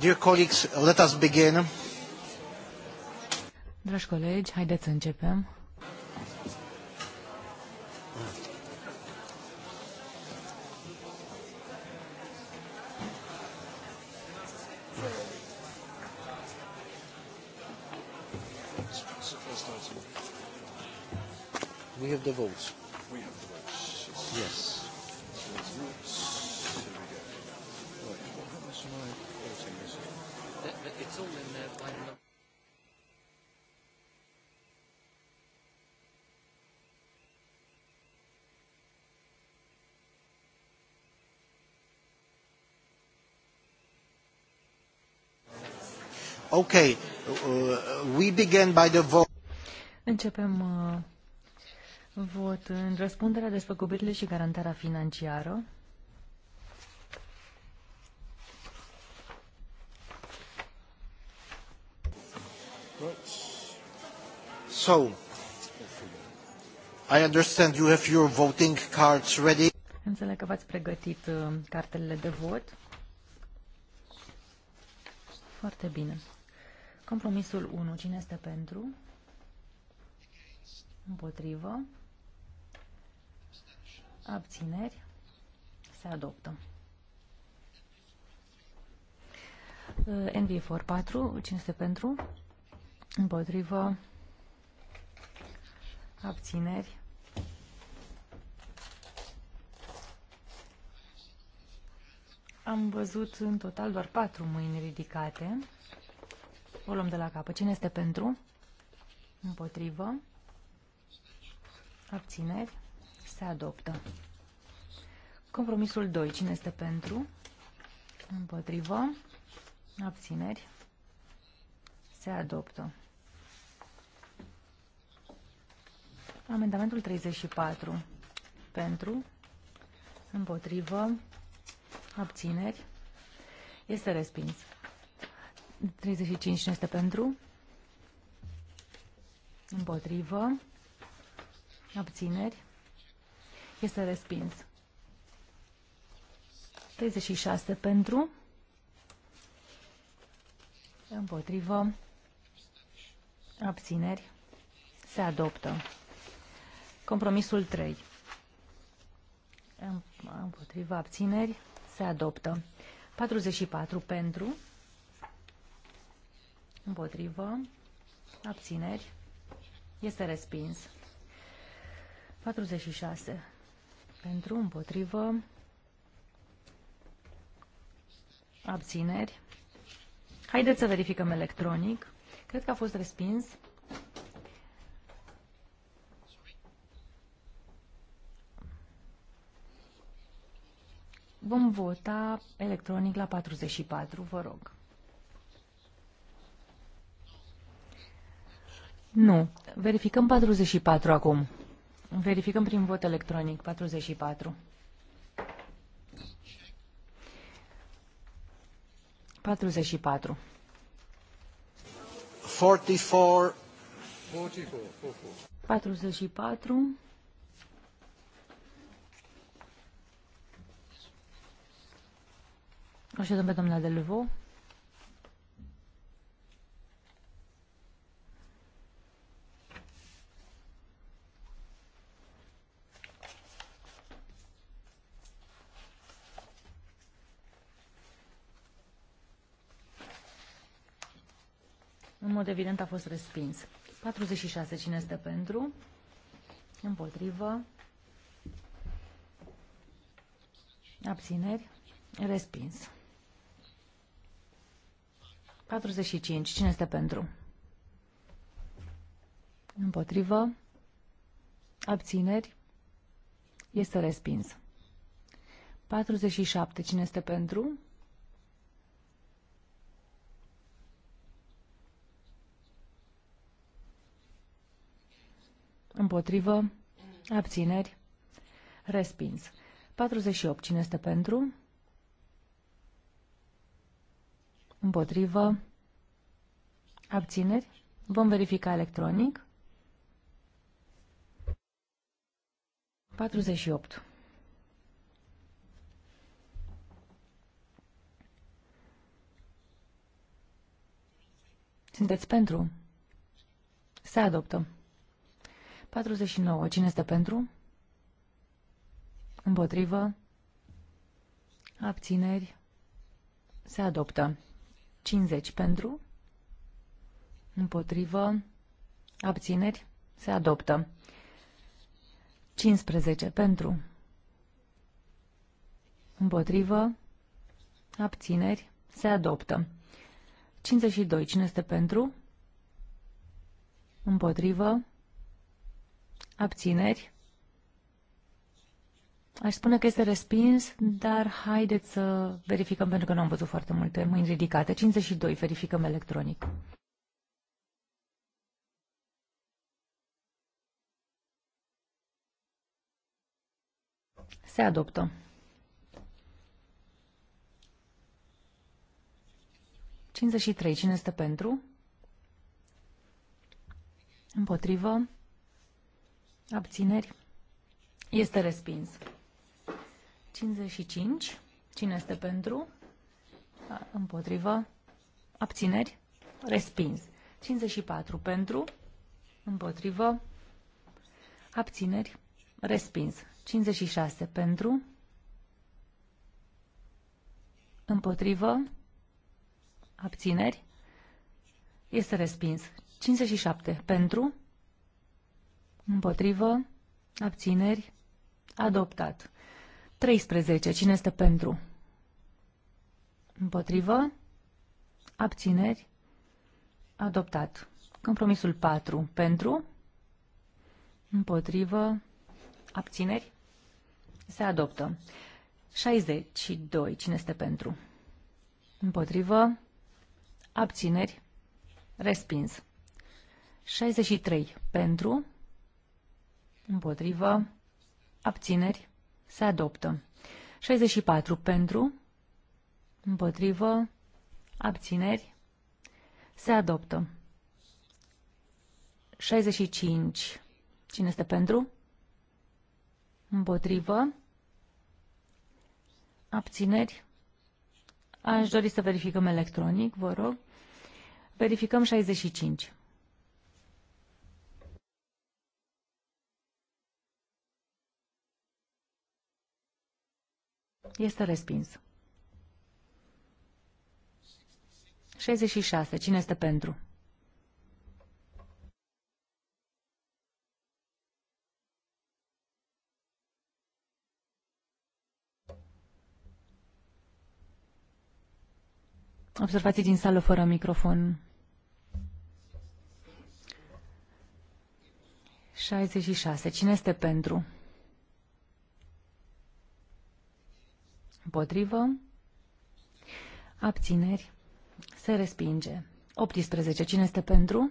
Dear colleagues, let us begin. Dragi colegi, haideți să începem. We have the votes. Uh, Începem uh, vot în răspunderea despăgubirile și garantarea financiară. So, I understand you have your voting cards ready. Înțeleg că v-ați pregătit uh, cartelele de vot. Foarte bine. Compromisul 1. Cine este pentru? Împotrivă. Abțineri. Se adoptă. Uh, NV44. Cine este pentru? Împotrivă. Abțineri. Am văzut în total doar patru mâini ridicate. O luăm de la capă. Cine este pentru? Împotrivă. Abțineri. Se adoptă. Compromisul 2. Cine este pentru? Împotrivă. Abțineri. Se adoptă. Amendamentul 34. Pentru. Împotrivă. Abțineri. Este respins. 35 nu este pentru? Împotrivă. Abțineri. Este respins. 36 pentru. Împotrivă. Abțineri. Se adoptă. Compromisul 3. Împotrivă abțineri. Se adoptă. 44 pentru. Împotrivă. Abțineri. Este respins. 46. Pentru, împotrivă, abțineri. Haideți să verificăm electronic. Cred că a fost respins. Vom vota electronic la 44, vă rog. Nu. Verificăm 44 acum. Verificăm prin vot electronic 44. 44. 44. 44. O ședăm pe doamna Delvo. mod evident a fost respins. 46. Cine este pentru? Împotrivă. Abțineri. Respins. 45. Cine este pentru? Împotrivă. Abțineri. Este respins. 47. Cine este pentru? Împotrivă. Abțineri. Respins. 48. Cine este pentru? Împotrivă. Abțineri. Vom verifica electronic. 48. Sunteți pentru? Se adoptă. 49. Cine este pentru? Împotrivă? Abțineri? Se adoptă. 50 pentru? Împotrivă? Abțineri? Se adoptă. 15 pentru? Împotrivă? Abțineri? Se adoptă. 52. Cine este pentru? Împotrivă? Abțineri. Aș spune că este respins, dar haideți să verificăm, pentru că nu am văzut foarte multe mâini ridicate. 52, verificăm electronic. Se adoptă. trei Cine este pentru? Împotrivă. Abțineri. Este respins. 55. Cine este pentru? Împotrivă. Abțineri. Respins. 54 pentru. Împotrivă. Abțineri. Respins. 56 pentru. Împotrivă. Abțineri. Este respins. 57 pentru. Împotrivă. Abțineri. Adoptat. 13. Cine este pentru? Împotrivă. Abțineri. Adoptat. Compromisul 4. Pentru. Împotrivă. Abțineri. Se adoptă. 62. Cine este pentru? Împotrivă. Abțineri. Respins. 63. Pentru. Împotrivă. Abțineri. Se adoptă. 64 pentru. Împotrivă. Abțineri. Se adoptă. 65. Cine este pentru? Împotrivă. Abțineri. Aș dori să verificăm electronic, vă rog. Verificăm 65. Este respins. 66. Cine este pentru? Observații din sală fără microfon. 66. Cine este pentru? Împotrivă. Abțineri. Se respinge. 18. Cine este pentru?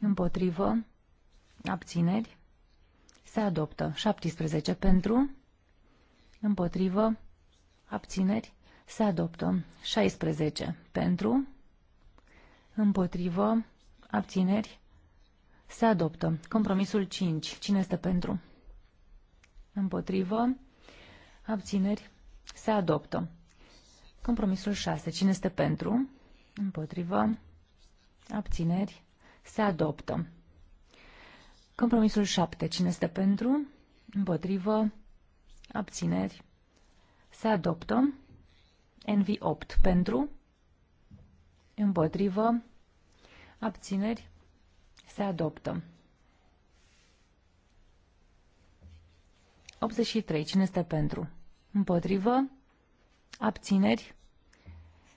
Împotrivă. Abțineri. Se adoptă. 17. Pentru. Împotrivă. Abțineri. Se adoptă. 16. Pentru. Împotrivă. Abțineri. Se adoptă. Compromisul 5. Cine este pentru? Împotrivă abțineri, se adoptă. Compromisul 6. Cine este pentru? Împotrivă. Abțineri. Se adoptă. Compromisul 7. Cine este pentru? Împotrivă. Abțineri. Se adoptă. NV8. Pentru. Împotrivă. Abțineri. Se adoptă. 83. Cine este pentru? Împotrivă. Abțineri.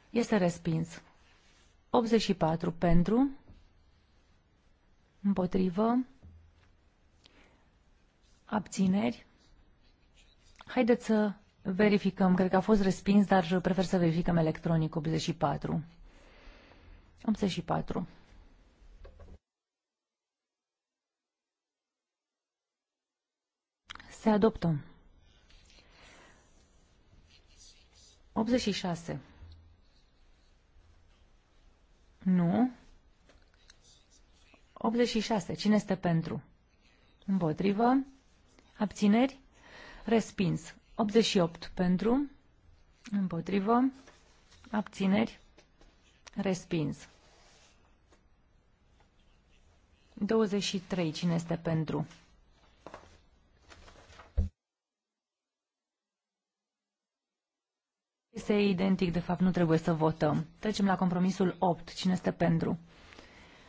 Este respins. 84 pentru. Împotrivă. Abțineri. Haideți să verificăm. Cred că a fost respins, dar prefer să verificăm electronic 84. 84. Se adoptă. 86. Nu. 86. Cine este pentru? Împotrivă. Abțineri. Respins. 88 pentru. Împotrivă. Abțineri. Respins. 23. Cine este pentru? este identic, de fapt nu trebuie să votăm. Trecem la compromisul 8. Cine este pentru?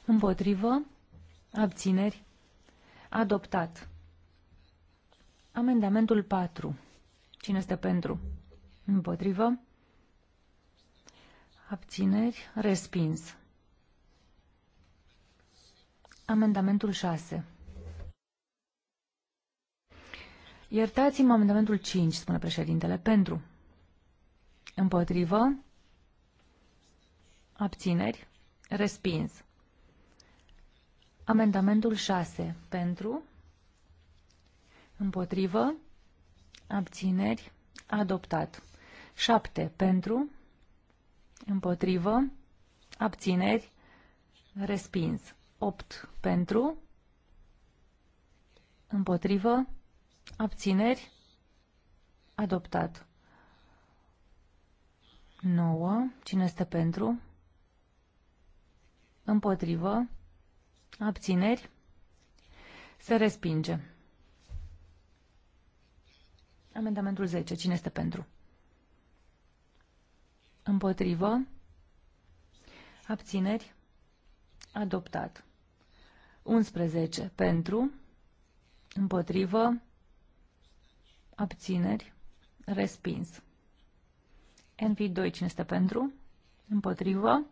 Împotrivă? Abțineri? Adoptat. Amendamentul 4. Cine este pentru? Împotrivă? Abțineri? Respins. Amendamentul 6. Iertați-mă amendamentul 5, spune președintele, pentru. Împotrivă. Abțineri. Respins. Amendamentul 6. Pentru. Împotrivă. Abțineri. Adoptat. 7. Pentru. Împotrivă. Abțineri. Respins. 8. Pentru. Împotrivă. Abțineri. Adoptat. 9. Cine este pentru? Împotrivă. Abțineri. Se respinge. Amendamentul 10. Cine este pentru? Împotrivă. Abțineri. Adoptat. 11. Pentru. Împotrivă. Abțineri. Respins. NV2, cine stă pentru? Împotrivă.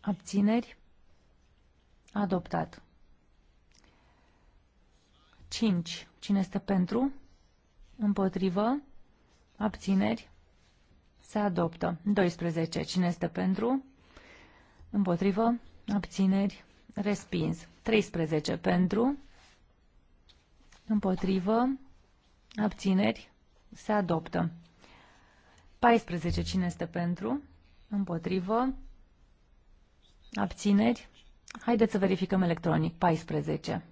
Abțineri. Adoptat. 5. Cine este pentru? Împotrivă. Abțineri. Se adoptă. 12. Cine este pentru? Împotrivă. Abțineri. Respins. 13. Pentru. Împotrivă. Abțineri. Se adoptă. 14. Cine este pentru? Împotrivă? Abțineri? Haideți să verificăm electronic. 14.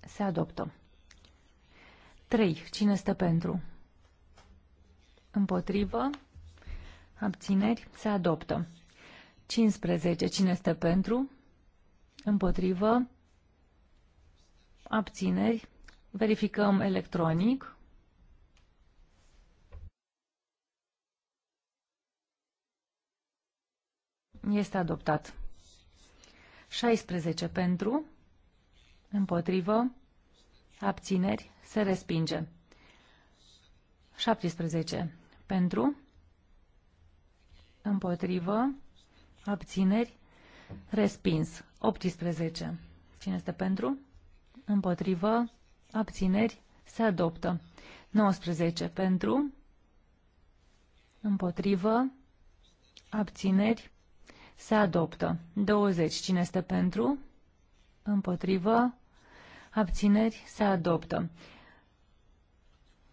Se adoptă. 3. Cine este pentru? Împotrivă? Abțineri? Se adoptă. 15. Cine este pentru? Împotrivă? abțineri, verificăm electronic. Este adoptat. 16 pentru, împotrivă, abțineri, se respinge. 17 pentru, împotrivă, abțineri, respins. 18. Cine este pentru? împotrivă, abțineri, se adoptă. 19 pentru, împotrivă, abțineri, se adoptă. 20. Cine este pentru? Împotrivă, abțineri, se adoptă.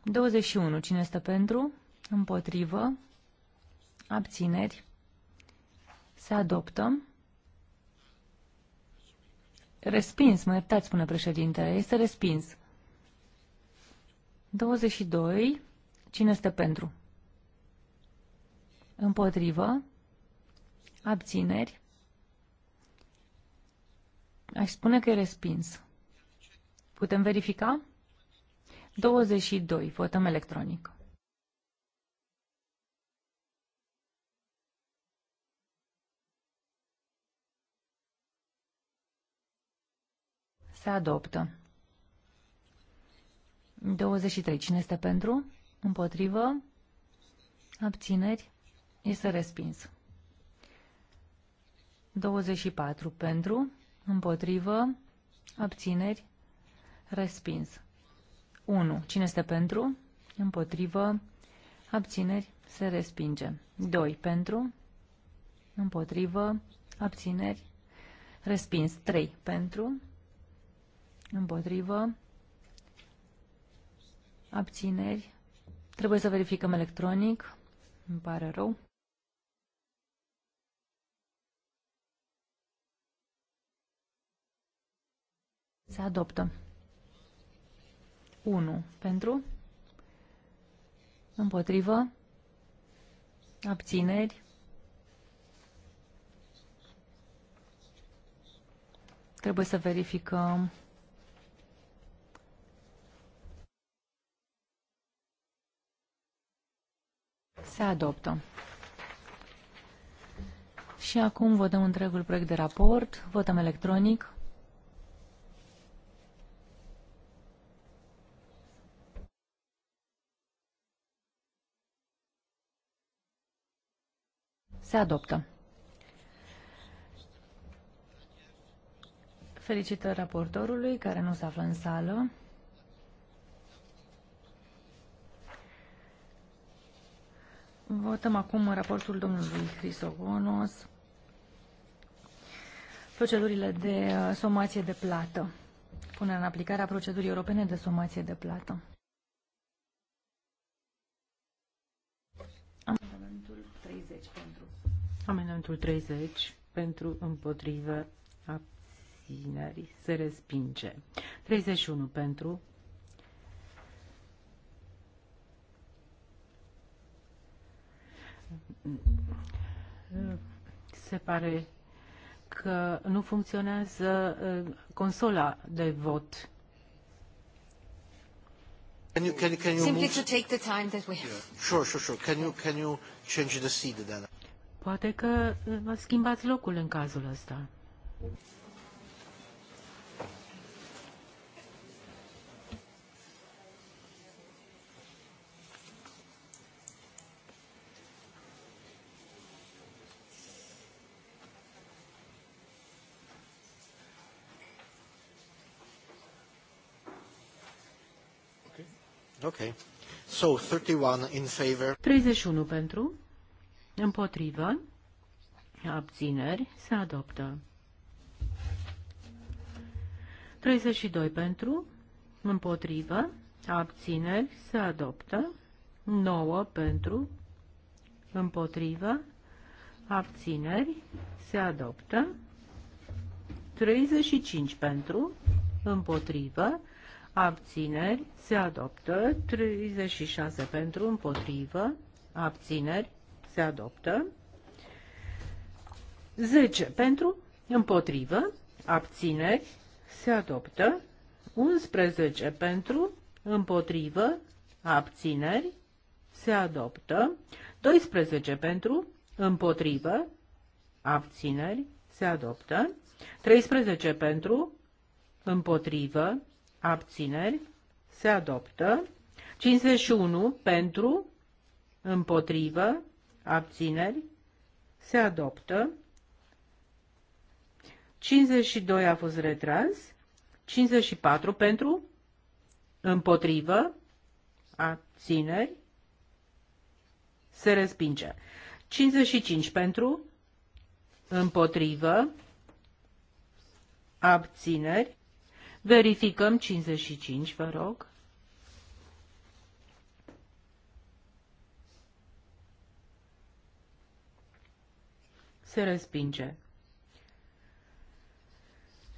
21. Cine este pentru? Împotrivă, abțineri, se adoptă. Respins, mă iertați, spune președintele. Este respins. 22. Cine este pentru? Împotrivă. Abțineri. Aș spune că e respins. Putem verifica? 22. Votăm electronic. Se adoptă. 23. Cine este pentru? Împotrivă? Abțineri? Este respins. 24. Pentru? Împotrivă? Abțineri? Respins. 1. Cine este pentru? Împotrivă? Abțineri? Se respinge. 2. Pentru? Împotrivă? Abțineri? Respins. 3. Pentru? Împotrivă. Abțineri. Trebuie să verificăm electronic. Îmi pare rău. Se adoptă. 1 pentru. Împotrivă. Abțineri. Trebuie să verificăm Se adoptă. Și acum votăm întregul proiect de raport. Votăm electronic. Se adoptă. Felicitări raportorului care nu se află în sală. Votăm acum raportul domnului Crisogonos. Procedurile de uh, somație de plată. Punerea în aplicare a procedurii europene de somație de plată. Amendamentul 30 pentru. Amendamentul 30 pentru împotrivă abținerii. Se respinge. 31 pentru se pare că nu funcționează uh, consola de vot. Can you, can, can you Simply move... to take the time that we have. Yeah. Sure, sure, sure. Can you, can you change the seat then? Poate că uh, vă schimbați locul în cazul ăsta. Okay. So, 31 in favor. 31 pentru, împotrivă, abțineri, se adoptă. 32 pentru, împotrivă, abțineri, se adoptă. 9 pentru, împotrivă, abțineri, se adoptă. 35 pentru, împotrivă, abțineri, se adoptă. 36 pentru, împotrivă, abțineri, se adoptă. 10 pentru, împotrivă, abțineri, se adoptă. 11 pentru, împotrivă, abțineri, se adoptă. 12 pentru, împotrivă, abțineri, se adoptă. 13 pentru, împotrivă, abțineri, se adoptă. 51 pentru, împotrivă, abțineri, se adoptă. 52 a fost retras, 54 pentru, împotrivă, abțineri, se respinge. 55 pentru, împotrivă, abțineri, Verificăm 55, vă rog. Se respinge.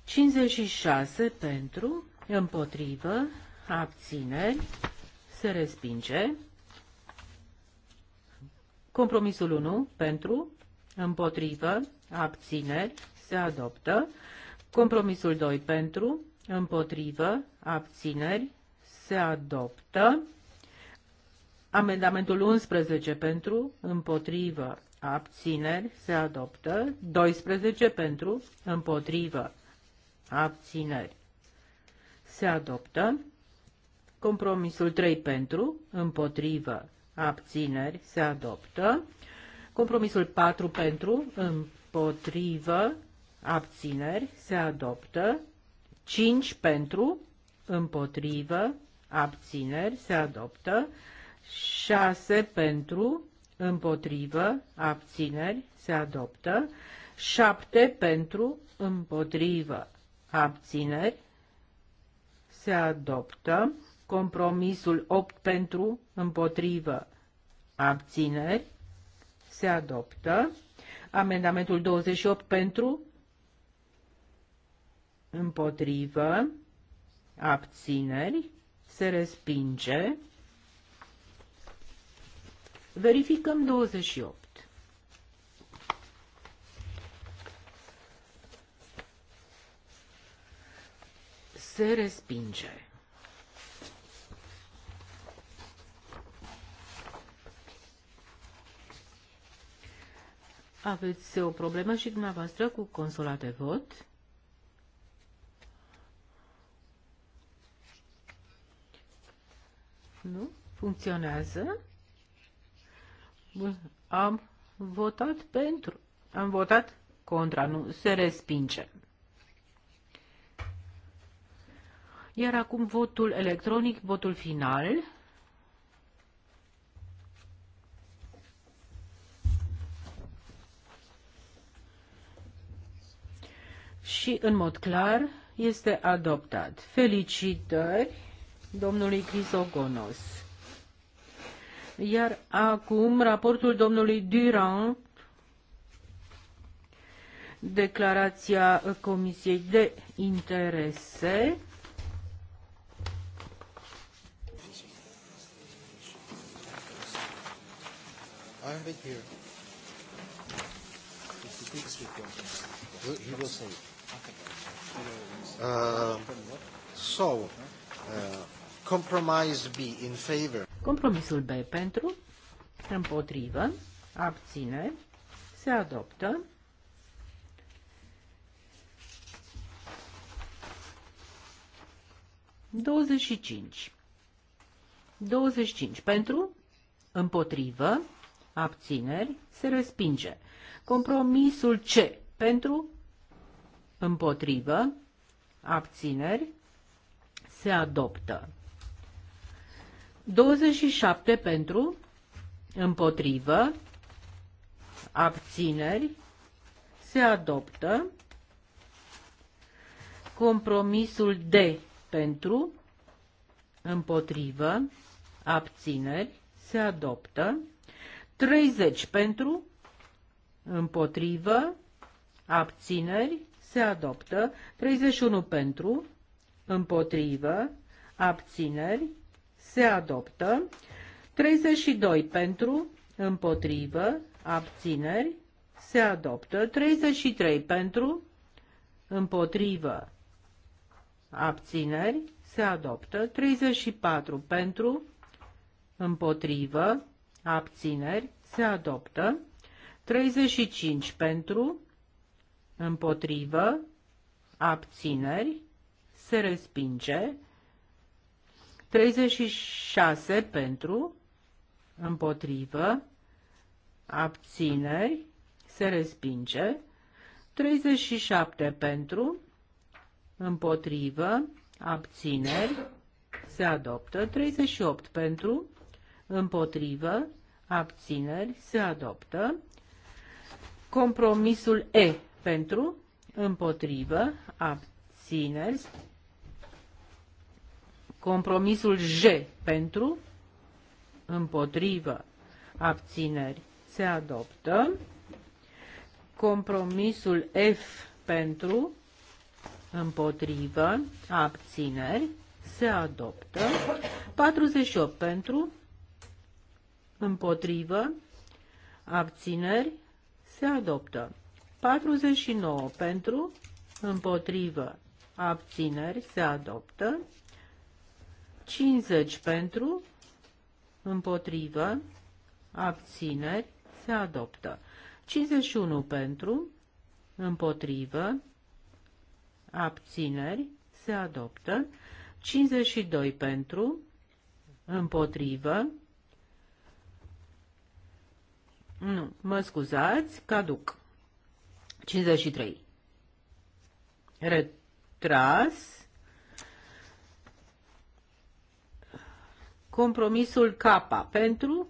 56 pentru, împotrivă, abțineri, se respinge. Compromisul 1 pentru, împotrivă, abțineri, se adoptă. Compromisul 2 pentru, împotrivă, abțineri, se adoptă. Amendamentul 11 pentru, împotrivă, abțineri, se adoptă. 12 pentru, împotrivă, abțineri, se adoptă. Compromisul 3 pentru, împotrivă, abțineri, se adoptă. Compromisul 4 pentru, împotrivă, abțineri, se adoptă. 5 pentru, împotrivă, abțineri, se adoptă. 6 pentru, împotrivă, abțineri, se adoptă. 7 pentru, împotrivă, abțineri, se adoptă. Compromisul 8 pentru, împotrivă, abțineri, se adoptă. Amendamentul 28 pentru, împotrivă, abțineri, se respinge. Verificăm 28. Se respinge. Aveți o problemă și dumneavoastră cu consola de vot? funcționează. Bun. Am votat pentru. Am votat contra. Nu se respinge. Iar acum votul electronic, votul final. Și în mod clar este adoptat. Felicitări domnului Crisogonos. Iar acum raportul domnului Durand, declarația Comisiei de Interese. Uh, so, uh, compromise B in favor. Compromisul B pentru, împotrivă, abțineri, se adoptă. Douăzeci și cinci. cinci. pentru, împotrivă, abțineri, se respinge. Compromisul C pentru, împotrivă, abțineri, se adoptă. 27 pentru, împotrivă, abțineri, se adoptă. Compromisul D pentru, împotrivă, abțineri, se adoptă. 30 pentru, împotrivă, abțineri, se adoptă. 31 pentru, împotrivă, abțineri, se adoptă. 32 pentru, împotrivă, abțineri, se adoptă. 33 pentru, împotrivă, abțineri, se adoptă. 34 pentru, împotrivă, abțineri, se adoptă. 35 pentru, împotrivă, abțineri, se respinge. 36 pentru, împotrivă, abțineri, se respinge. 37 pentru, împotrivă, abțineri, se adoptă. 38 pentru, împotrivă, abțineri, se adoptă. Compromisul E pentru, împotrivă, abțineri, Compromisul J pentru, împotrivă, abțineri se adoptă. Compromisul F pentru, împotrivă, abțineri se adoptă. 48 pentru, împotrivă, abțineri se adoptă. 49 pentru, împotrivă, abțineri se adoptă. 50 pentru, împotrivă, abțineri, se adoptă. 51 pentru, împotrivă, abțineri, se adoptă. 52 pentru, împotrivă, nu, mă scuzați, caduc. 53. Retras. Compromisul K pentru,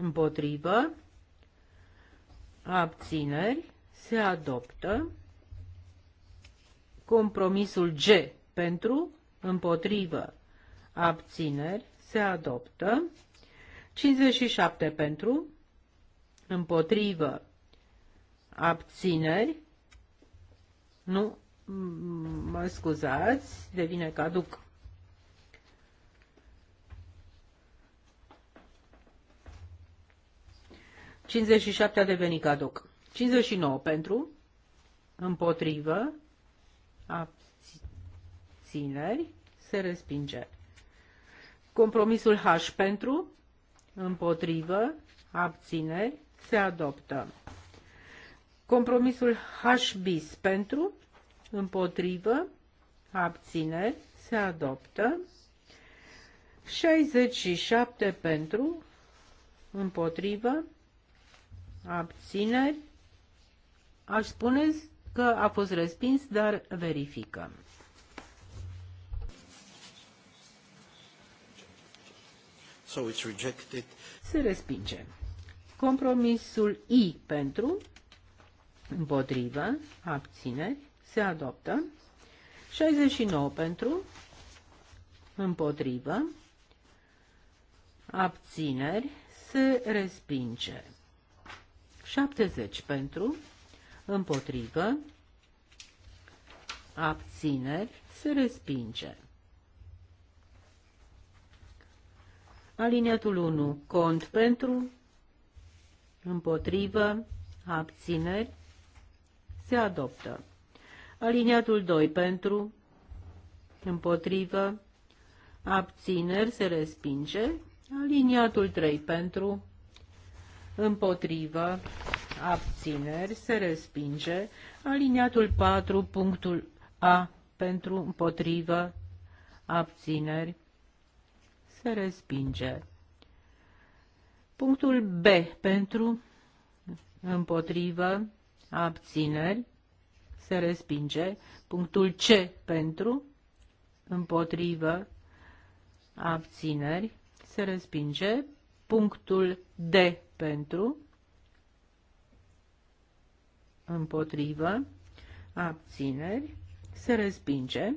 împotrivă, abțineri, se adoptă. Compromisul G pentru, împotrivă, abțineri, se adoptă. 57 pentru, împotrivă, abțineri, nu, mă scuzați, devine caduc 57 a devenit caduc. 59 pentru, împotrivă, abțineri, se respinge. Compromisul H pentru, împotrivă, abțineri, se adoptă. Compromisul H bis pentru, împotrivă, abțineri, se adoptă. 67 pentru, împotrivă, abțineri, aș spune că a fost respins, dar verificăm. So it's rejected. Se respinge. Compromisul I pentru, împotrivă, abțineri, se adoptă. 69 pentru, împotrivă, abțineri, se respinge. 70 pentru, împotrivă, abțineri, se respinge. Aliniatul 1, cont pentru, împotrivă, abțineri, se adoptă. Aliniatul 2 pentru, împotrivă, abțineri se respinge. Aliniatul 3 pentru, împotrivă, abțineri, se respinge. Aliniatul 4, punctul A, pentru, împotrivă, abțineri, se respinge. Punctul B, pentru, împotrivă, abțineri, se respinge. Punctul C, pentru, împotrivă, abțineri, se respinge. Punctul D pentru, împotrivă, abțineri, se respinge.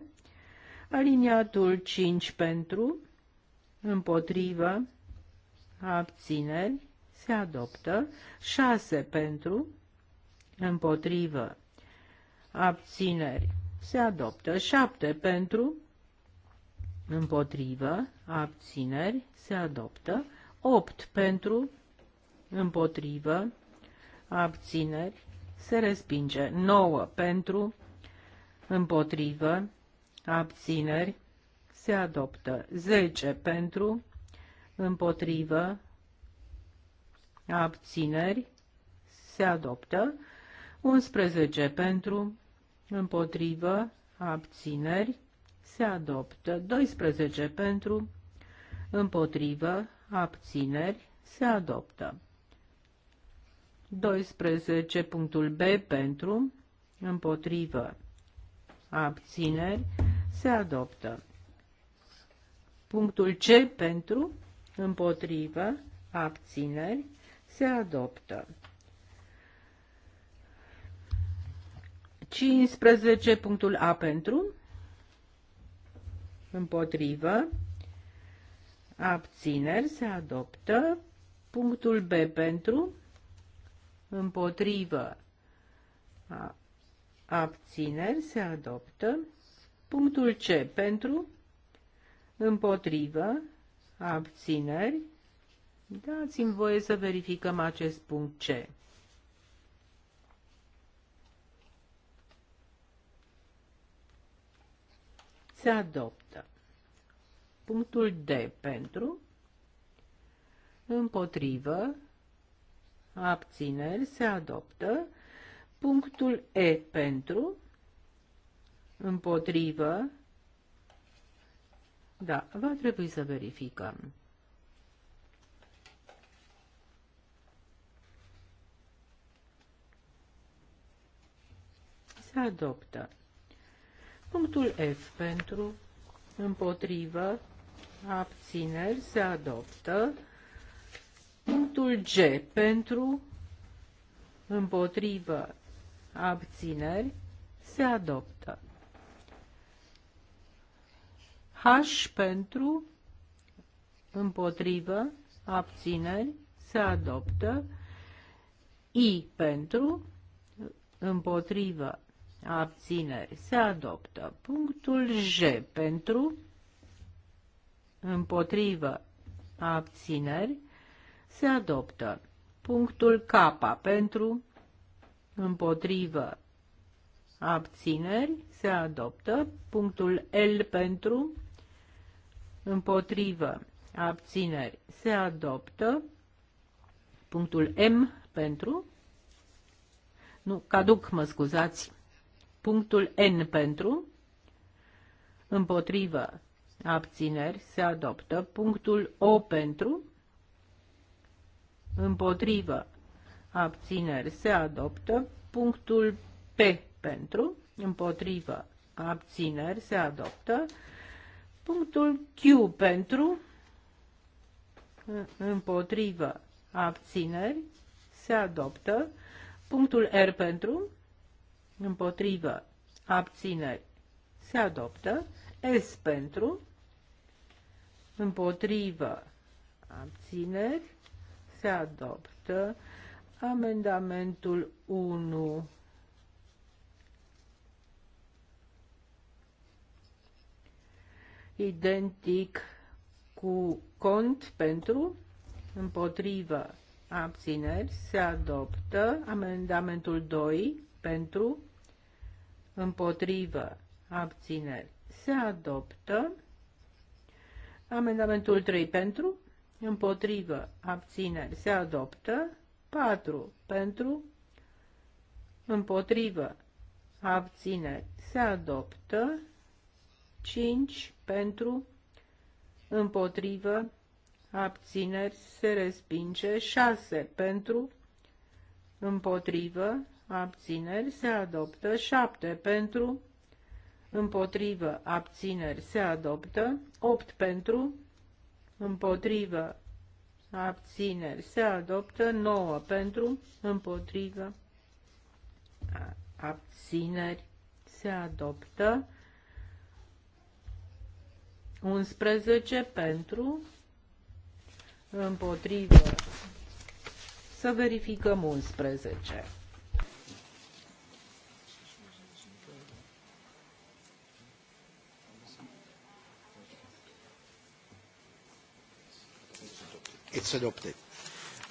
Aliniatul 5 pentru, împotrivă, abțineri, se adoptă. 6 pentru, împotrivă, abțineri, se adoptă. 7 pentru, împotrivă, abțineri, se adoptă. 8 pentru, împotrivă, abțineri, se respinge. 9 pentru, împotrivă, abțineri, se adoptă. 10 pentru, împotrivă, abțineri, se adoptă. 11 pentru, împotrivă, abțineri, se adoptă. 12 pentru, împotrivă, abțineri, se adoptă. 12. Punctul B pentru, împotrivă, abțineri, se adoptă. Punctul C pentru, împotrivă, abțineri, se adoptă. 15. Punctul A pentru, împotrivă, abțineri, se adoptă. Punctul B pentru, împotrivă, abțineri se adoptă. Punctul C pentru, împotrivă, abțineri. Dați-mi voie să verificăm acest punct C. se adoptă. Punctul D pentru, împotrivă, abțineri se adoptă. Punctul E pentru, împotrivă, da, va trebui să verificăm. Se adoptă. Punctul F pentru, împotrivă, abțineri se adoptă. Punctul G pentru împotrivă abțineri se adoptă. H pentru împotrivă abțineri se adoptă. I pentru împotrivă abțineri se adoptă. Punctul J pentru împotrivă abțineri se adoptă. Punctul K pentru împotrivă abțineri se adoptă. Punctul L pentru împotrivă abțineri se adoptă. Punctul M pentru nu, caduc, mă scuzați. Punctul N pentru împotrivă abțineri se adoptă. Punctul O pentru împotrivă, abțineri se adoptă. Punctul P pentru, împotrivă, abțineri se adoptă. Punctul Q pentru, împotrivă, abțineri se adoptă. Punctul R pentru, împotrivă, abțineri se adoptă. S pentru, împotrivă, abțineri se adoptă. Amendamentul 1 identic cu cont pentru, împotrivă, abțineri, se adoptă amendamentul 2 pentru, împotrivă, abțineri, se adoptă amendamentul 3 pentru, împotrivă, abțineri, se adoptă. 4 pentru, împotrivă, abțineri, se adoptă. 5 pentru, împotrivă, abțineri, se respinge. 6 pentru, împotrivă, abțineri, se adoptă. 7 pentru, împotrivă, abțineri, se adoptă. 8 pentru, împotrivă, abțineri, se adoptă nouă pentru, împotrivă, abțineri, se adoptă 11 pentru, împotrivă, să verificăm 11. It's adopted.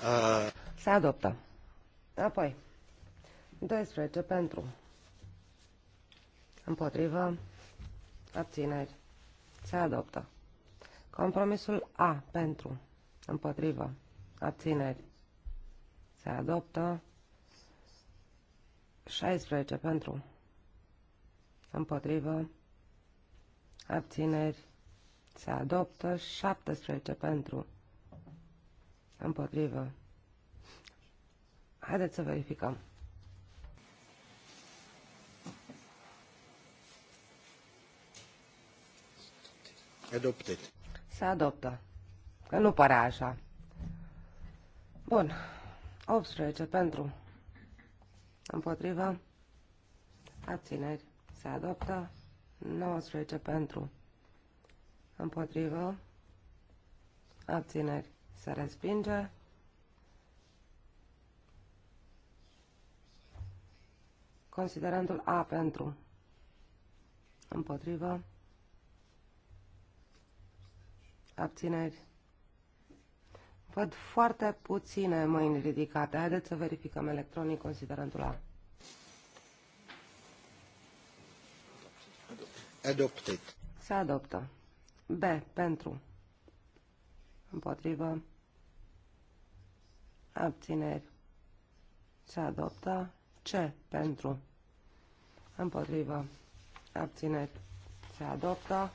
Uh... Se adoptă. Apoi, 12 pentru. Împotrivă. Abțineri. Se adoptă. Compromisul A pentru. Împotrivă. Abțineri. Se adoptă. 16 pentru. Împotrivă. Abțineri. Se adoptă. 17 pentru. Împotrivă. Haideți să verificăm. Adopted. Se adoptă. Că nu pare așa. Bun. 18 pentru. Împotrivă. Abțineri. Se adoptă. 19 pentru. Împotrivă. Abțineri. Se respinge. Considerentul A pentru. Împotrivă. Abțineri. Văd foarte puține mâini ridicate. Haideți să verificăm electronic considerentul A. Adopted. Se adoptă. B. Pentru. Împotrivă abțineri, se adoptă C pentru, împotrivă, abțineri, se adoptă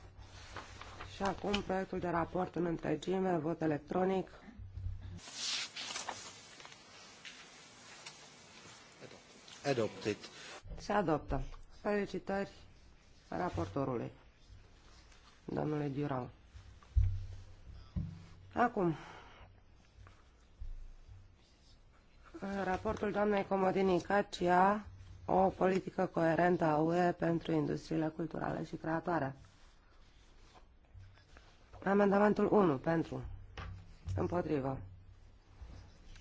și acum proiectul de raport în întregime, vot electronic. Adopted. Se adoptă. Felicitări raportorului, domnule Durau. Acum, Raportul doamnei Comodini Cacia, o politică coerentă a UE pentru industriile culturale și creatoare. Amendamentul 1 pentru. Împotrivă.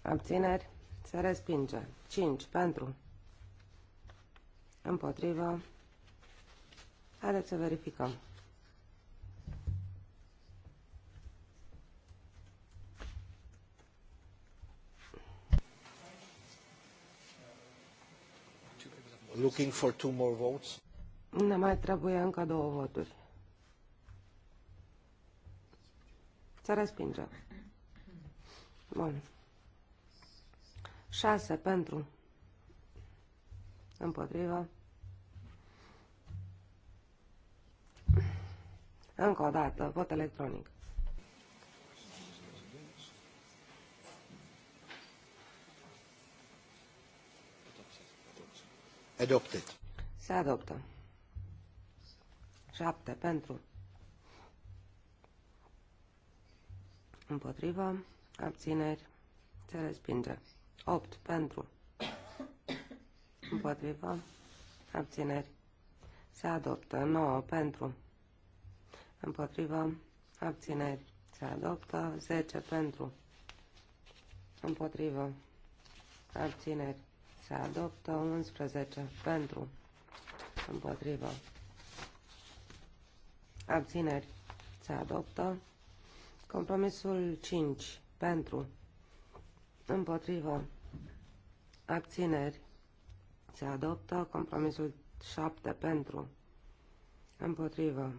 Abțineri. Se respinge. 5 pentru. Împotrivă. Haideți să verificăm. looking for two more votes. Ne mai trebuie încă două voturi. Se respinge. Bun. Șase pentru. Împotrivă. Încă o dată, vot electronic. Adopted. Se adoptă. 7 pentru. Împotriva. Abțineri. Se respinge. 8 pentru. Împotriva. Abțineri. Se adoptă. 9 pentru. Împotriva. Abțineri. Se adoptă. 10 pentru. Împotrivă. Abțineri se adoptă 11 pentru, împotrivă, abțineri, se adoptă compromisul 5 pentru, împotrivă, abțineri, se adoptă compromisul 7 pentru, împotrivă,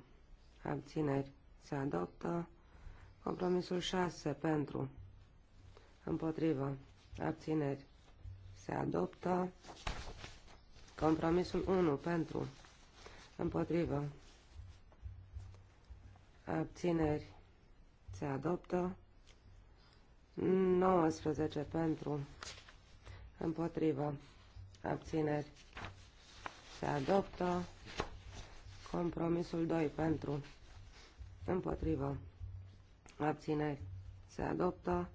abțineri, se adoptă compromisul 6 pentru, împotrivă, abțineri, se adoptă. Compromisul 1 pentru, împotrivă, abțineri, se adoptă. 19 pentru, împotrivă, abțineri, se adoptă. Compromisul 2 pentru, împotrivă, abțineri, se adoptă.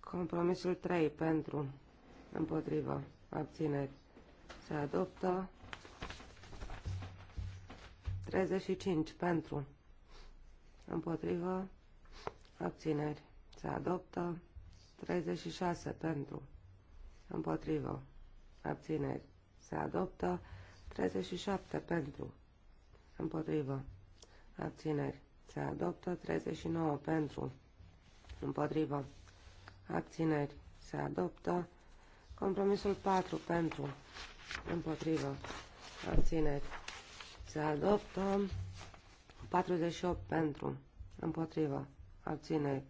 Compromisul 3 pentru, Împotrivă. Abțineri. Se adoptă. 35. Pentru. Împotrivă. Abțineri. Se adoptă. 36. Pentru. Împotrivă. Abțineri. Se adoptă. 37. Pentru. Împotrivă. Abțineri. Se adoptă. 39. Pentru. Împotrivă. Abțineri. Se adoptă. Compromisul 4 pentru, împotrivă, abțineri, se adoptă. 48 pentru, împotrivă, abțineri,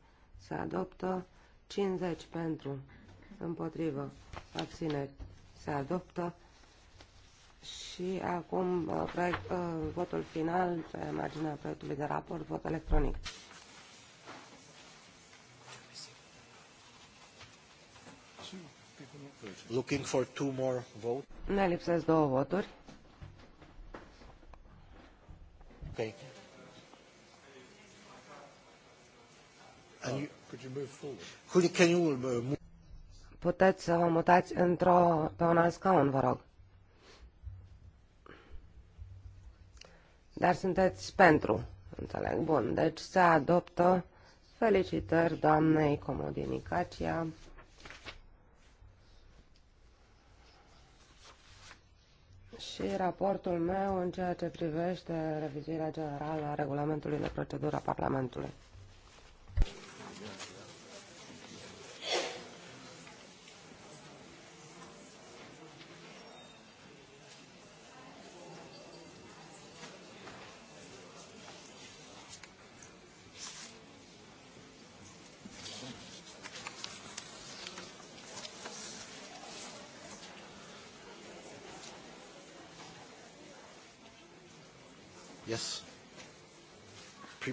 se adoptă. 50 pentru, împotrivă, abțineri, se adoptă. Și acum uh, proiect, uh, votul final pe marginea proiectului de raport, vot electronic. Looking for two more votes. Ne lipsesc două voturi. Okay. And you, could you move forward? Could, can you uh, move? Puteți să vă mutați într-o, pe un alt scaun, vă rog. Dar sunteți pentru, înțeleg. Bun, deci se adoptă. Felicitări doamnei Comodini Cacia. și raportul meu în ceea ce privește revizuirea generală a regulamentului de procedură a Parlamentului.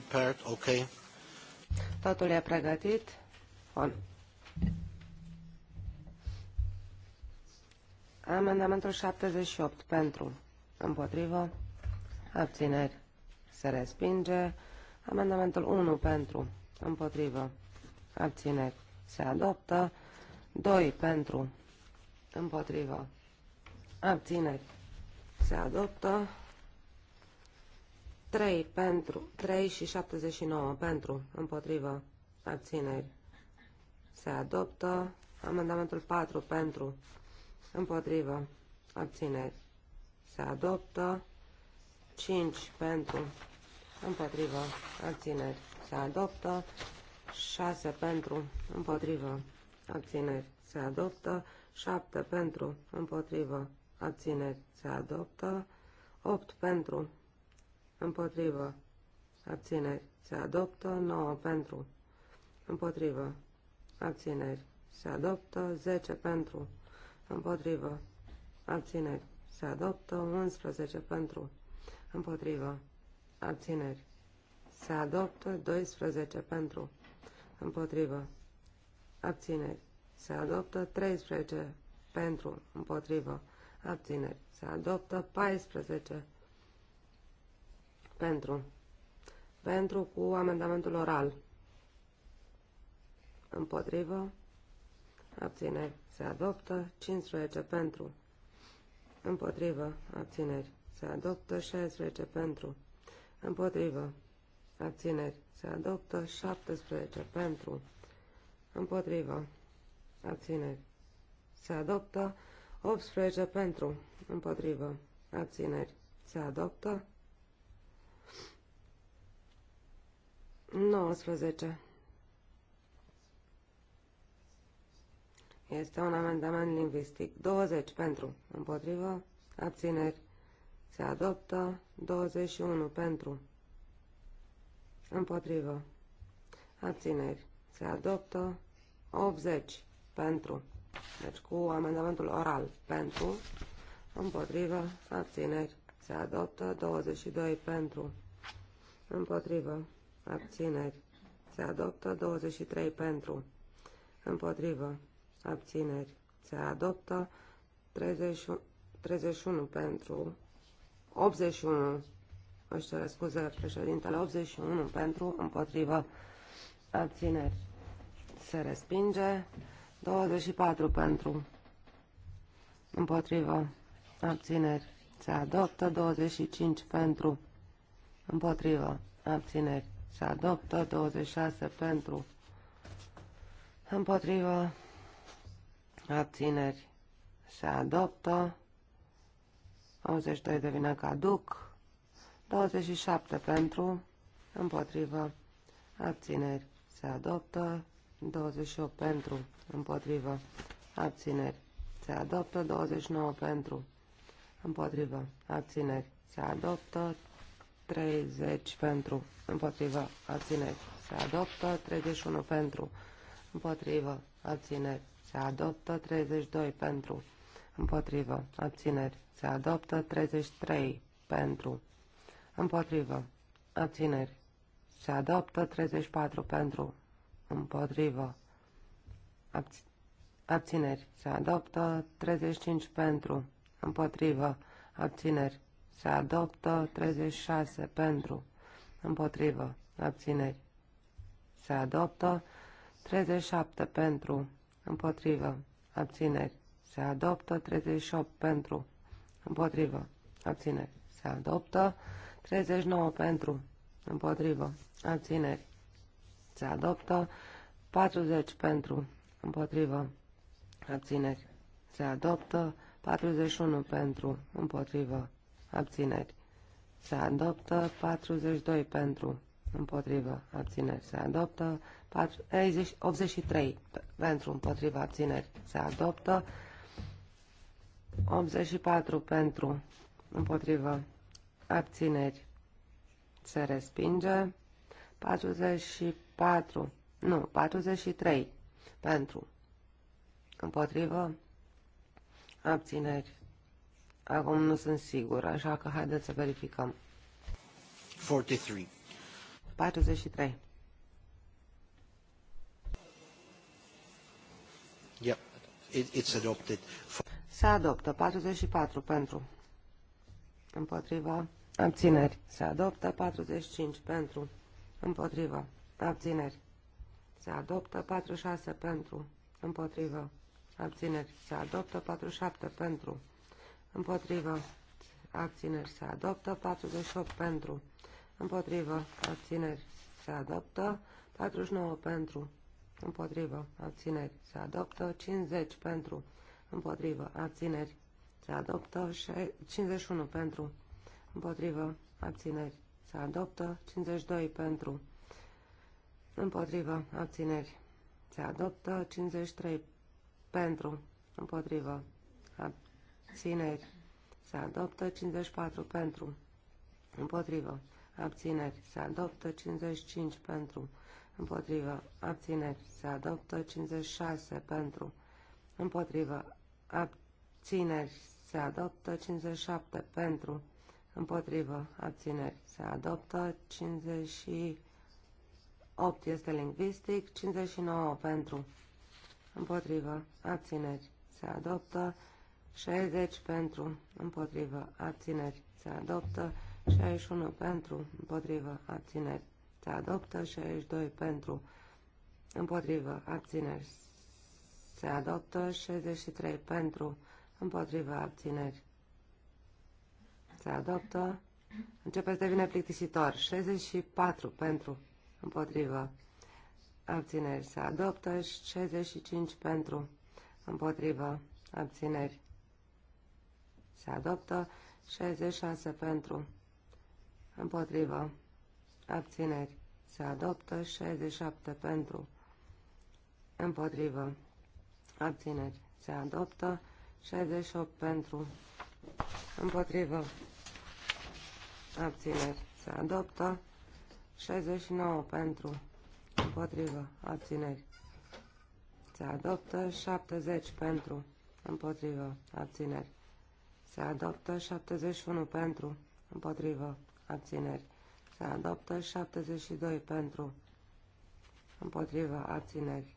prepared? Okay. Totul e pregătit? On. Amendamentul 78 pentru, împotrivă, abțineri, se respinge. Amendamentul 1 pentru, împotrivă, abțineri, se adoptă. 2 pentru, împotrivă, abțineri, se adoptă. 3 pentru, 3 și 79 pentru, împotrivă, abțineri. Se adoptă amendamentul 4 pentru, împotrivă, abțineri. Se adoptă 5 pentru, împotrivă, abțineri. Se adoptă 6 pentru, împotrivă, abțineri. Se adoptă 7 pentru, împotrivă, abțineri. Se adoptă 8 pentru, împotrivă, abțineri, se adoptă, 9 pentru, împotrivă, abțineri, se adoptă, 10 pentru, împotrivă, abțineri, se adoptă, 11 pentru, împotrivă, abțineri, se adoptă, 12 pentru, împotrivă, abțineri, se adoptă, 13 pentru, împotrivă, abțineri, se adoptă, 14 pentru. Pentru. Pentru cu amendamentul oral. Împotrivă. Abțineri. Se adoptă. 15 pentru. Împotrivă. Abțineri. Se adoptă. 16 pentru. Împotrivă. Abțineri. Se adoptă. 17 pentru. Împotrivă. Abțineri. Se adoptă. 18 pentru. Împotrivă. Abțineri. Se adoptă. 19. Este un amendament lingvistic. 20 pentru, împotrivă, abțineri. Se adoptă 21 pentru, împotrivă, abțineri. Se adoptă 80 pentru, deci cu amendamentul oral pentru, împotrivă, abțineri. Se adoptă 22 pentru, împotrivă, abțineri, se adoptă 23 pentru, împotrivă, abțineri, se adoptă 30, 31 pentru, 81, își cere scuze președintele, 81 pentru, împotrivă, abțineri, se respinge, 24 pentru, împotrivă, abțineri, se adoptă, 25 pentru, împotrivă, abțineri se adoptă, 26 pentru, împotrivă, abțineri, se adoptă, 82 devine caduc, 27 pentru, împotrivă, abțineri, se adoptă, 28 pentru, împotrivă, abțineri, se adoptă, 29 pentru, împotrivă, abțineri, se adoptă, 30 pentru, împotriva, abțineri, se adoptă, 31 pentru, împotrivă, abțineri, se adoptă, 32 pentru, împotrivă, abțineri, se adoptă, 33 pentru, împotrivă, abțineri, se adoptă, 34 pentru, împotrivă, abțineri, Abțineri. Se adoptă 35 pentru. Împotrivă. Abțineri se adoptă 36 pentru, împotrivă, abțineri, se adoptă 37 pentru, împotrivă, abțineri, se adoptă 38 pentru, împotrivă, abțineri, se adoptă 39 pentru, împotrivă, abțineri, se adoptă 40 pentru, împotrivă, abțineri, se adoptă 41 pentru, împotrivă, abțineri. Se adoptă 42 pentru, împotrivă, abțineri. Se adoptă 83 pentru, împotrivă, abțineri. Se adoptă 84 pentru, împotrivă, abțineri. Se respinge 44, nu, 43 pentru, împotrivă, abțineri Acum nu sunt sigur, așa că haideți să verificăm. 43. 43. Yep. It, it's adopted. Se adoptă 44 pentru. Împotriva. Abțineri. Se adoptă 45 pentru. Împotriva. Abțineri. Se adoptă 46 pentru. Împotriva. Abțineri. Se adoptă 47 pentru. Împotrivă. Abțineri se adoptă. 48 pentru. Împotrivă. Abțineri se adoptă. 49 pentru. Împotrivă. Abțineri se adoptă. 50 pentru. Împotrivă. Abțineri se adoptă. 51 pentru. Împotrivă. Abțineri se adoptă. 52 pentru. Împotrivă. Abțineri se adoptă. 53 pentru. Împotrivă. Abțineri. Se adoptă 54 pentru. Împotrivă. Abțineri. Se adoptă 55 pentru. Împotrivă. Abțineri. Se adoptă 56 pentru. Împotrivă. Abțineri. Se adoptă 57 pentru. Împotrivă. Abțineri. Se adoptă 58 este lingvistic. 59 pentru. Împotrivă. Abțineri. Se adoptă 60 pentru, împotrivă, abțineri, se adoptă. 61 pentru, împotrivă, abțineri, se adoptă. 62 pentru, împotrivă, abțineri, se adoptă. 63 pentru, împotrivă, abțineri, se adoptă. Începe să devine plictisitor. 64 pentru, împotrivă, abțineri, se adoptă. 65 pentru, împotrivă, abțineri se adoptă, 66 pentru, împotrivă, abțineri, se adoptă, 67 pentru, împotrivă, abțineri, se adoptă, 68 pentru, împotrivă, abțineri, se adoptă, 69 pentru, împotrivă, abțineri, se adoptă, 70 pentru, împotrivă, abțineri se adoptă 71 pentru. Împotrivă. Abțineri. Se adoptă 72 pentru. Împotrivă. Abțineri.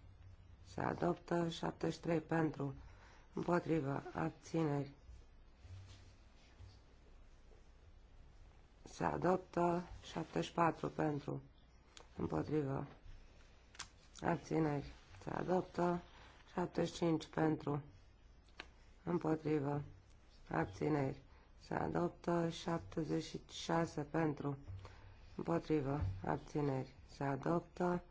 Se adoptă 73 pentru. Împotrivă. Abțineri. Se adoptă 74 pentru. Împotrivă. Abțineri. Se adoptă 75 pentru. Împotrivă abțineri. Se adoptă 76 pentru, împotrivă, abțineri. Se adoptă,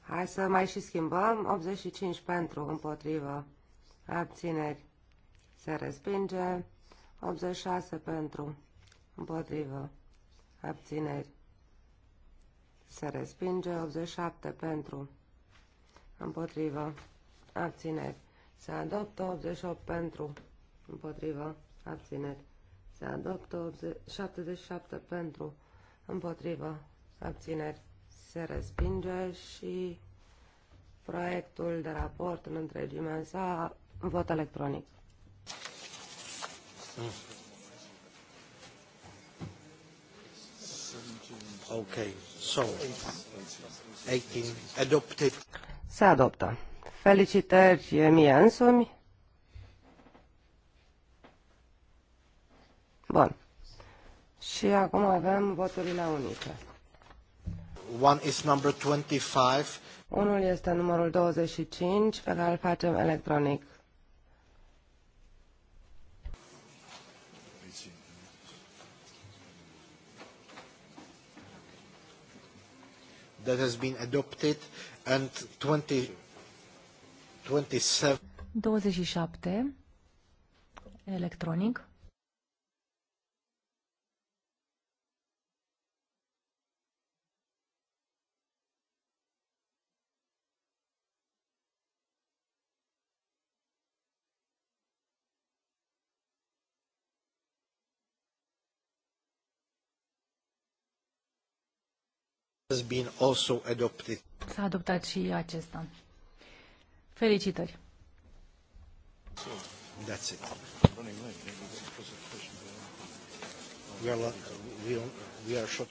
hai să mai și schimbăm, 85 pentru, împotrivă, abțineri. Se respinge, 86 pentru, împotrivă, abțineri. Se respinge 87 pentru. Împotrivă. Abțineri. Se adoptă 88 pentru împotriva, abțineri. Se adoptă 77 pentru, împotriva, abțineri. Se respinge și proiectul de raport în întregime sa vot electronic. Ok, so 18 adopted. Se adoptă. Felicitări mie însumi. Bun. Și acum avem voturile unice. One is number 25. Unul este numărul 25 pe care îl facem electronic. that has been adopted and 20, 27 27 electronic S-a adoptat și acesta. Felicitări! that's it. Uh,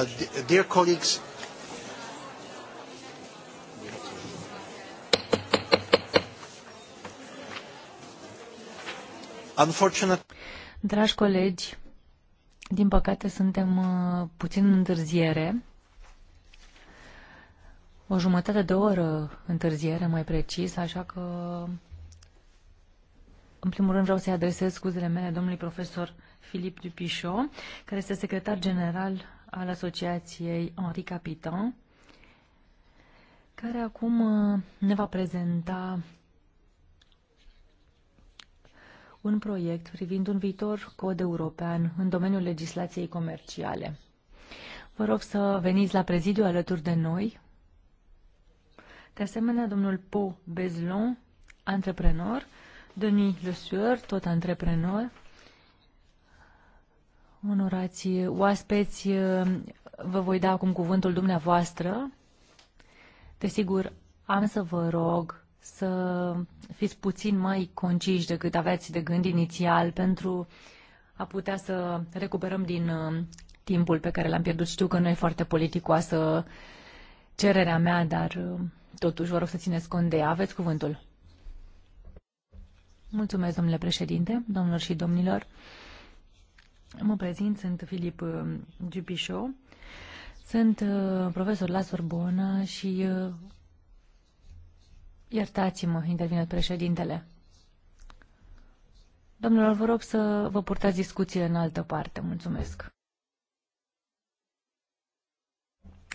Uh, dear colleagues, Dragi colegi, din păcate suntem uh, puțin în întârziere. O jumătate de oră întârziere, mai precis, așa că în primul rând vreau să-i adresez scuzele mele domnului profesor Filip Dupișo, care este secretar general al asociației Henri Capitan, care acum uh, ne va prezenta un proiect privind un viitor cod european în domeniul legislației comerciale. Vă rog să veniți la prezidiu alături de noi. De asemenea, domnul Pau Bezlon, antreprenor, Denis Le Sueur, tot antreprenor, onorați oaspeți, vă voi da acum cuvântul dumneavoastră. Desigur, am să vă rog să fiți puțin mai conciși decât aveați de gând inițial pentru a putea să recuperăm din uh, timpul pe care l-am pierdut. Știu că nu e foarte politicoasă cererea mea, dar uh, totuși vă rog să țineți cont de ea. Aveți cuvântul. Mulțumesc, domnule președinte, domnilor și domnilor. Mă prezint, sunt Filip uh, Giupișo, sunt uh, profesor la Sorbona și uh, iertați-mă, intervine președintele. Domnilor, vă rog să vă purtați discuțiile în altă parte. Mulțumesc.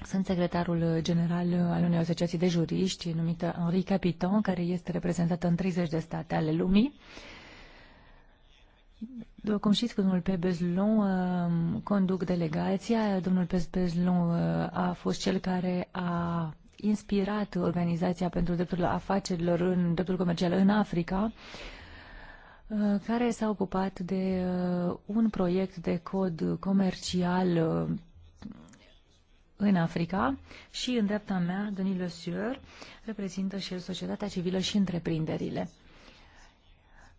Sunt secretarul general al unei asociații de juriști numită Henri Capiton, care este reprezentată în 30 de state ale lumii. După cum știți că domnul Pebezlon uh, conduc delegația, domnul Pebezlon uh, a fost cel care a inspirat Organizația pentru Drepturile Afacerilor în dreptul comercial în Africa, uh, care s-a ocupat de un proiect de cod comercial în Africa și în dreapta mea, Denis Le reprezintă și el societatea civilă și întreprinderile.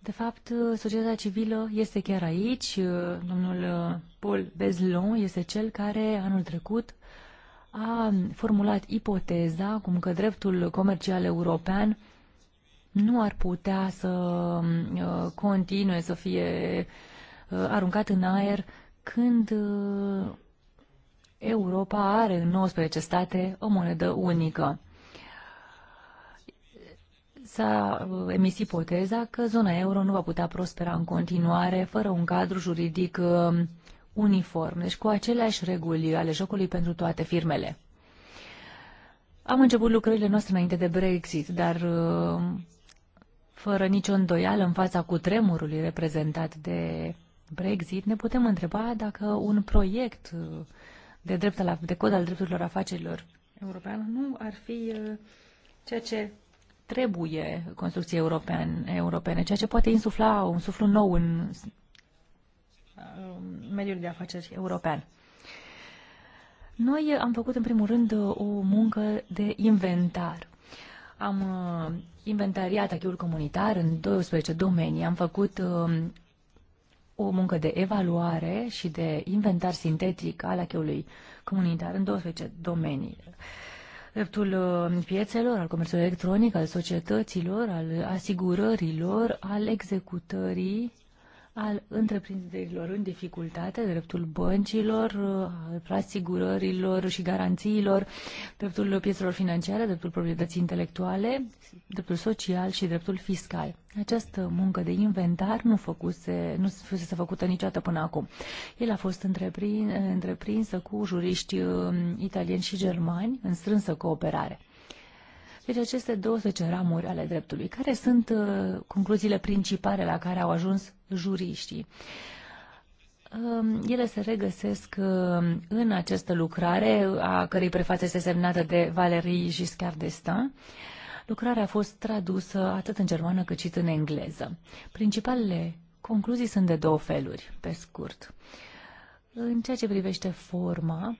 De fapt, societatea civilă este chiar aici. Domnul uh, Paul Bezlon este cel care anul trecut a formulat ipoteza cum că dreptul comercial european nu ar putea să uh, continue să fie uh, aruncat în aer când Europa are în 19 state o monedă unică s-a uh, emis ipoteza că zona euro nu va putea prospera în continuare fără un cadru juridic um, uniform, deci cu aceleași reguli ale jocului pentru toate firmele. Am început lucrările noastre înainte de Brexit, dar um, fără nicio îndoială în fața cutremurului reprezentat de Brexit, ne putem întreba dacă un proiect uh, de, drept la, de cod al drepturilor afacerilor european nu ar fi uh, ceea ce trebuie construcții europene, europene, ceea ce poate insufla un suflu nou în mediul de afaceri european. Noi am făcut în primul rând o muncă de inventar. Am uh, inventariat achiul comunitar în 12 domenii, am făcut um, o muncă de evaluare și de inventar sintetic al acheului comunitar în 12 domenii dreptul uh, piețelor, al comerțului electronic, al societăților, al asigurărilor, al executării al întreprinderilor în dificultate, dreptul băncilor, asigurărilor și garanțiilor, dreptul piețelor financiare, dreptul proprietății intelectuale, dreptul social și dreptul fiscal. Această muncă de inventar nu, făcuse, nu fusese făcută niciodată până acum. El a fost întreprins, întreprinsă cu juriști um, italieni și germani în strânsă cooperare. Deci aceste 12 ramuri ale dreptului, care sunt uh, concluziile principale la care au ajuns juriștii? Um, ele se regăsesc uh, în această lucrare, a cărei prefață este semnată de Valérie Giscard d'Estaing. Lucrarea a fost tradusă atât în germană cât și în engleză. Principalele concluzii sunt de două feluri, pe scurt. În ceea ce privește forma,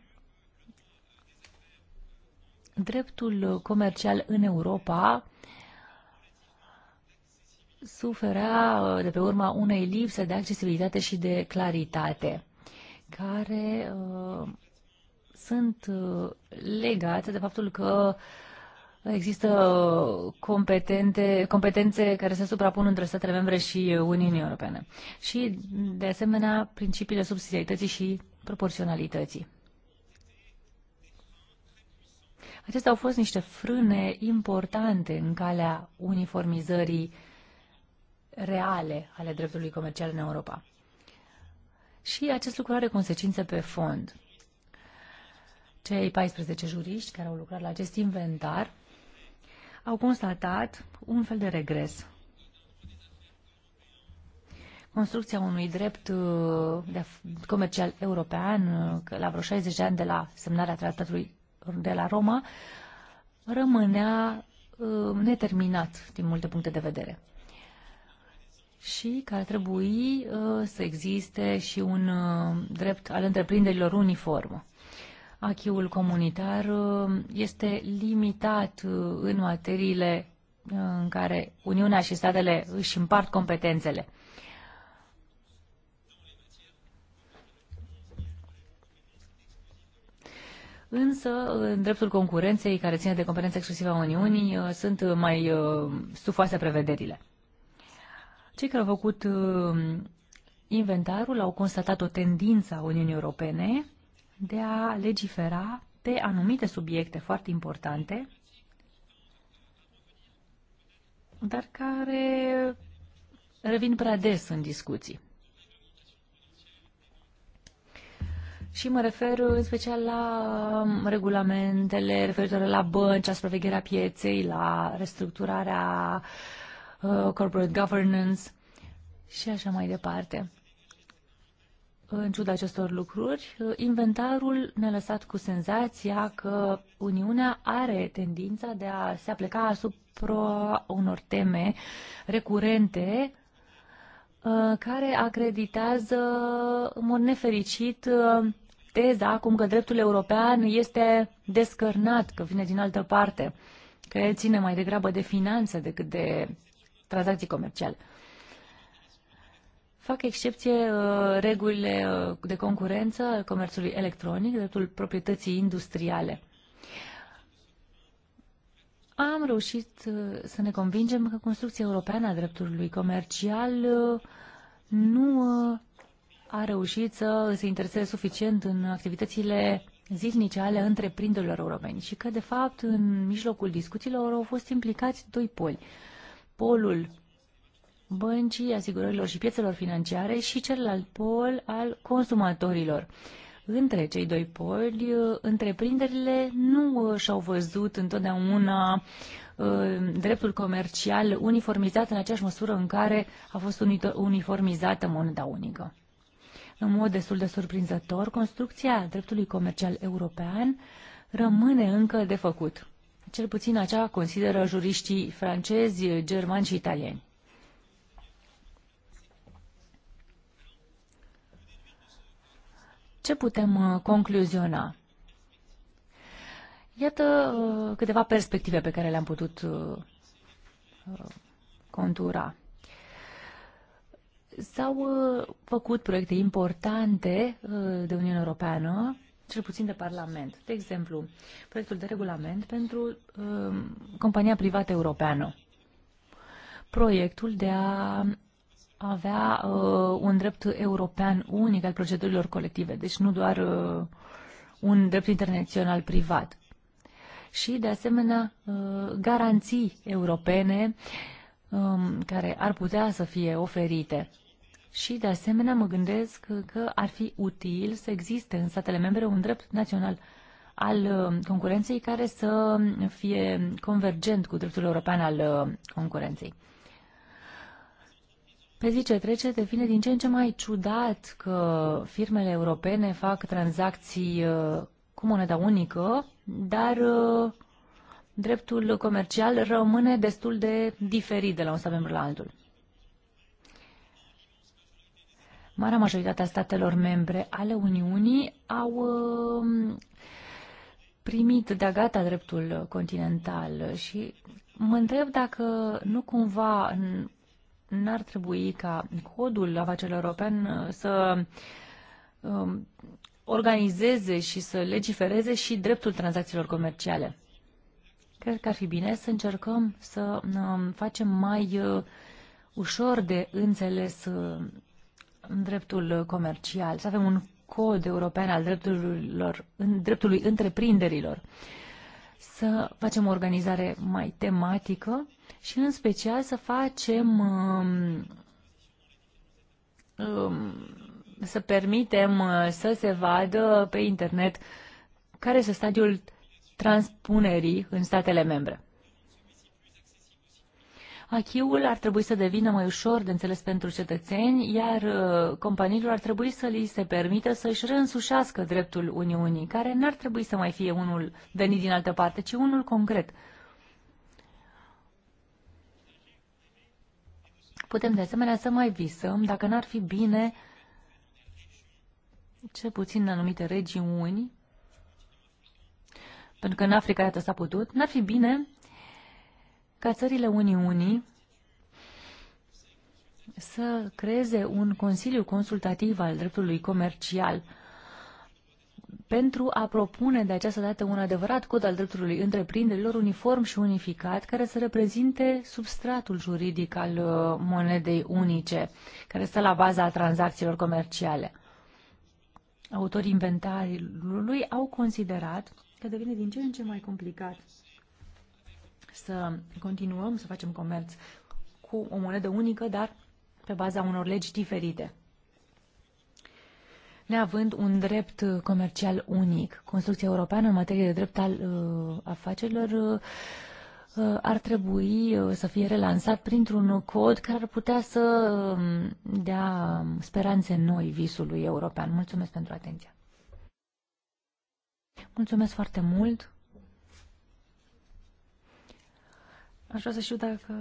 dreptul comercial în Europa suferea uh, de pe urma unei lipse de accesibilitate și de claritate, care uh, sunt uh, legate de faptul că există competente, competențe care se suprapun între statele membre și Uniunii Europene. Și, de asemenea, principiile subsidiarității și proporționalității. Acestea au fost niște frâne importante în calea uniformizării reale ale dreptului comercial în Europa. Și acest lucru are consecințe pe fond. Cei 14 juriști care au lucrat la acest inventar au constatat un fel de regres. Construcția unui drept uh, comercial european uh, la vreo 60 de ani de la semnarea tratatului de la Roma rămânea ă, neterminat din multe puncte de vedere și că ar trebui ă, să existe și un ă, drept al întreprinderilor uniformă. Achiul comunitar este limitat în materiile în care Uniunea și statele își împart competențele. Însă, în dreptul concurenței, care ține de competența exclusivă a Uniunii, uh, sunt uh, mai uh, stufoase prevederile. Cei care au făcut inventarul au constatat o tendință a Uniunii Europene de a legifera pe anumite subiecte foarte importante, dar care revin prea des în discuții. Și mă refer în special la um, regulamentele referitoare la bănci, la supravegherea pieței, la restructurarea uh, corporate governance și așa mai departe. În ciuda acestor lucruri, uh, inventarul ne-a lăsat cu senzația că Uniunea are tendința de a se apleca asupra unor teme recurente uh, care acreditează în mod nefericit teza acum că dreptul european este descărnat, că vine din altă parte, că el ține mai degrabă de finanțe decât de tranzacții comerciale. Fac excepție uh, regulile uh, de concurență al comerțului electronic, dreptul proprietății industriale. Am reușit uh, să ne convingem că construcția europeană a dreptului comercial nu a reușit să se intereseze suficient în activitățile zilnice ale întreprinderilor europeni și că, de fapt, în mijlocul discuțiilor au fost implicați doi poli. Polul băncii, asigurărilor și piețelor financiare și celălalt pol al consumatorilor. Între cei doi poli, întreprinderile nu și-au văzut întotdeauna ă, dreptul comercial uniformizat în aceeași măsură în care a fost uniformizată moneda unică. În mod destul de surprinzător, construcția dreptului comercial european rămâne încă de făcut. Cel puțin acea consideră juriștii francezi, germani și italieni. Ce putem uh, concluziona? Iată uh, câteva perspective pe care le-am putut uh, contura. S-au uh, făcut proiecte importante uh, de Uniunea Europeană, cel puțin de Parlament. De exemplu, proiectul de regulament pentru uh, compania privată europeană. Proiectul de a avea uh, un drept european unic al procedurilor colective, deci nu doar uh, un drept internațional privat. Și, de asemenea, uh, garanții europene um, care ar putea să fie oferite și, de asemenea, mă gândesc că ar fi util să existe în statele membre un drept național al uh, concurenței care să fie convergent cu dreptul european al uh, concurenței. Pe zi ce trece, devine din ce în ce mai ciudat că firmele europene fac tranzacții uh, cu moneda unică, dar dreptul comercial rămâne destul de diferit de la un stat membru la altul. marea majoritate a statelor membre ale Uniunii au um, primit de-a gata dreptul continental și mă întreb dacă nu cumva n-ar trebui ca codul afacerilor european uh, să um, organizeze și să legifereze și dreptul tranzacțiilor comerciale. Cred că ar fi bine să încercăm să um, facem mai uh, ușor de înțeles uh, în dreptul comercial, să avem un cod european al drepturilor, în dreptului întreprinderilor, să facem o organizare mai tematică și în special să facem um, um, să permitem uh, să se vadă pe internet care este stadiul transpunerii în statele membre. Achiul ar trebui să devină mai ușor de înțeles pentru cetățeni, iar uh, companiilor ar trebui să li se permită să-și reînsușească dreptul Uniunii, care n-ar trebui să mai fie unul venit din altă parte, ci unul concret. Putem de asemenea să mai visăm dacă n-ar fi bine ce puțin în anumite regiuni, pentru că în Africa iată s-a putut, n-ar fi bine ca țările Uniunii să creeze un Consiliu Consultativ al Dreptului Comercial pentru a propune de această dată un adevărat cod al dreptului întreprinderilor uniform și unificat care să reprezinte substratul juridic al uh, monedei unice care stă la baza tranzacțiilor comerciale. Autorii inventarului au considerat că devine din ce în ce mai complicat să continuăm să facem comerț cu o monedă unică, dar pe baza unor legi diferite neavând un drept comercial unic. Construcția europeană în materie de drept al uh, afacerilor uh, uh ar trebui uh, să fie relansat printr-un cod care ar putea să um, dea speranțe noi visului european. Mulțumesc pentru atenție. Mulțumesc foarte mult. Aș vrea să știu dacă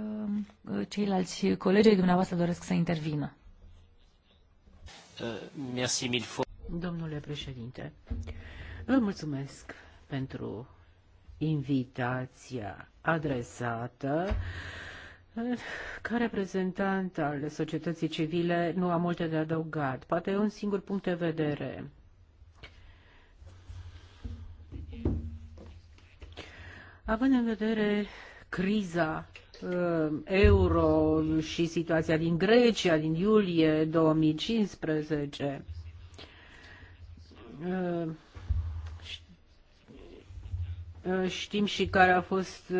uh, ceilalți colegii dumneavoastră doresc să intervină. Uh, Domnule președinte, vă mulțumesc pentru invitația adresată. Ca reprezentant al societății civile nu am multe de adăugat, poate un singur punct de vedere. Având în vedere criza uh, euro și situația din Grecia din iulie 2015. Uh, uh, știm și care au fost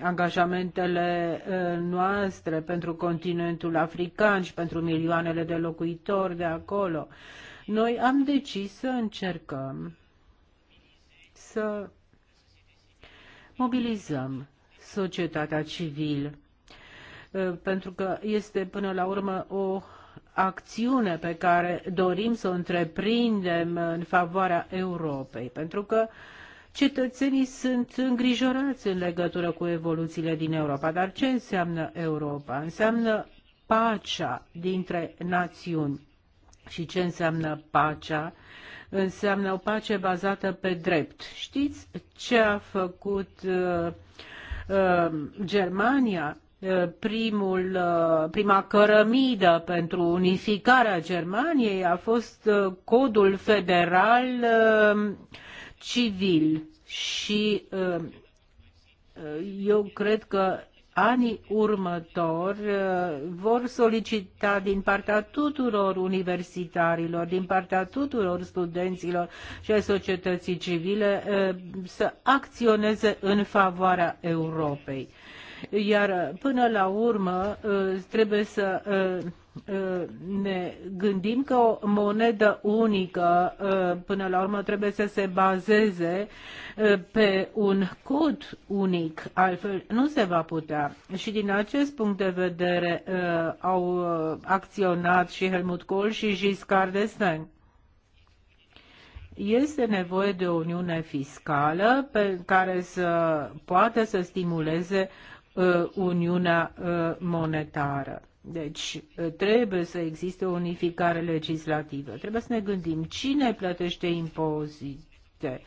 angajamentele noastre pentru continentul african și pentru milioanele de locuitori de acolo. Noi am decis să încercăm să mobilizăm societatea civilă. Ă, pentru că este până la urmă o acțiune pe care dorim să o întreprindem în favoarea Europei, pentru că cetățenii sunt îngrijorați în legătură cu evoluțiile din Europa. Dar ce înseamnă Europa? Înseamnă pacea dintre națiuni. Și ce înseamnă pacea? Înseamnă o pace bazată pe drept. Știți ce a făcut uh, Ehm, Germania, ehm, primul, ehm, prima cărămidă pentru unificarea Germaniei a fost codul federal civil și eu cred că anii următori uh, vor solicita din partea tuturor universitarilor, din partea tuturor studenților și a societății civile uh, să acționeze în favoarea Europei. Iar până la urmă uh, trebuie să Uh, ne gândim că o monedă unică uh, până la urmă trebuie să se bazeze uh, pe un cod unic, altfel nu se va putea. Și din acest punct de vedere au acționat și Helmut Kohl și Giscard d'Estaing este nevoie de o uniune fiscală pe care să poată să stimuleze uh, uniunea uh, monetară. Deci ă, trebuie să existe o unificare legislativă. Trebuie să ne gândim cine plătește impozite.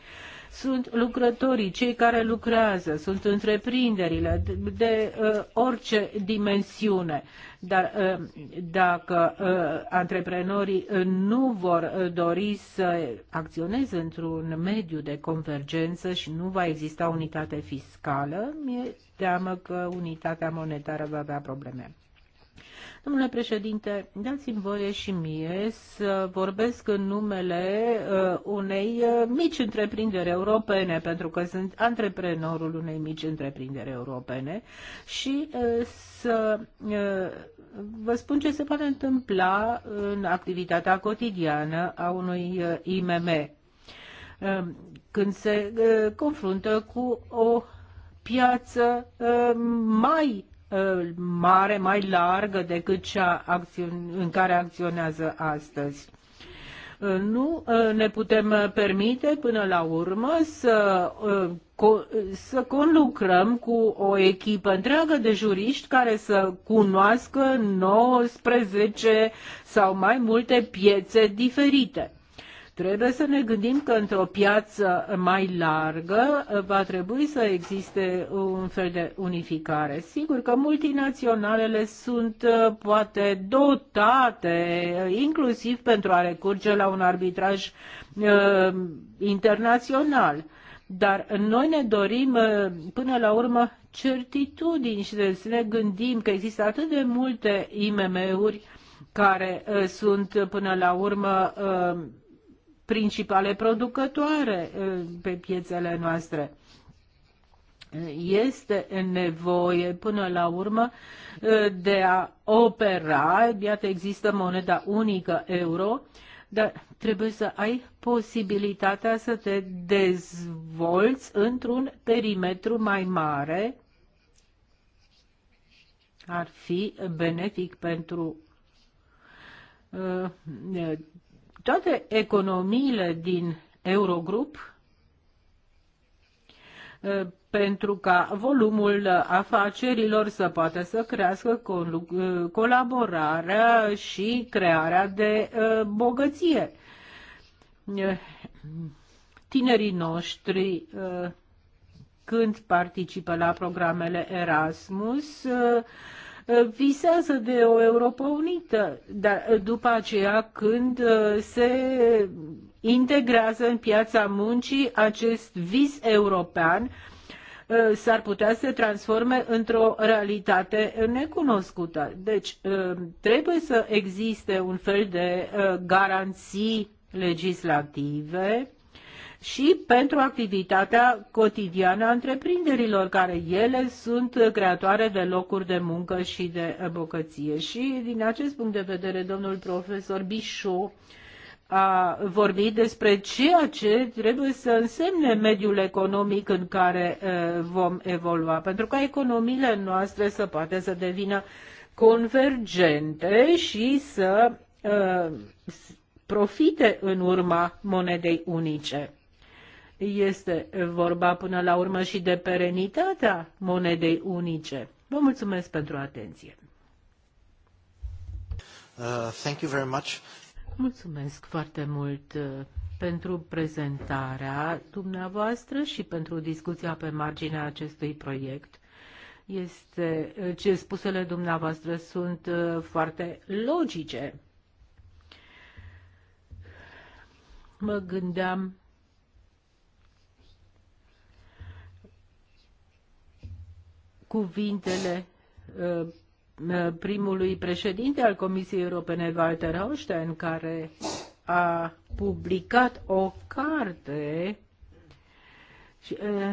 Sunt lucrătorii, cei care lucrează, sunt întreprinderile de, de uh, orice dimensiune. Dar uh, dacă uh, antreprenorii nu vor dori să acționeze într-un mediu de convergență și nu va exista unitate fiscală, mi-e teamă că unitatea monetară va avea probleme. Domnule președinte, dați-mi voie și mie să vorbesc în numele uh, unei uh, mici întreprinderi europene, pentru că sunt antreprenorul unei mici întreprinderi europene și uh, să vă spun ce se poate întâmpla în activitatea cotidiană a unui IMM când se confruntă cu o piață mai Uh, mare, mai largă decât cea în care acționează astăzi. Uh, nu uh, ne putem permite până la urmă să, să conlucrăm cu o echipă întreagă de juriști care să cunoască 19 sau mai multe piețe diferite Trebuie să ne gândim că într-o piață mai largă uh, va trebui să existe un fel de unificare. Sigur că multinaționalele sunt uh, poate dotate, uh, inclusiv pentru a recurge la un arbitraj uh, internațional. Dar noi ne dorim până la urmă certitudini și să ne gândim că există atât de multe IMM-uri care sunt până la urmă uh, principale producătoare pe piețele noastre. Este nevoie până la urmă de a opera, iată există moneda unică euro, dar trebuie să ai posibilitatea să te dezvolți într-un perimetru mai mare. Ar fi benefic pentru toate economiile din Eurogrup uh, pentru ca volumul afacerilor să poată să crească uh, colaborarea și crearea de uh, bogăție. Tinerii noștri când participă la programele Erasmus Uh, visează de o Europa unită, dar uh, după aceea când uh, se integrează în piața muncii acest vis european, s-ar putea să se transforme într-o realitate necunoscută. Deci trebuie să existe un fel de garanții legislative și pentru activitatea cotidiană a întreprinderilor, care ele sunt creatoare de locuri de muncă și de bogăție. Și din acest punct de vedere, domnul profesor Bișo a vorbit despre ceea ce trebuie să însemne mediul economic în care eh, vom evolua, pentru ca economiile noastre să poată să devină convergente și să eh, profite în urma monedei unice. Este vorba până la urmă și de perenitatea monedei unice. Vă mulțumesc pentru atenție. Uh, thank you very much. Mulțumesc foarte mult uh, pentru prezentarea dumneavoastră și pentru discuția pe marginea acestui proiect. Este uh, ce spusele dumneavoastră sunt uh, foarte logice. Mă gândeam cuvintele uh, uh, primului președinte al Comisiei Europene, Walter Haustein, care a publicat o carte uh,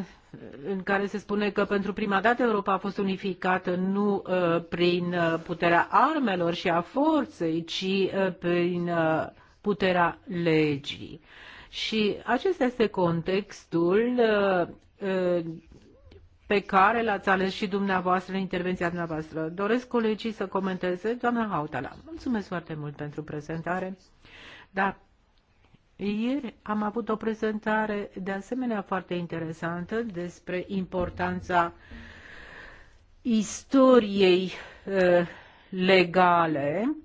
în care se spune că pentru prima dată Europa a fost unificată nu prin puterea armelor și a forței, ci prin puterea legii. Și acesta este contextul pe care l-ați ales și dumneavoastră în intervenția dumneavoastră. Doresc colegii să comenteze. Doamna Hautala, mulțumesc foarte mult pentru prezentare. Da, ieri am avut o prezentare de asemenea foarte interesantă despre importanța istoriei uh, legale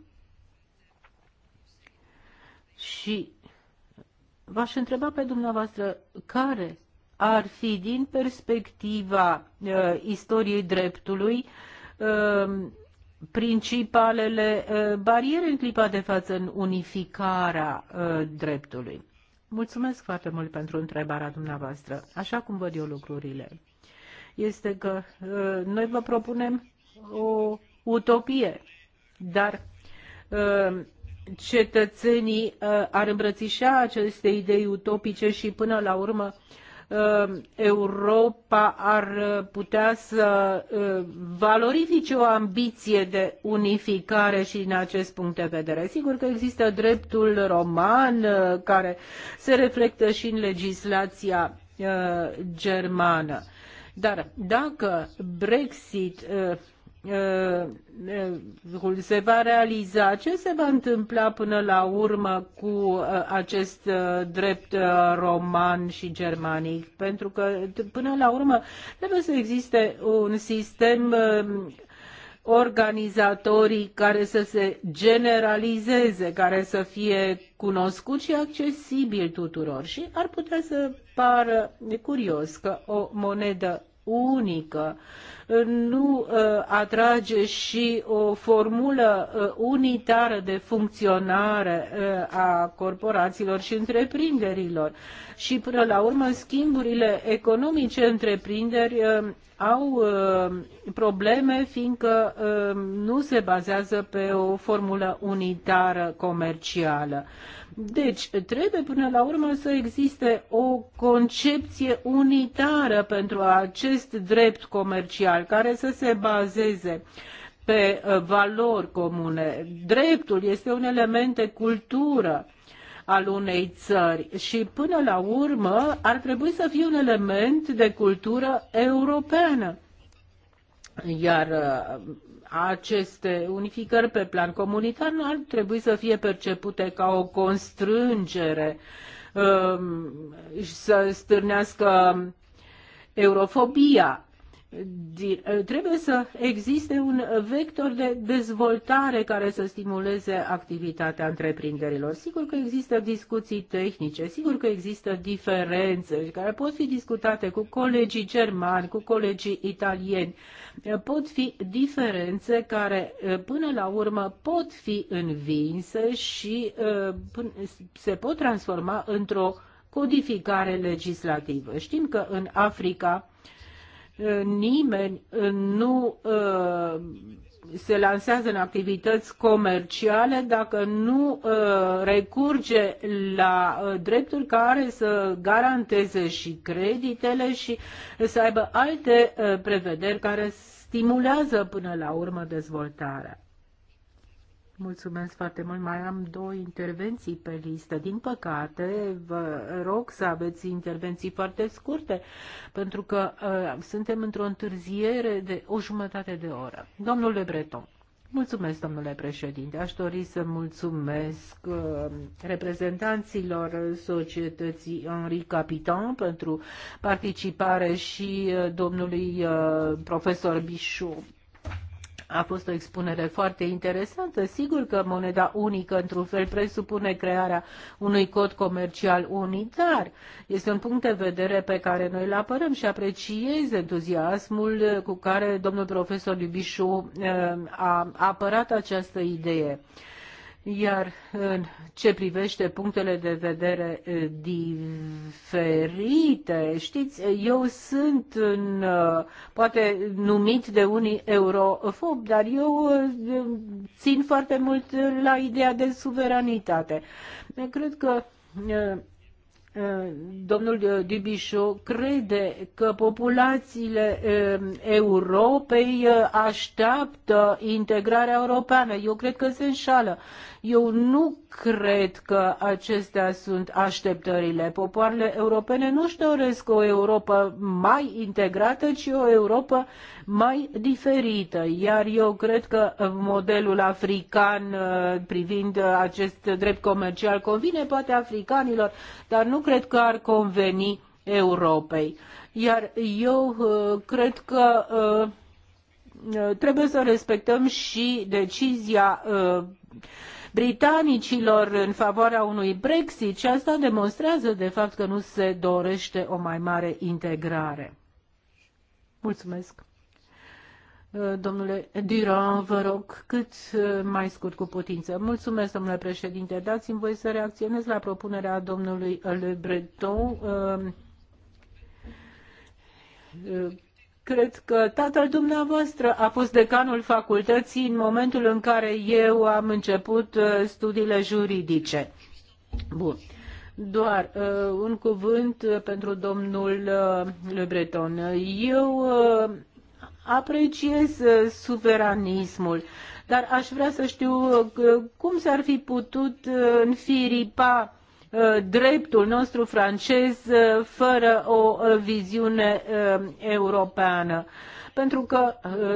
și v-aș întreba pe dumneavoastră care ar fi din perspectiva uh, istoriei dreptului uh, principalele uh, bariere în clipa de față în unificarea uh, dreptului. Mulțumesc foarte mult pentru întrebarea dumneavoastră. Așa cum văd eu lucrurile, este că uh, noi vă propunem o utopie, dar uh, cetățenii uh, ar îmbrățișa aceste idei utopice și până la urmă uh, Uh, Europa ar uh, putea să uh, valorifice o ambiție de unificare și din acest punct de vedere. Sigur că există dreptul roman care se reflectă și în legislația germană. Dar dacă Brexit Uh, uh, se va realiza, ce se va întâmpla până la urmă cu uh, acest drept roman și germanic? Pentru că până la urmă trebuie să existe un sistem organizatorii care să se generalizeze, care să fie cunoscut și accesibil tuturor. Și ar putea să pară curios că o monedă unică, nu uh, atrage și o formulă uh, unitară de funcționare uh, a corporațiilor și întreprinderilor. Și până la urmă schimburile economice întreprinderi au probleme fiindcă nu se bazează pe o formulă unitară comercială. Deci, trebuie până la urmă să existe o concepție unitară pentru acest drept comercial care să se bazeze pe uh, valori comune. Dreptul este un element de cultură al unei țări și până la urmă ar trebui să fie un element de cultură europeană. Iar uh, aceste unificări pe plan comunitar nu ar trebui să fie percepute ca o constrângere um, și să stârnească eurofobia. Ă, trebuie să existe un vector de dezvoltare care să stimuleze activitatea întreprinderilor. Sigur că există discuții tehnice, sigur că există diferențe care pot fi discutate cu colegii germani, cu colegii italieni. Ă, pot fi diferențe care ă, până la urmă pot fi învinse și se pot transforma într-o codificare legislativă. Știm că în Africa nimeni uh, nu uh, se lansează în activități comerciale dacă nu uh, recurge la drepturi care să garanteze și creditele și să aibă alte prevederi care stimulează până la urmă dezvoltarea. Mulțumesc foarte mult. Mai am două intervenții pe listă. Din păcate, vă rog să aveți intervenții foarte scurte, pentru că uh, suntem într-o întârziere de o jumătate de oră. Domnule Breton. Mulțumesc, domnule președinte. Aș dori să mulțumesc uh, reprezentanților societății Henri Capitan pentru participare și uh, domnului uh, profesor Bichot a fost o expunere foarte interesantă. Sigur că moneda unică, într-un fel, presupune crearea unui cod comercial unitar. Este un punct de vedere pe care noi îl apărăm și apreciez entuziasmul cu care domnul profesor Iubișu eh, a apărat această idee. Iar în ce privește punctele de vedere eh, diferite, știți, eu sunt în, eh, poate numit de unii eurofob, dar eu eh, țin foarte mult la ideea de suveranitate. Cred că domnul Dubișo crede că populațiile Europei așteaptă integrarea europeană. Eu cred că se înșală. Eu nu cred că acestea sunt așteptările. Popoarele europene nu își doresc o Europa mai integrată, ci o Europa mai diferită. Iar eu cred că modelul african uh, privind acest drept comercial convine poate africanilor, dar nu cred că ar conveni Europei. Iar eu uh, cred că uh, trebuie să respectăm și decizia britanicilor în favoarea unui Brexit și asta demonstrează de fapt că nu se dorește o mai mare integrare. Mulțumesc. Uh, domnule Duran, vă rog, cât uh, mai scurt cu putință. Mulțumesc, domnule președinte. Dați-mi voie să reacționez la propunerea domnului Le Breton uh, Cred că tatăl dumneavoastră a fost decanul facultății în momentul în care eu am început uh, studiile juridice. Bun. Doar uh, un cuvânt uh, pentru domnul uh, Le Breton. Eu uh, apreciez uh, suveranismul, dar aș vrea să știu uh, cum s-ar fi putut uh, înfiripa Uh, dreptul nostru francez uh, fără o uh, viziune europeană. Pentru că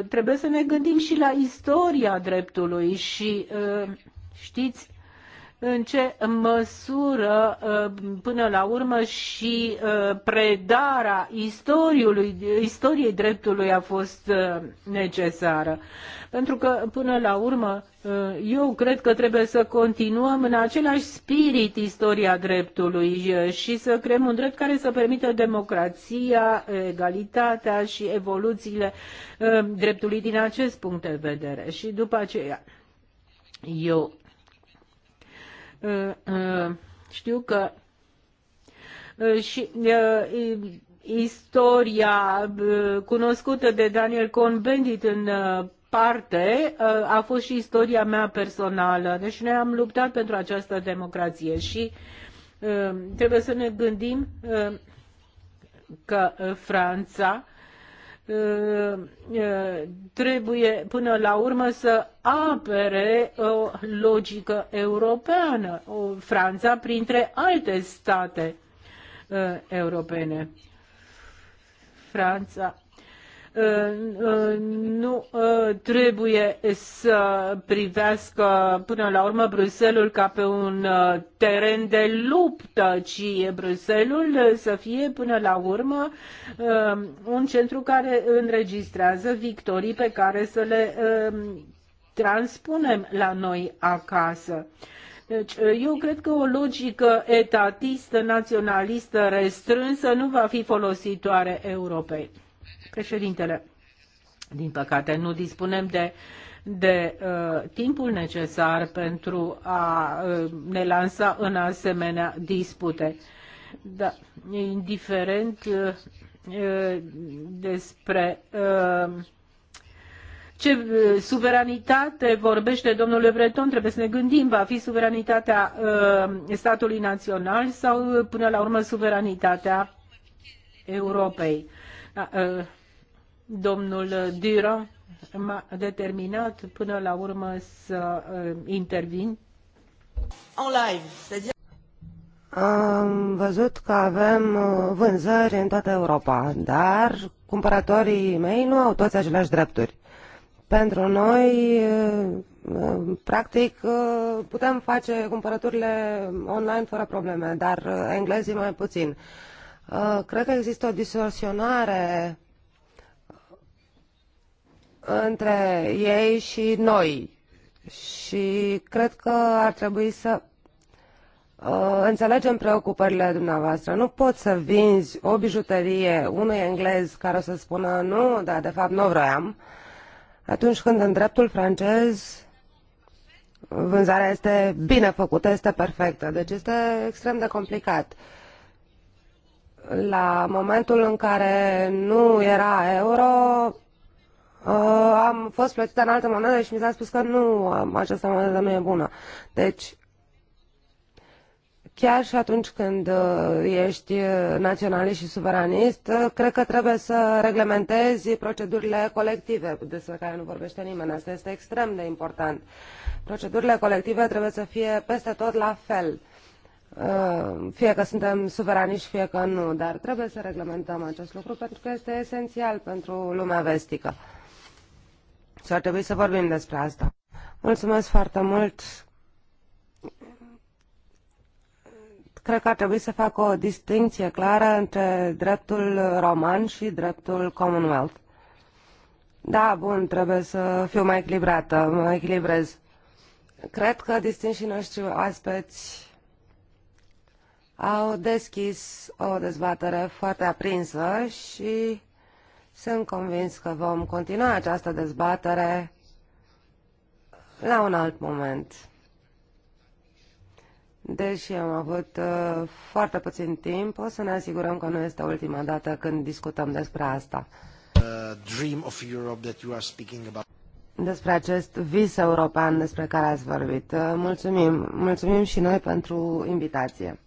trebuie să ne gândim și la istoria dreptului și știți în ce măsură uh, până la urmă și uh, predarea istoriului, istoriei dreptului a fost uh, necesară. Pentru că până la urmă eu cred că trebuie să continuăm în același spirit istoria dreptului și să creăm un drept care să permită democrația, egalitatea și evoluțiile dreptului din acest punct de vedere. Și după aceea, eu Ă, ă, știu că ă, și istoria cunoscută de Daniel Cohn-Bendit în parte a fost și istoria mea personală. Deci noi am luptat pentru această democrație și trebuie să ne gândim că Franța Uh, uh, trebuie până la urmă să apere o uh, logică europeană, o Franța printre alte state europene. Franța Ă, ă, nu ă, trebuie să privească până la urmă Bruselul ca pe un teren de luptă, ci Bruselul să fie până la urmă un centru care înregistrează victorii pe care să le transpunem la noi acasă. Deci, eu cred că o logică etatistă, naționalistă, restrânsă nu va fi folositoare Europei. Președintele, din păcate nu dispunem de de uh, timpul necesar pentru a uh, ne lansa în asemenea dispute. Da, indiferent uh, uh despre uh, ce uh, suveranitate vorbește domnul Breton, trebuie să ne gândim, va fi suveranitatea uh, statului național sau uh, până la urmă suveranitatea Europei. Da, uh, Domnul Dura m-a determinat până la urmă să uh, intervin. En live, am văzut că avem uh, vânzări în toată Europa, dar cumpărătorii mei nu au toți aceleași drepturi. Pentru noi, uh, practic, putem face cumpărăturile online fără probleme, dar englezii mai puțin. Cred că există o distorsionare între ei și noi. Și cred că ar trebui să uh, înțelegem preocupările dumneavoastră. Nu poți să vinzi o bijuterie unui englez care o să spună nu, dar de fapt nu vroiam, atunci când în dreptul francez vânzarea este bine făcută, este perfectă. Deci este extrem de complicat. La momentul în care nu era euro, uh, am fost plătită în altă monedă și mi s-a spus că nu, această monedă nu e bună. Deci, chiar și atunci când uh, ești uh, naționalist și suveranist, uh, cred că trebuie să reglementezi procedurile colective, despre care nu vorbește nimeni. Asta este extrem de important. Procedurile colective trebuie să fie peste tot la fel. Fie că suntem suveraniști, fie că nu, dar trebuie să reglementăm acest lucru pentru că este esențial pentru lumea vestică. Și ar trebui să vorbim despre asta. Mulțumesc foarte mult. Cred că ar trebui să fac o distinție clară între dreptul roman și dreptul Commonwealth. Da, bun, trebuie să fiu mai echilibrată, mă echilibrez. Cred că distinșii noștri aspeți au deschis o dezbatere foarte aprinsă și sunt convins că vom continua această dezbatere la un alt moment. Deși am avut uh, foarte puțin timp, o să ne asigurăm că nu este ultima dată când discutăm despre asta. Uh, despre acest vis european despre care ați vorbit. Uh, mulțumim, mulțumim și noi pentru invitație.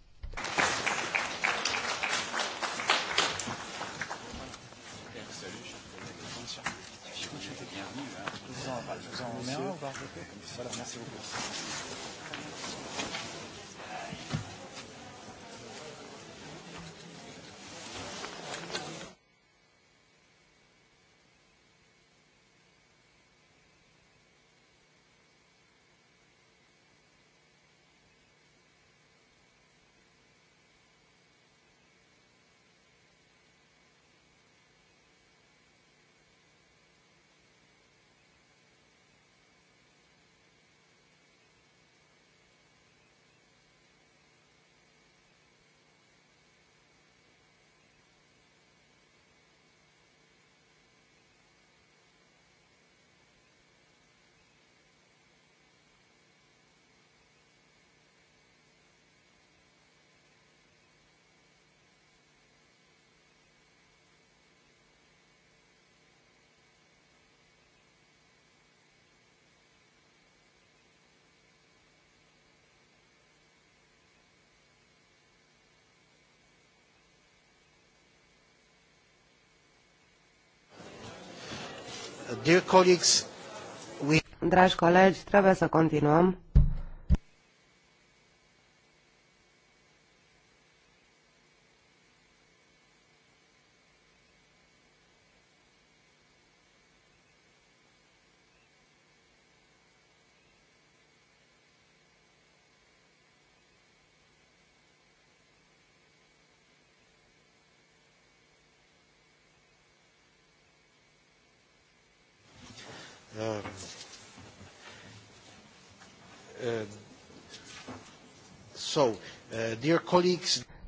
Dragi colegi, trebuie să continuăm.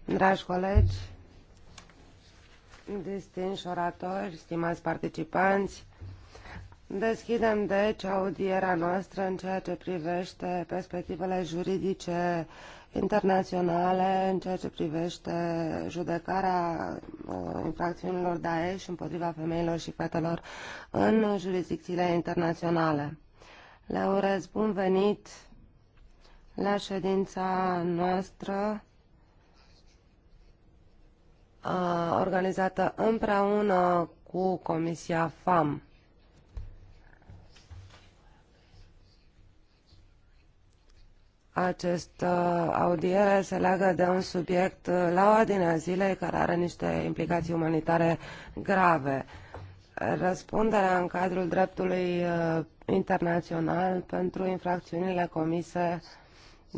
Dragi colegi, distinși oratori, stimați participanți, deschidem deci audierea noastră în ceea ce privește perspectivele juridice internaționale, în ceea ce privește judecarea uh, infracțiunilor Daesh împotriva femeilor și fetelor în jurisdicțiile internaționale. Le urez bun venit la ședința noastră organizată împreună cu Comisia FAM. Această audiere se leagă de un subiect la ordinea zilei care are niște implicații umanitare grave. Răspunderea în cadrul dreptului internațional pentru infracțiunile comise uh,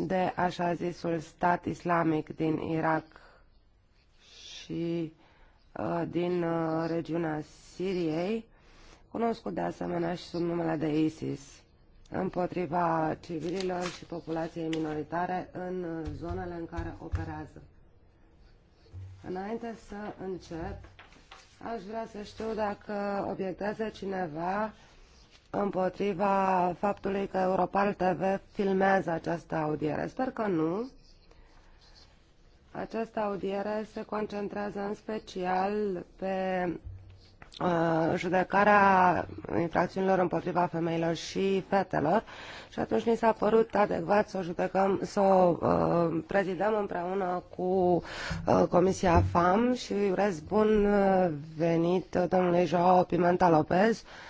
de așa zisul stat islamic din Irak și uh, din uh, regiunea Siriei, cunoscut de asemenea și sub numele de ISIS, împotriva civililor și populației minoritare în uh, zonele în care operează. Înainte să încep, aș vrea să știu dacă obiectează cineva împotriva faptului că Europal TV filmează această audiere. Sper că nu. Această audiere se concentrează în special pe uh, judecarea infracțiunilor împotriva femeilor și fetelor și atunci ni s-a părut adecvat să o judecăm, să o uh, prezidăm împreună cu uh, Comisia FAM și urez bun uh, venit domnului Joao Pimenta Lopez, uh,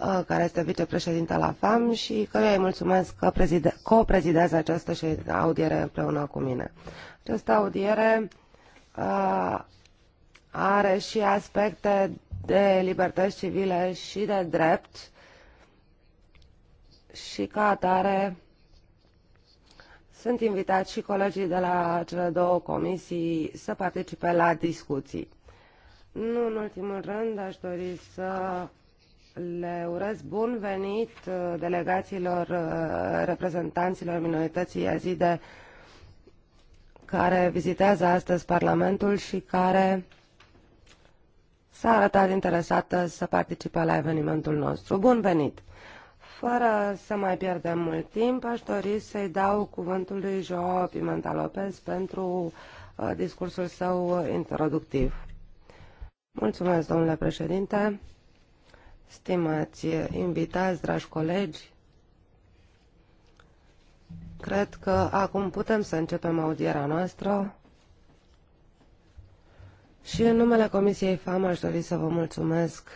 Uh, care este vicepreședinte la FAM și căruia îi mulțumesc că prezide, co-prezidează această audiere împreună cu mine. Această audiere uh, are și aspecte de libertăți civile și de drept și ca atare sunt invitați și colegii de la cele două comisii să participe la discuții. Nu în ultimul rând aș dori să le urez bun venit uh, delegațiilor uh, reprezentanților minorității azide care vizitează astăzi Parlamentul și care s-a arătat interesată să participe la evenimentul nostru. Bun venit! Fără să mai pierdem mult timp, aș dori să-i dau cuvântul lui Joao Pimenta Lopez pentru uh, discursul său introductiv. Mulțumesc, domnule președinte! Stimați invitați, dragi colegi, cred că acum putem să începem audiera noastră și în numele Comisiei FAM aș dori să vă mulțumesc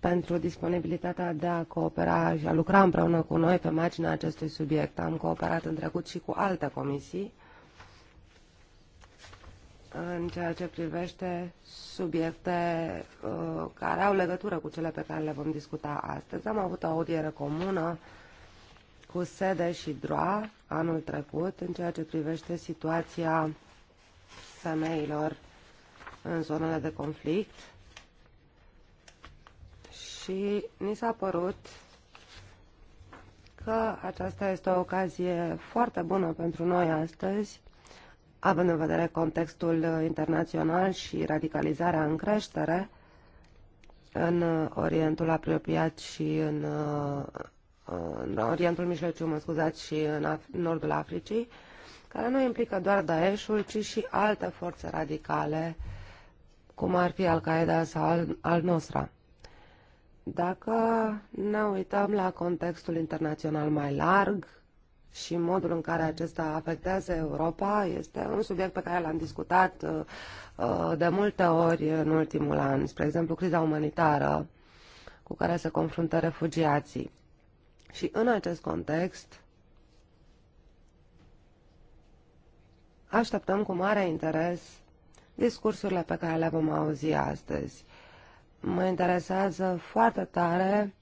pentru disponibilitatea de a coopera și a lucra împreună cu noi pe marginea acestui subiect. Am cooperat în trecut și cu alte comisii în ceea ce privește subiecte uh, care au legătură cu cele pe care le vom discuta astăzi. Am avut o audiere comună cu sede și DROA anul trecut în ceea ce privește situația femeilor în zonele de conflict și ni s-a părut că aceasta este o ocazie foarte bună pentru noi astăzi având în vedere contextul uh, internațional și radicalizarea în creștere în uh, Orientul apropiat și în, uh, în Orientul Mijlociu, mă scuzați, și în Af- Nordul Africii, care nu implică doar Daeshul, ci și alte forțe radicale, cum ar fi Al-Qaeda sau al, al Nostra. Dacă ne uităm la contextul internațional mai larg, și modul în care acesta afectează Europa este un subiect pe care l-am discutat uh, uh, de multe ori în ultimul an, spre exemplu criza umanitară cu care se confruntă refugiații. Și în acest context așteptăm cu mare interes discursurile pe care le vom auzi astăzi. Mă interesează foarte tare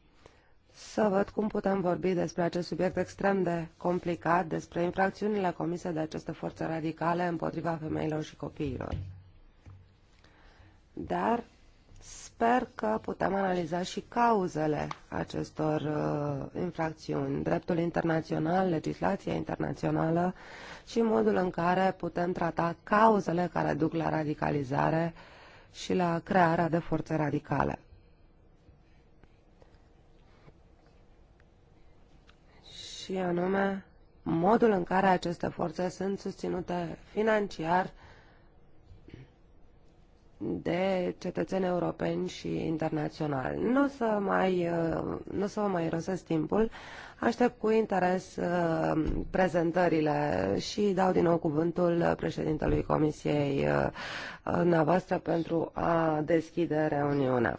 să văd cum putem vorbi despre acest subiect extrem de complicat, despre infracțiunile comise de aceste forțe radicale împotriva femeilor și copiilor. Dar sper că putem analiza și cauzele acestor uh, infracțiuni, dreptul internațional, legislația internațională și modul în care putem trata cauzele care duc la radicalizare și la crearea de forțe radicale. și anume modul în care aceste forțe sunt susținute financiar de cetățeni europeni și internaționali. Nu o să, mai, uh, nu să vă mai rosesc timpul, aștept cu interes uh, prezentările și dau din nou cuvântul președintelui Comisiei uh, noastre pentru a deschide reuniunea.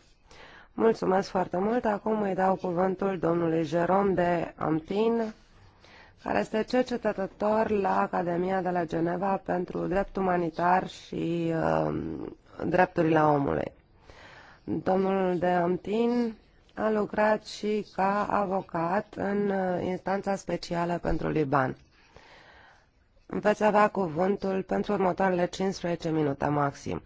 Mulțumesc foarte mult. Acum îi dau cuvântul domnului Jerome de Amtin, care este cercetător la Academia de la Geneva pentru drept umanitar și uh, drepturile omului. Domnul de Amtin a lucrat și ca avocat în uh, instanța specială pentru Liban. Veți avea cuvântul pentru următoarele 15 minute maxim.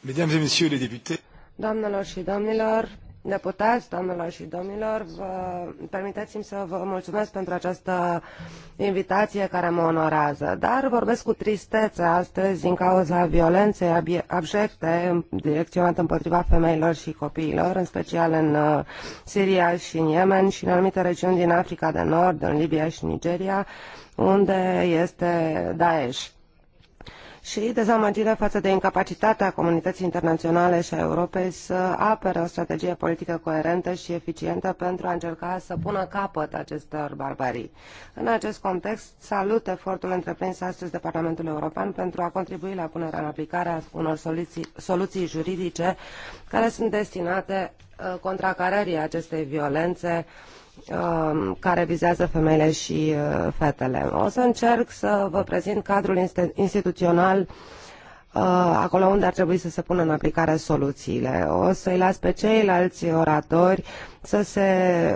Mesdames et messieurs les députés, Doamnelor și domnilor, deputați, doamnelor și domnilor, vă permiteți-mi să vă mulțumesc pentru această invitație care mă onorează, dar vorbesc cu tristețe astăzi din cauza violenței abjecte direcționate împotriva femeilor și copiilor, în special în uh, Siria și în Yemen și în anumite regiuni din Africa de Nord, în Libia și Nigeria, unde este Daesh și dezamăgire faă de incapacitatea comunității internaționale și a Europei să apere o strategie politică coerentă și eficientă pentru a încerca să pună capăt acestor barbarii. În acest context, salut efortul întreprins astăzi de Parlamentul European pentru a contribui la punerea în aplicare a unor soluții, soluții juridice care sunt destinate uh, contracarării acestei violențe uh, Um, care vizează femeile și uh, fetele. O să încerc să vă prezint cadrul instituțional uh, acolo unde ar trebui să se pună în aplicare soluțiile. O să-i las pe ceilalți oratori să se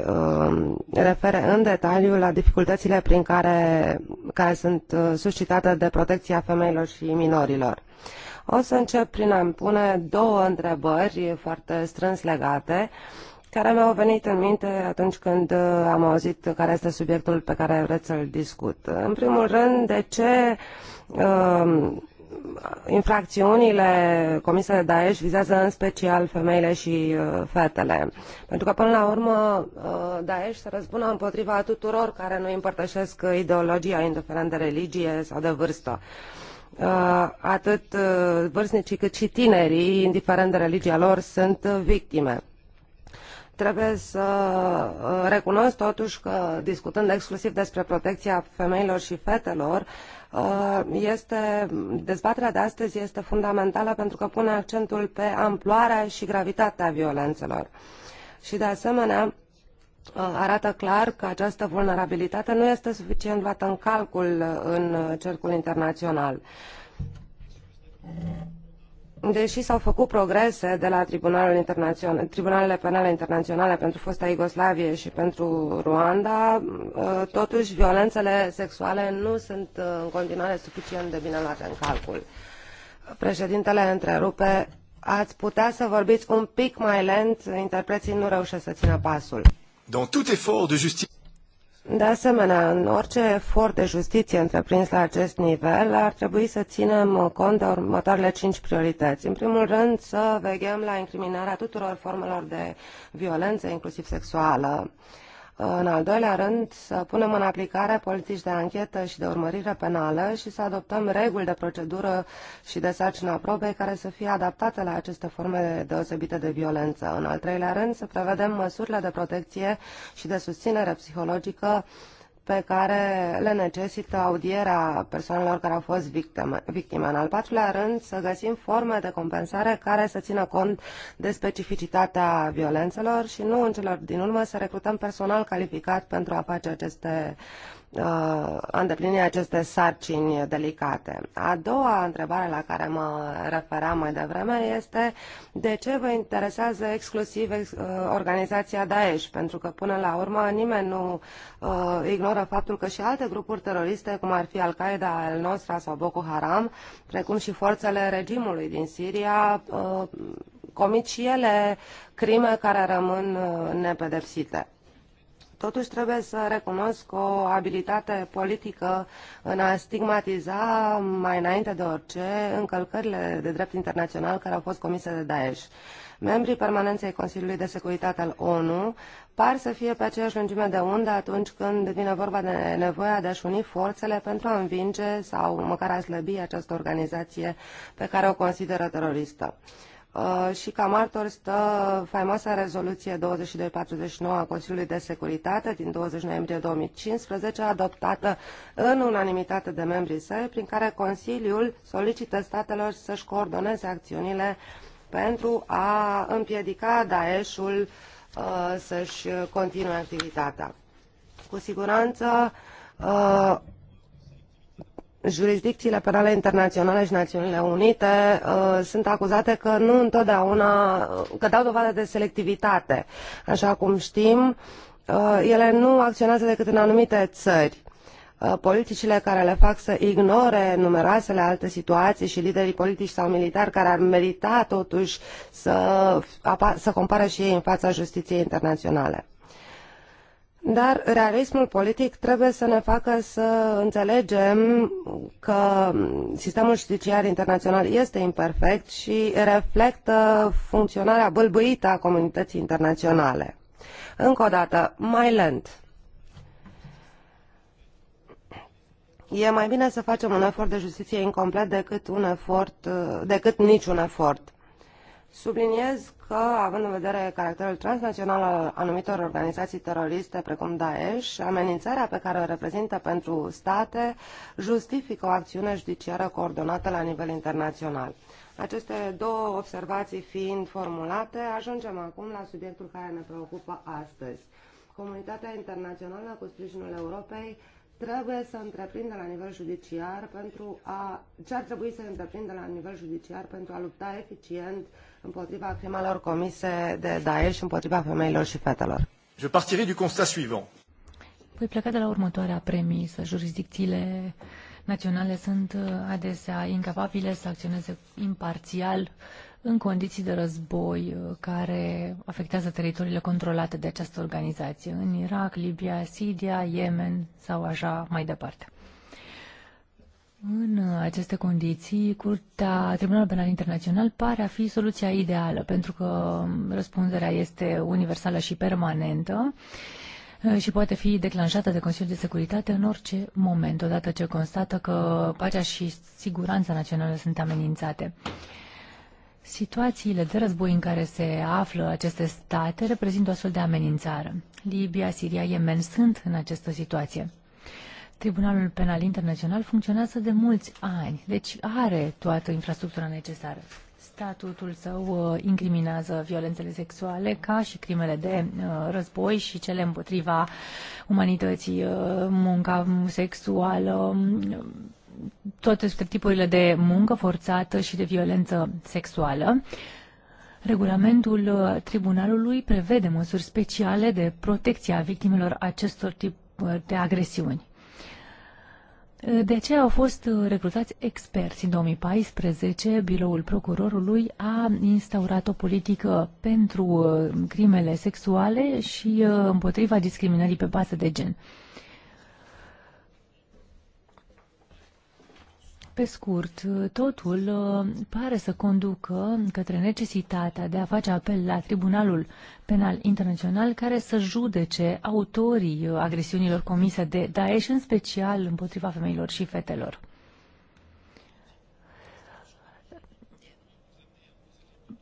um, refere în detaliu la dificultățile prin care, care sunt uh, suscitate de protecția femeilor și minorilor. O să încep prin a-mi pune două întrebări foarte strâns legate care mi-au venit în minte atunci când uh, am auzit care este subiectul pe care vreți să-l discut. În primul rând, de ce uh, infracțiunile comise de Daesh vizează în special femeile și uh, fetele. Pentru că, până la urmă, uh, Daesh se răzbună împotriva tuturor care nu împărtășesc ideologia, indiferent de religie sau de vârstă. Atât vârstnicii cât și tinerii, indiferent de religia lor, sunt victime. Trebuie să uh, recunosc totuși că discutând exclusiv despre protecția femeilor și fetelor, uh, este, dezbaterea de astăzi este fundamentală pentru că pune accentul pe amploarea și gravitatea violențelor. Și de asemenea, uh, arată clar că această vulnerabilitate nu este suficient luată în calcul în cercul internațional. Deși s-au făcut progrese de la Tribunalul Internațional, Tribunalele Penale Internaționale pentru fosta Iugoslavie și pentru Ruanda, uh, totuși violențele sexuale nu sunt uh, în continuare suficient de bine luate în calcul. Președintele întrerupe, ați putea să vorbiți un pic mai lent, interpreții nu reușesc să țină pasul. Dans tout effort de justice de asemenea, în orice efort de justiție întreprins la acest nivel, ar trebui să ținem cont de următoarele cinci priorități. În primul rând, să veghem la incriminarea tuturor formelor de violență, inclusiv sexuală. Uh, în al doilea rând, să punem în aplicare politici de anchetă și de urmărire penală și să adoptăm reguli de procedură și de sarcină probei care să fie adaptate la aceste forme deosebite de violență. În al treilea rând, să prevedem măsurile de protecție și de susținere psihologică uh, pe care le necesită audierea persoanelor care au fost victime. victime. În al patrulea rând, să găsim forme de compensare care să țină cont de specificitatea violențelor și nu în celor din urmă să recrutăm personal calificat pentru a face aceste uh, Uh, îndeplini aceste sarcini delicate. A doua întrebare la care mă referam mai devreme este de ce vă interesează exclusiv uh, organizația Daesh, pentru că până la urmă nimeni nu uh, ignoră faptul că și alte grupuri teroriste, cum ar fi Al-Qaeda, al nostru sau Boko Haram, precum și forțele regimului din Siria, uh, comit și ele crime care rămân uh, nepedepsite. Totuși trebuie să recunosc o abilitate politică în a stigmatiza mai înainte de orice încălcările de drept internațional care au fost comise de Daesh. Membrii permanenței Consiliului de Securitate al ONU par să fie pe aceeași lungime de undă atunci când vine vorba de nevoia de a-și uni forțele pentru a învinge sau măcar a slăbi această organizație pe care o consideră teroristă. Uh, și ca martor stă faimoasa rezoluție 2249 a Consiliului de Securitate din 20 noiembrie 2015, adoptată în unanimitate de membrii săi, prin care Consiliul solicită statelor să-și coordoneze acțiunile pentru a împiedica Daeshul uh, să-și continue activitatea. Cu siguranță, uh, jurisdicțiile penale internaționale și Națiunile Unite uh, sunt acuzate că nu întotdeauna, uh, că dau dovadă de selectivitate. Așa cum știm, uh, ele nu acționează decât în anumite țări. Uh, politicile care le fac să ignore numeroasele alte situații și liderii politici sau militari care ar merita totuși să, să compare și ei în fața justiției internaționale. Dar realismul politic trebuie să ne facă să înțelegem că sistemul judiciar internațional este imperfect și reflectă funcționarea bâlbâită a comunității internaționale. Încă o dată, mai lent. E mai bine să facem un efort de justiție incomplet decât un efort, decât niciun efort. Subliniez că, având în vedere caracterul transnațional al anumitor organizații teroriste precum Daesh, amenințarea pe care o reprezintă pentru state justifică o acțiune judiciară coordonată la nivel internațional. Aceste două observații fiind formulate, ajungem acum la subiectul care ne preocupă astăzi. Comunitatea internațională cu sprijinul Europei trebuie să întreprindă la nivel judiciar pentru a, ce ar trebui să întreprindă la nivel judiciar pentru a lupta eficient uh, împotriva crimelor comise de Daesh împotriva femeilor și fetelor. Je partirai du constat suivant. Voi pleca de la următoarea premisă. Jurisdicțiile naționale sunt uh, adesea incapabile să acționeze imparțial în condiții de război uh, care afectează teritoriile controlate de această organizație în Irak, Libia, Siria, Yemen sau așa mai departe. În aceste condiții, Curtea Tribunalului Penal Internațional pare a fi soluția ideală, pentru că răspunderea este universală și permanentă eh, și poate fi declanșată de Consiliul de Securitate în orice moment, odată ce constată că pacea și siguranța națională sunt amenințate. Situațiile de război în care se află aceste state reprezintă o astfel de amenințare. Libia, Siria, Yemen sunt în această situație. Tribunalul Penal Internațional funcționează de mulți ani, deci are toată infrastructura necesară. Statutul său uh, incriminează violențele sexuale ca și crimele de uh, război și cele împotriva umanității, uh, munca sexuală, mm, toate tipurile de muncă forțată și de violență sexuală. Regulamentul tribunalului prevede măsuri speciale de protecție a victimelor acestor tip de agresiuni. Eh, de ce au fost eh, recrutați experți? În 2014, biroul procurorului a instaurat o politică pentru eh, crimele sexuale și împotriva discriminării pe bază de gen. Pe scurt, totul uh, pare să conducă către necesitatea de a face apel la Tribunalul Penal Internațional care să judece autorii uh, agresiunilor comise de Daesh, în special împotriva femeilor și fetelor.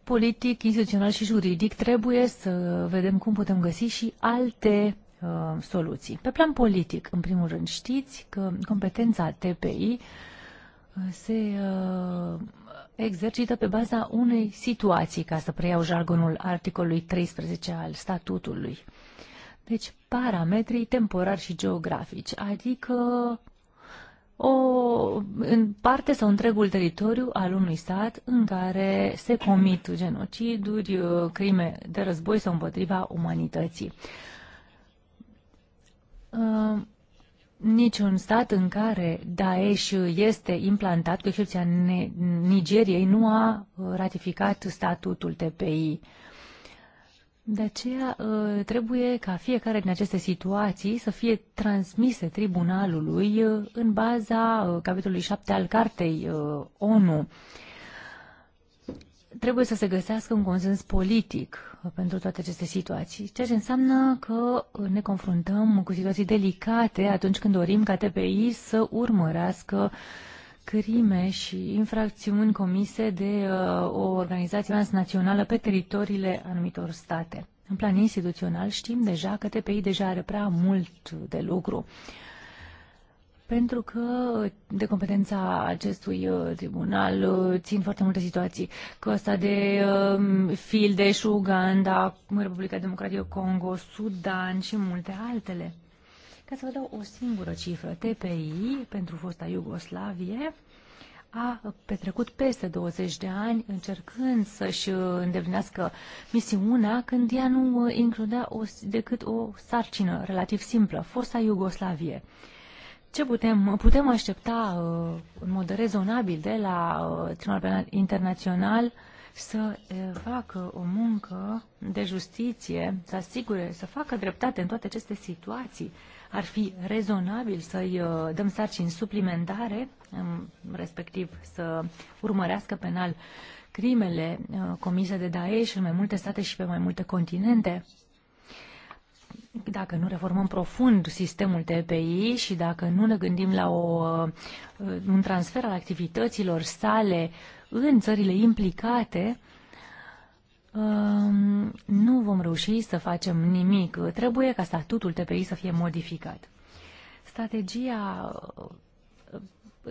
Politic, instituțional și juridic trebuie să vedem cum putem găsi și alte uh, soluții. Pe plan politic, în primul rând, știți că competența TPI uh, se uh, exercită pe baza unei situații, ca să preiau jargonul articolului 13 al statutului. Deci parametrii temporari și geografici, adică o, în parte sau întregul teritoriu al unui stat în care se comit genociduri, uh, crime de război sau împotriva umanității. Uh, niciun stat în care Daesh este implantat, cu excepția Nigeriei, nu a uh, ratificat statutul TPI. De aceea uh, trebuie ca fiecare din aceste situații să fie transmise tribunalului uh, în baza capitolului 7 al Cartei ONU trebuie să se găsească un consens politic pentru toate aceste situații, ceea ce înseamnă că ne confruntăm cu situații delicate atunci când dorim ca TPI să urmărească crime și infracțiuni comise de uh, o organizație transnațională pe teritoriile anumitor state. În plan instituțional știm deja că TPI deja are prea mult de lucru. Uh, pentru că de competența acestui uh, tribunal uh, țin foarte multe situații. asta de um, Fildeș, Uganda, Republica Democratică Congo, Sudan și multe altele. Ca să vă dau o singură cifră, TPI pentru fosta Iugoslavie a petrecut peste 20 de ani încercând să-și uh, îndeplinească misiunea când ea nu includea o, decât o sarcină relativ simplă, fosta Iugoslavie. Ce putem, putem aștepta uh, în mod rezonabil de la uh, Tribunalul Penal Internațional să uh, facă o muncă de justiție, să asigure, să facă dreptate în toate aceste situații? Ar fi rezonabil să-i dăm sarcini suplimentare, um, respectiv să urmărească penal crimele comise de Daesh în mai multe state și pe mai multe continente? Dacă nu reformăm profund sistemul TPI și dacă nu ne gândim la o, uh, un transfer al activităților sale în țările implicate, um, nu vom reuși să facem nimic. Trebuie ca statutul TPI să fie modificat. Strategia uh,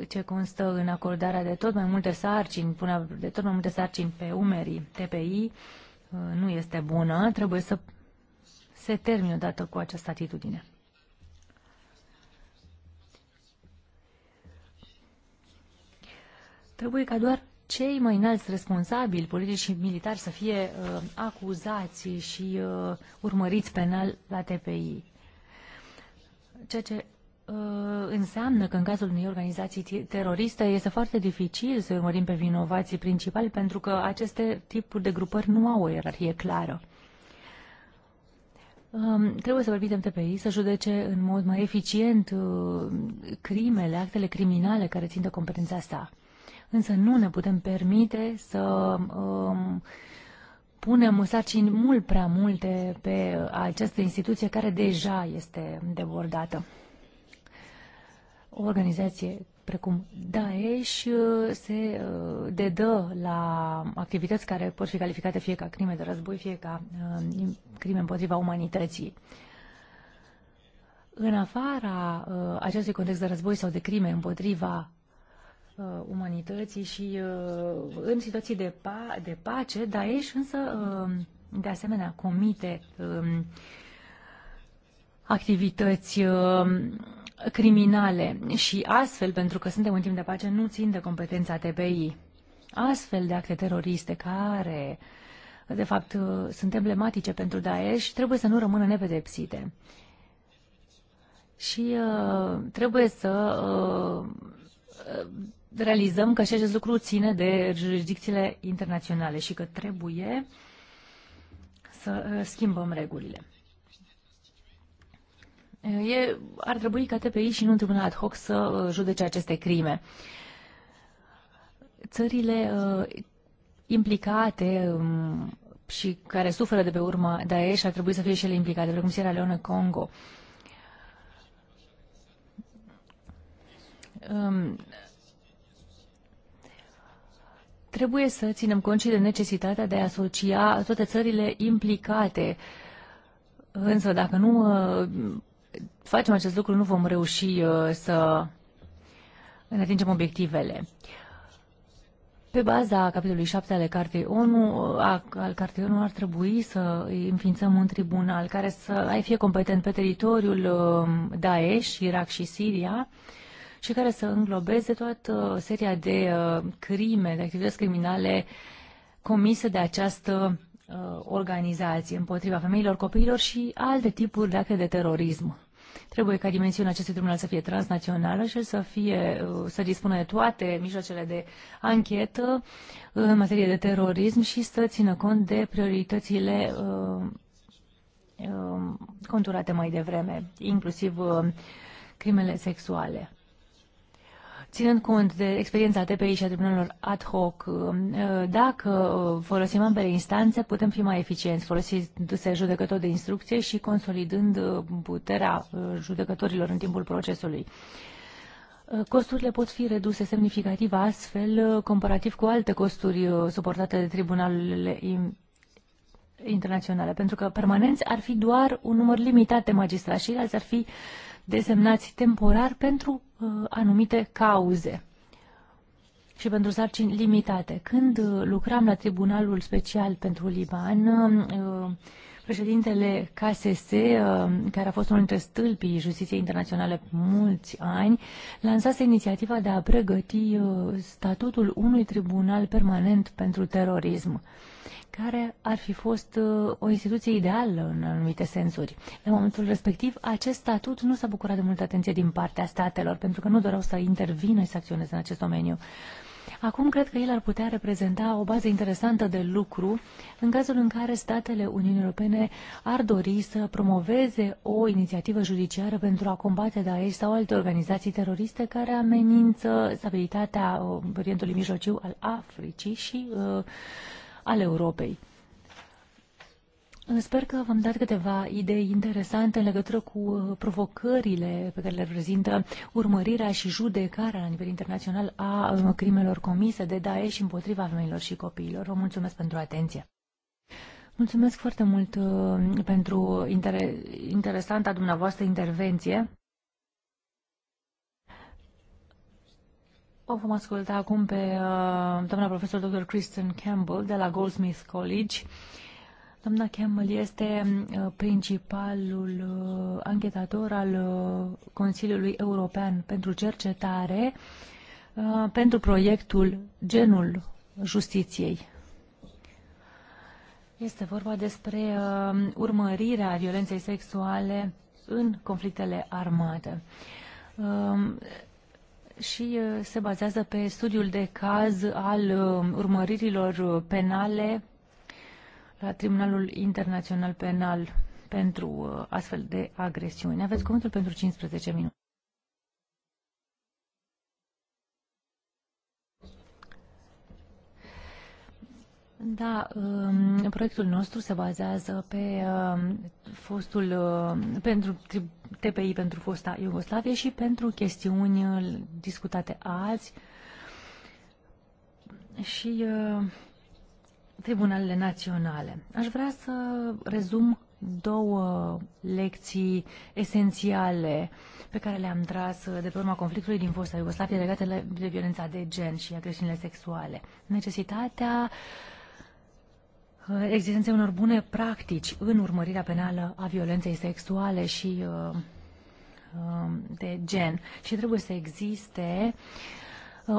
ce constă în acordarea de tot mai multe sarcini, pune de tot mai multe sarcini pe umerii TPI, uh, nu este bună. Trebuie să se termină odată cu această atitudine. Trebuie ca doar cei mai înalți responsabili politici și militari să fie uh, acuzați și uh, urmăriți penal la TPI. Ceea ce uh, înseamnă că în cazul unei organizații teroriste este foarte dificil să urmărim pe vinovații principali pentru că aceste tipuri de grupări nu au o ierarhie clară. Um, trebuie să de TPI să judece în mod mai eficient uh, crimele, actele criminale care țin de competența sa. Însă nu ne putem permite să um, punem sarcini mult prea multe pe această instituție care deja este debordată. O organizație precum Daesh, uh, se uh, dedă la activități care pot fi calificate fie ca crime de război, fie ca uh, crime împotriva umanității. În afara acestui context de război sau de crime împotriva umanității și în situații de, pa de pace, Daesh însă de asemenea comite um, activități um, criminale și astfel, pentru că suntem în timp de pace, nu țin de competența TBI Astfel de acte teroriste care, de fapt, sunt emblematice pentru Daesh, trebuie să nu rămână nepedepsite. Și uh, trebuie să uh, realizăm că și acest lucru ține de jurisdicțiile internaționale și că trebuie să uh, schimbăm regulile. E, ar trebui ca TPI și nu într-un ad hoc să uh, judece aceste crime. Țările uh, implicate um, și care suferă de pe urma Daesh ar trebui să fie și ele implicate, precum Sierra Leone, Congo. Um, trebuie să ținem cont și de necesitatea de a asocia toate țările implicate. Însă, dacă nu uh, facem acest lucru, nu vom reuși uh, să ne atingem obiectivele. Pe baza capitolului 7 ale Cartei ONU, uh, a, al Cartei ONU ar trebui să înființăm un tribunal care să ai fie competent pe teritoriul uh, Daesh, Irak și Siria și care să înglobeze toată seria de crime, de activități criminale comise de această organizație împotriva femeilor, copiilor și alte tipuri de acte de terorism. Trebuie ca dimensiunea acestui tribunal să fie transnațională și să, fie, uh, să dispună de toate mijloacele de anchetă în materie de terorism și să țină cont de prioritățile uh, uh, conturate mai devreme, inclusiv crimele sexuale ținând cont de experiența TPI și a tribunalelor ad hoc, um, uh, dacă uh, folosim ambele instanțe, putem fi mai eficienți, folosindu-se judecător de instrucție și consolidând uh, puterea judecătorilor în timpul procesului. Costurile pot fi reduse semnificativ astfel, comparativ cu alte costuri suportate de tribunalele internaționale, pentru că permanenți ar fi doar un număr limitat de magistrați și alți ar fi uh, desemnați temporar pentru uh, anumite cauze și pentru sarcini limitate. Când uh, lucram la Tribunalul Special pentru Liban, uh, Președintele KSS, uh, care a fost unul dintre stâlpii justiției internaționale mulți ani, lansase inițiativa de a pregăti uh, statutul unui tribunal permanent pentru terorism care ar fi fost uh, o instituție ideală în anumite sensuri. La momentul respectiv, acest statut nu s-a bucurat de multă atenție din partea statelor, pentru că nu doreau să intervină și să acționeze în acest domeniu. Acum cred că el ar putea reprezenta o bază interesantă de lucru în cazul în care statele Uniunii Europene ar dori să promoveze o inițiativă judiciară pentru a combate Daesh sau alte organizații teroriste care amenință stabilitatea uh, Orientului Mijlociu al Africii și uh, al Europei. Sper că v-am dat câteva idei interesante în legătură cu uh, provocările pe care le reprezintă urmărirea și judecarea la nivel internațional a uh, crimelor comise de Daesh împotriva femeilor și copiilor. Vă mulțumesc pentru atenție. Mulțumesc foarte mult uh, pentru inter- interesanta dumneavoastră intervenție. O vom asculta acum pe uh, doamna profesor dr. Kristen Campbell de la Goldsmith College. Uh, Doamna Campbell este uh, principalul uh, anchetator al uh, Consiliului European pentru Cercetare pentru proiectul Genul Justiției. Este vorba despre urmărirea violenței sexuale în conflictele armate um, și se bazează pe studiul de caz al urmăririlor penale la Tribunalul Internațional Penal pentru uh, astfel de agresiuni. Aveți cuvântul pentru 15 minute. Da, um, proiectul nostru se bazează pe um, fostul uh, pentru TPI pentru fosta Iugoslavie și pentru chestiuni uh, discutate azi și tribunalele naționale. Aș vrea să rezum două lecții esențiale pe care le-am tras de pe urma conflictului din fosta Iugoslavie legate de violența de gen și agresiunile sexuale. Necesitatea uh, existenței unor bune practici în urmărirea penală a violenței sexuale și uh, uh, de gen și trebuie să existe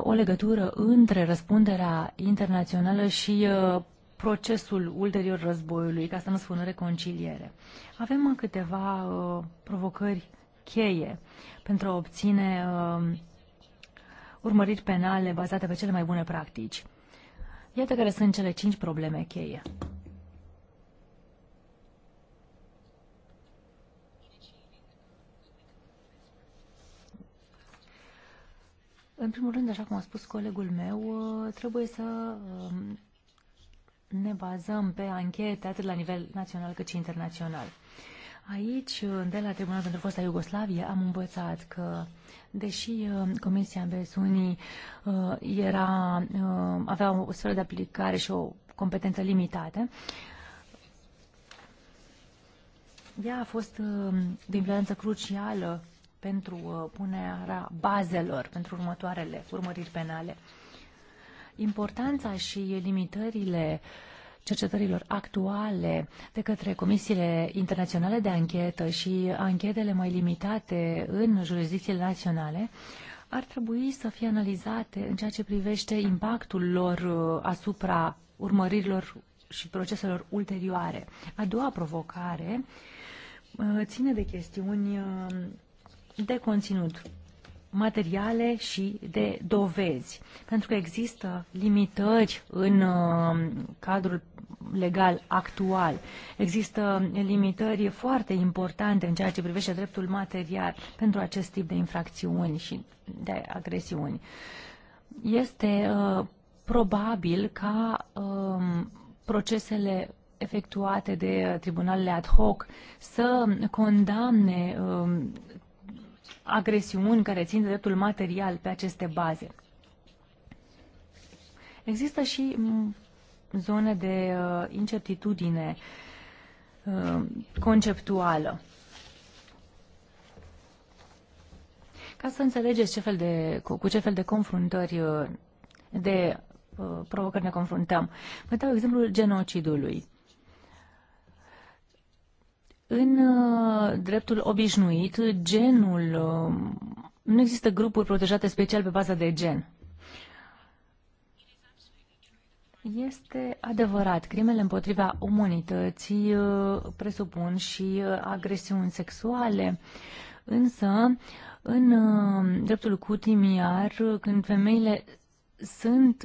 o legătură între răspunderea internațională și procesul ulterior războiului, ca să nu spun reconciliere. Avem câteva uh, provocări cheie pentru a obține uh, urmăriri penale bazate pe cele mai bune practici. Iată care sunt cele cinci probleme cheie. În primul rând, așa cum a spus colegul meu, uh, trebuie să um, ne bazăm pe anchete atât la nivel național cât și internațional. Aici, de la Tribunal pentru Fosta Iugoslavie, am învățat că, deși uh, Comisia Besunii uh, era, uh, avea o sferă de aplicare și o competență limitată, ea a fost de influență crucială pentru punerea bazelor pentru următoarele urmăriri penale importanța și limitările cercetărilor actuale de către comisiile internaționale de anchetă și anchetele mai limitate în jurisdicțiile naționale ar trebui să fie analizate în ceea ce privește impactul lor uh, asupra urmăririlor și proceselor ulterioare. A doua provocare uh, ține de chestiuni uh, de conținut materiale și de dovezi, pentru că există limitări în uh, cadrul legal actual. Există limitări foarte importante în ceea ce privește dreptul material pentru acest tip de infracțiuni și de agresiuni. Este uh, probabil ca uh, procesele efectuate de tribunalele ad hoc să condamne uh, agresiuni care țin de dreptul material pe aceste baze. Există și zone de uh, incertitudine uh, conceptuală. Ca să înțelegeți ce fel de, cu, cu ce fel de confruntări, uh, de uh, provocări ne confruntăm, vă dau exemplul genocidului. În uh, dreptul obișnuit, genul, uh, nu există grupuri protejate special pe baza de gen. Este adevărat, crimele împotriva umanității uh, presupun și agresiuni sexuale, însă în dreptul cutimiar, când femeile sunt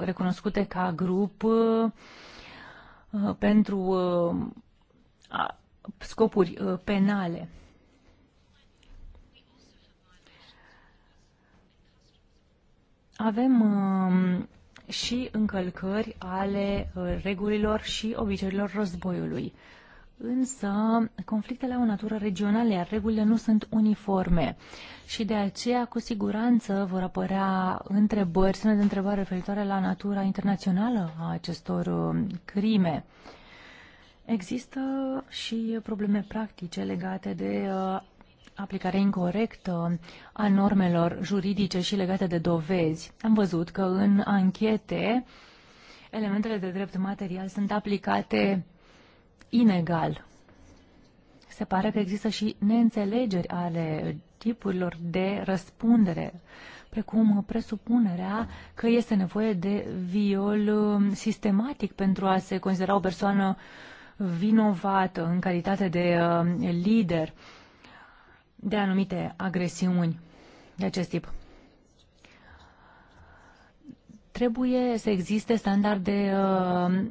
recunoscute ca grup pentru scopuri uh, penale. Avem um, și încălcări ale uh, regulilor și obiceiurilor războiului. Însă, conflictele au natură regională, iar regulile nu sunt uniforme. Și de aceea, cu siguranță, vor apărea întrebări, semne de întrebare referitoare la natura internațională a acestor um, crime. Uh, Există și probleme practice legate de uh, aplicarea incorrectă a normelor juridice și legate de dovezi. Am văzut că în anchete elementele de drept material sunt aplicate inegal. Se pare că există și neînțelegeri ale tipurilor de răspundere, precum presupunerea că este nevoie de viol uh, sistematic pentru a se considera o persoană uh, vinovată în calitate de uh, lider de anumite agresiuni de acest tip. Trebuie să existe standarde uh,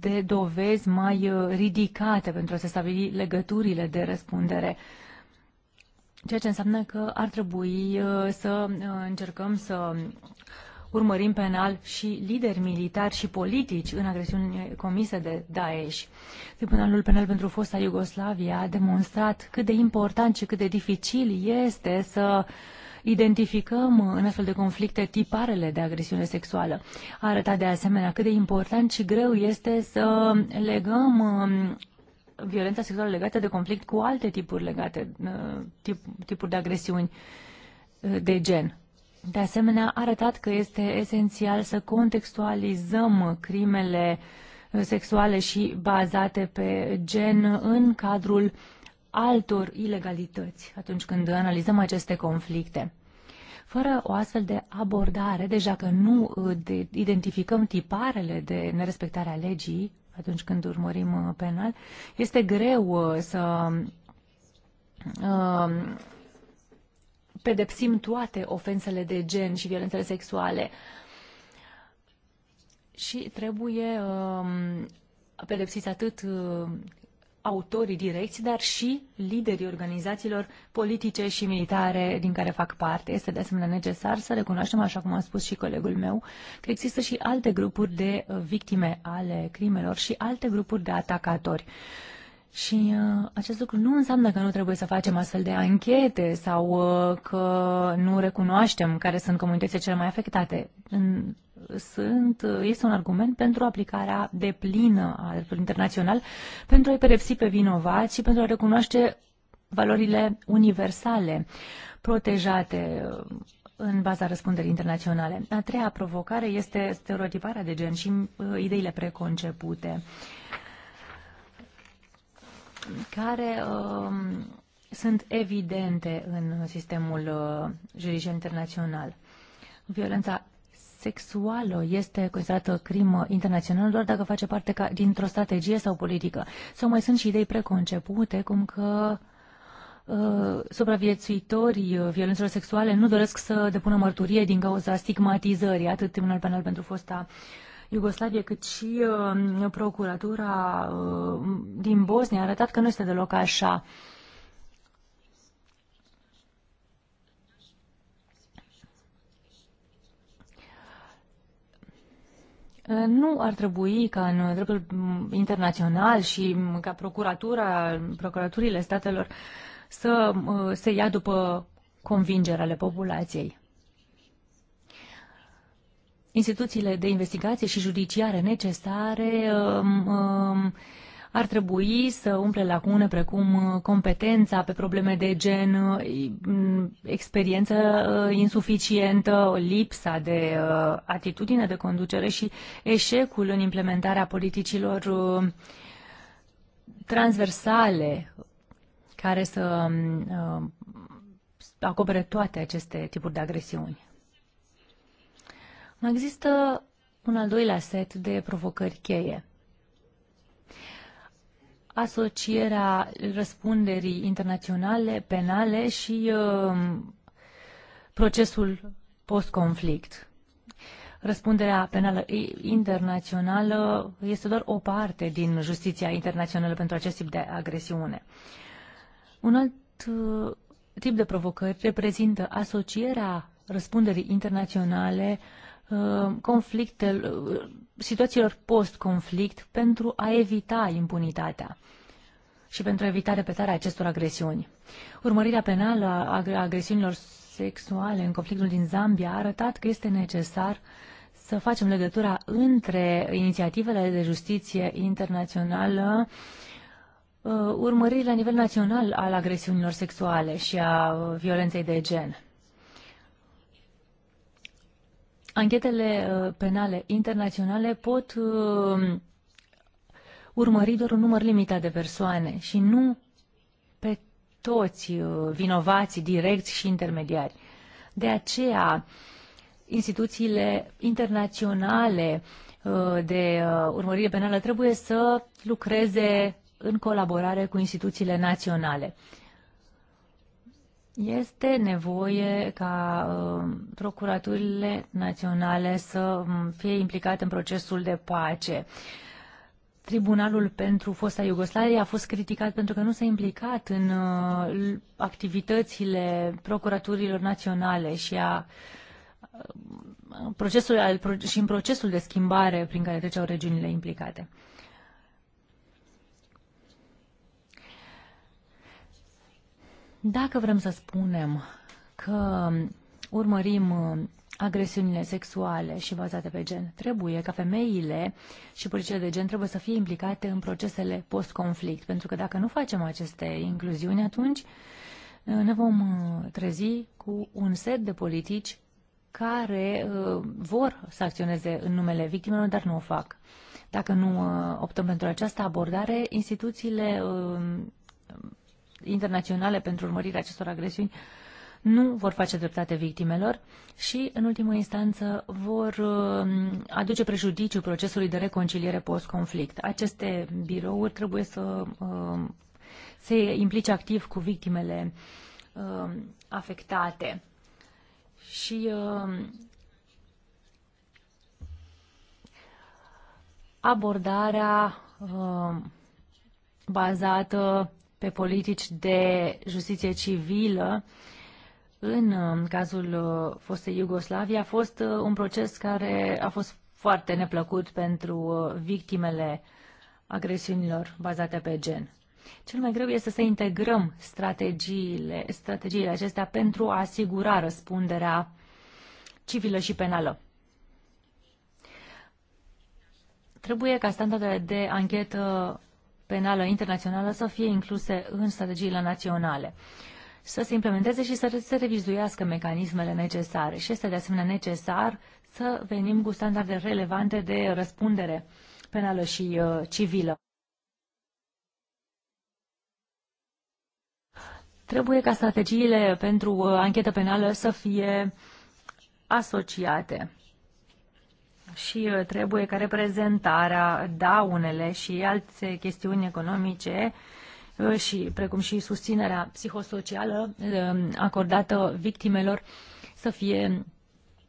de dovezi mai uh, ridicate pentru a se stabili legăturile de răspundere. Ceea ce înseamnă că ar trebui să încercăm să urmărim penal și lideri militari și politici în agresiuni comise de Daesh. Tribunalul Penal pentru fosta Iugoslavia a demonstrat cât de important și cât de dificil este să identificăm în astfel de conflicte tiparele de agresiune sexuală. A arătat de asemenea cât de important și greu este să legăm um, violența sexuală legată de conflict cu alte tipuri legate, uh, tip, tipuri de agresiuni uh, de gen. De asemenea, a arătat că este esențial să contextualizăm crimele uh, sexuale și bazate pe gen în cadrul altor ilegalități atunci când analizăm aceste conflicte. Fără o astfel de abordare, deja deci că nu uh, identificăm tiparele de nerespectare a legii atunci când urmărim uh, penal, este greu să pedepsim toate ofensele de gen și violențele sexuale. Și trebuie uh, pedepsiți atât uh, autorii direcți, dar și liderii organizațiilor politice și militare din care fac parte. Este de asemenea necesar să recunoaștem, așa cum a spus și colegul meu, că există și alte grupuri de uh, victime ale crimelor și alte grupuri de atacatori. Uh, și uh, acest lucru nu înseamnă că nu trebuie să facem astfel de anchete sau uh, că nu recunoaștem care sunt comunitățile cele mai afectate. În, sunt, uh, este un argument pentru aplicarea deplină a dreptului internațional, pentru a-i pedepsi pe vinovați și pentru a recunoaște valorile universale protejate uh, în baza răspunderii internaționale. A treia provocare este stereotiparea de gen și uh, ideile preconcepute. Uh, care um, sunt evidente în sistemul uh, juridic internațional. Violența sexuală este considerată crimă internațională doar dacă face parte ca, dintr-o strategie sau politică. Sau mai sunt și idei preconcepute, cum că uh, supraviețuitorii uh, violențelor sexuale nu doresc să depună mărturie din cauza stigmatizării, atât Tribunal Penal pentru fosta uh, Iugoslavie, cât și uh, procuratura uh, din Bosnia a arătat că nu este deloc așa. Nu ar trebui ca în dreptul internațional și ca procuratura, procuraturile statelor să uh, se ia după convingerea populației instituțiile de investigație și judiciare necesare um, um, ar trebui să umple lacune precum uh, competența pe probleme de gen, uh, experiență uh, insuficientă, lipsa de atitudine de conducere și eșecul în implementarea politicilor transversale care să um, acopere toate aceste tipuri de agresiuni. Mai există un al doilea set de provocări cheie. Asocierea răspunderii internaționale, penale și um, procesul post-conflict. Răspunderea penală internațională este doar o parte din justiția internațională pentru acest tip de agresiune. Un alt uh, tip de provocări reprezintă asocierea răspunderii internaționale uh, Uh, uh, situațiilor post-conflict pentru a evita impunitatea și pentru a evita repetarea acestor agresiuni. Urmărirea penală a agresiunilor sexuale în conflictul din Zambia a arătat că este necesar să facem legătura între inițiativele de justiție internațională, uh, urmărirea la nivel național al agresiunilor sexuale și a violenței de gen. Anchetele uh, penale internaționale pot uh, urmări doar un număr limitat de persoane și nu pe toți uh, vinovații direcți și intermediari. De aceea, instituțiile internaționale de urmărire penală trebuie să lucreze în colaborare cu instituțiile naționale. Este nevoie ca uh, procuraturile naționale să um, fie implicate în procesul de pace. Tribunalul pentru fosta Iugoslavie a fost criticat pentru că nu s-a implicat în uh, activitățile procuraturilor naționale și a uh, procesul al, și în procesul de schimbare prin care treceau regiunile implicate. Dacă vrem să spunem că urmărim uh, agresiunile sexuale și bazate pe gen, trebuie ca femeile și poliția de gen trebuie să fie implicate în procesele post-conflict, pentru că dacă nu facem aceste incluziuni, atunci uh, ne vom uh, trezi cu un set de politici care vor să acționeze în numele victimelor, dar nu o fac. Dacă nu optăm pentru această abordare, instituțiile internaționale pentru urmărirea acestor agresiuni nu vor face dreptate victimelor și, în ultimă instanță, vor um, aduce prejudiciu procesului de reconciliere post-conflict. Aceste birouri trebuie să um, se implice activ cu victimele um, afectate și abordarea bazată pe politici de justiție civilă în uh, cazul uh, fostei Iugoslavia a fost uh, un proces care a fost foarte neplăcut pentru victimele agresiunilor bazate pe gen. Cel mai greu este să integrăm strategiile, strategiile acestea pentru a asigura răspunderea civilă și penală. Trebuie ca standardele de anchetă penală internațională să fie incluse în strategiile naționale să se implementeze și să se revizuiască mecanismele necesare. Și este de asemenea necesar să venim cu standarde relevante de răspundere penală și uh, civilă. Trebuie ca strategiile pentru uh, anchetă penală să fie asociate și uh, trebuie ca reprezentarea, daunele și alte chestiuni economice uh, și precum și susținerea psihosocială um, acordată victimelor să fie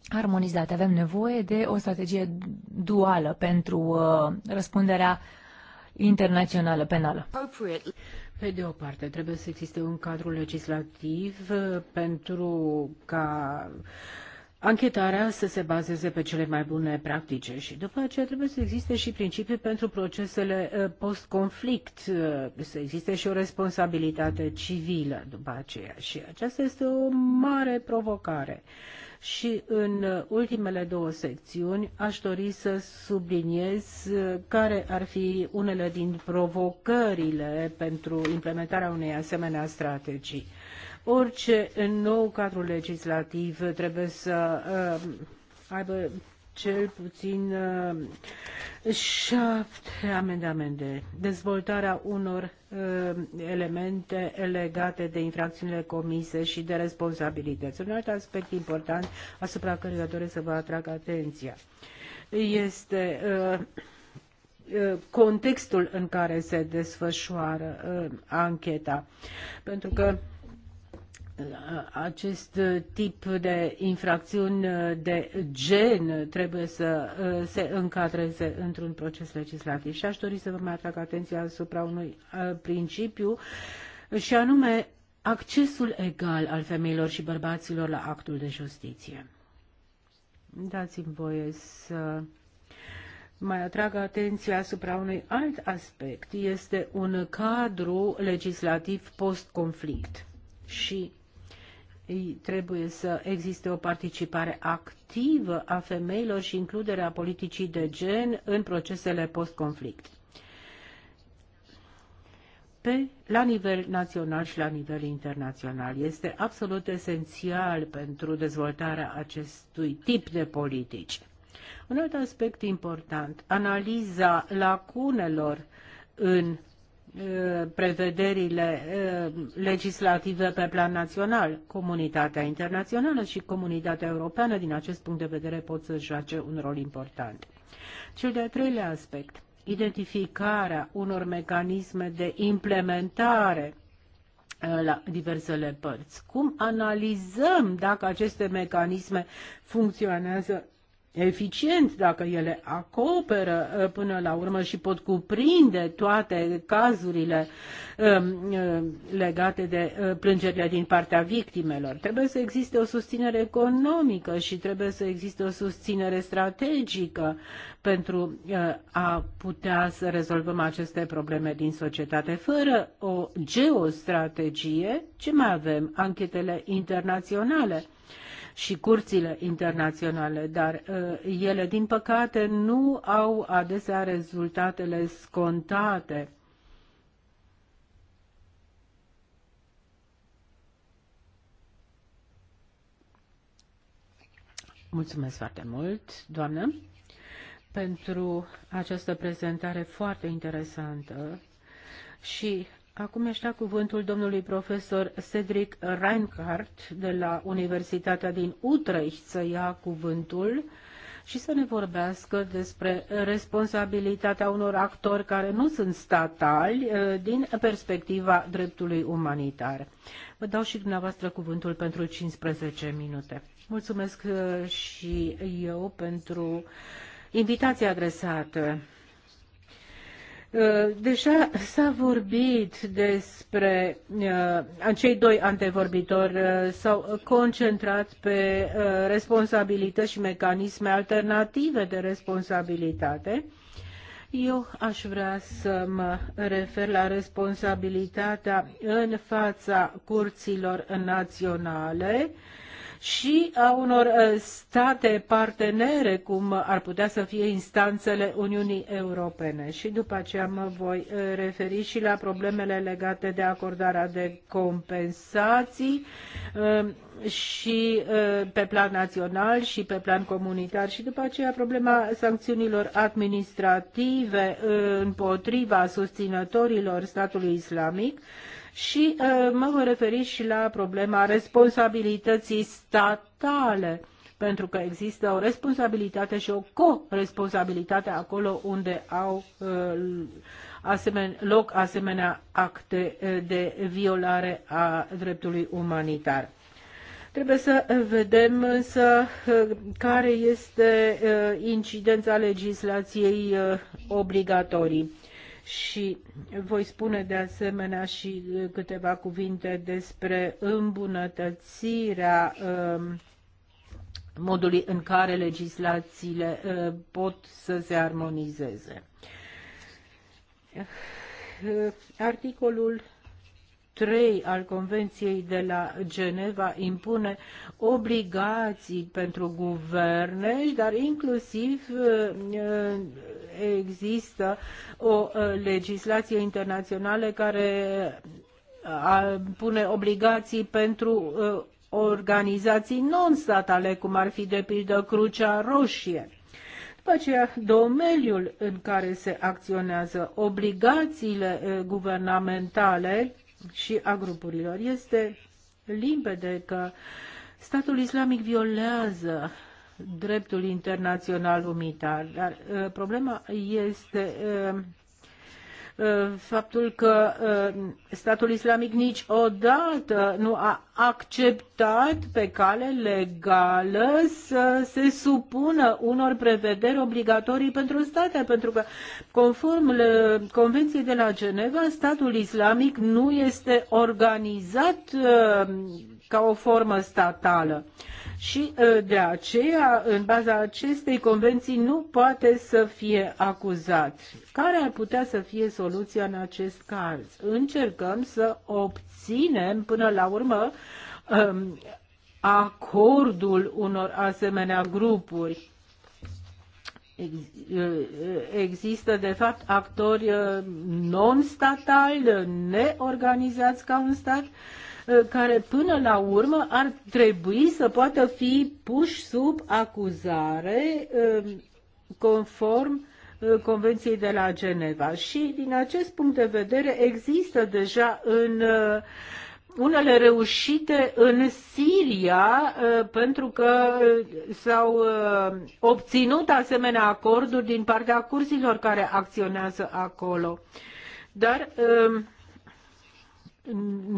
armonizate. Avem nevoie de o strategie duală pentru uh, răspunderea internațională penală. Pe de o parte, trebuie să existe un cadru legislativ pentru ca anchetarea să se bazeze pe cele mai bune practice și după aceea trebuie să existe și principii pentru procesele uh, post-conflict, uh, să existe și o responsabilitate civilă după aceea și aceasta este o mare provocare. Și în uh, ultimele două secțiuni aș dori să subliniez care ar fi unele din provocările pentru implementarea unei asemenea strategii. Orice nou cadru legislativ trebuie să uh, aibă cel puțin uh, șapte amendamente. Dezvoltarea unor uh, elemente legate de infracțiunile comise și de responsabilități. Un alt aspect important asupra căruia doresc să vă atrag atenția este uh, uh contextul în care se desfășoară uh, ancheta. Pentru că acest tip de infracțiuni de gen trebuie să uh, se încadreze într-un proces legislativ. Și aș dori să vă mai atrag atenția asupra unui uh, principiu și anume accesul egal al femeilor și bărbaților la actul de justiție. Dați-mi voie să mai atrag atenția asupra unui alt aspect. Este un cadru legislativ post-conflict și trebuie să existe o participare activă a femeilor și includerea politicii de gen în procesele post-conflict. Pe, la nivel național și la nivel internațional. Este absolut esențial pentru dezvoltarea acestui tip de politici. Un alt aspect important, analiza lacunelor în Uh, prevederile uh, legislative pe plan național. Comunitatea internațională și comunitatea europeană, din acest punct de vedere, pot să joace un rol important. Cel de-al treilea aspect, identificarea unor mecanisme de implementare uh, la diversele părți. Cum analizăm dacă aceste mecanisme funcționează eficient dacă ele acoperă uh, până la urmă și pot cuprinde toate cazurile um, uh, legate de uh, plângerile din partea victimelor. Trebuie să existe o susținere economică și trebuie să existe o susținere strategică pentru a putea să rezolvăm aceste probleme din societate. Fără o geostrategie, ce mai avem? Anchetele internaționale și curțile internaționale, dar uh, ele, din păcate, nu au adesea rezultatele scontate. Mulțumesc foarte mult, doamnă, pentru această prezentare foarte interesantă și Acum aș da cuvântul domnului profesor Cedric Reinhardt de la Universitatea din Utrecht să ia cuvântul și să ne vorbească despre responsabilitatea unor actori care nu sunt statali eh, din perspectiva dreptului umanitar. Vă dau și dumneavoastră cuvântul pentru 15 minute. Mulțumesc eh, și eu pentru invitația adresată. Uh, deja s-a vorbit despre uh, cei doi antevorbitori uh, s-au concentrat pe responsabilități și mecanisme alternative de responsabilitate. Eu aș vrea să mă refer la responsabilitatea în fața curților naționale uh, și a unor uh, state partenere, cum ar putea să fie instanțele Uniunii Europene. Și după aceea mă voi uh, referi și la problemele legate de acordarea de compensații uh, și pe plan național și pe plan comunitar și după aceea problema sancțiunilor administrative împotriva susținătorilor statului islamic și uh, mă voi referi și la problema responsabilității statale pentru că există o responsabilitate și o co-responsabilitate acolo unde au uh, asemen, loc asemenea acte uh, de violare a dreptului umanitar. Trebuie să vedem însă care este incidența legislației obligatorii și voi spune de asemenea și câteva cuvinte despre îmbunătățirea um, modului în care legislațiile uh, pot să se armonizeze. Uh, articolul 3 al Convenției de la Geneva impune obligații pentru guverne, dar inclusiv uh, uh, există o uh, legislație internațională care pune obligații pentru organizații non-statale, cum ar fi de pildă Crucea Roșie. După aceea, domeniul în care se acționează obligațiile guvernamentale și a grupurilor. Este limpede că statul islamic violează dreptul internațional umanitar, dar uh, problema este uh, Uh, faptul că uh, statul islamic niciodată nu a acceptat pe cale legală să se supună unor prevederi obligatorii pentru state, pentru că conform uh, Convenției de la Geneva, statul islamic nu este organizat ca o formă statală. Uh, și ă, de aceea, în baza acestei convenții, nu poate să fie acuzat. Care ar putea să fie soluția în acest caz? Încercăm să obținem până la urmă ă, acordul unor asemenea grupuri. Ă, există, de fapt, actori non-statali, neorganizați ca un stat, Uh, care până la urmă ar trebui să poată fi puși sub acuzare uh, conform uh, Convenției de la Geneva. Și din acest punct de vedere există deja în unele reușite în Siria pentru că s-au obținut asemenea acorduri din partea cursilor care acționează acolo. Dar uh,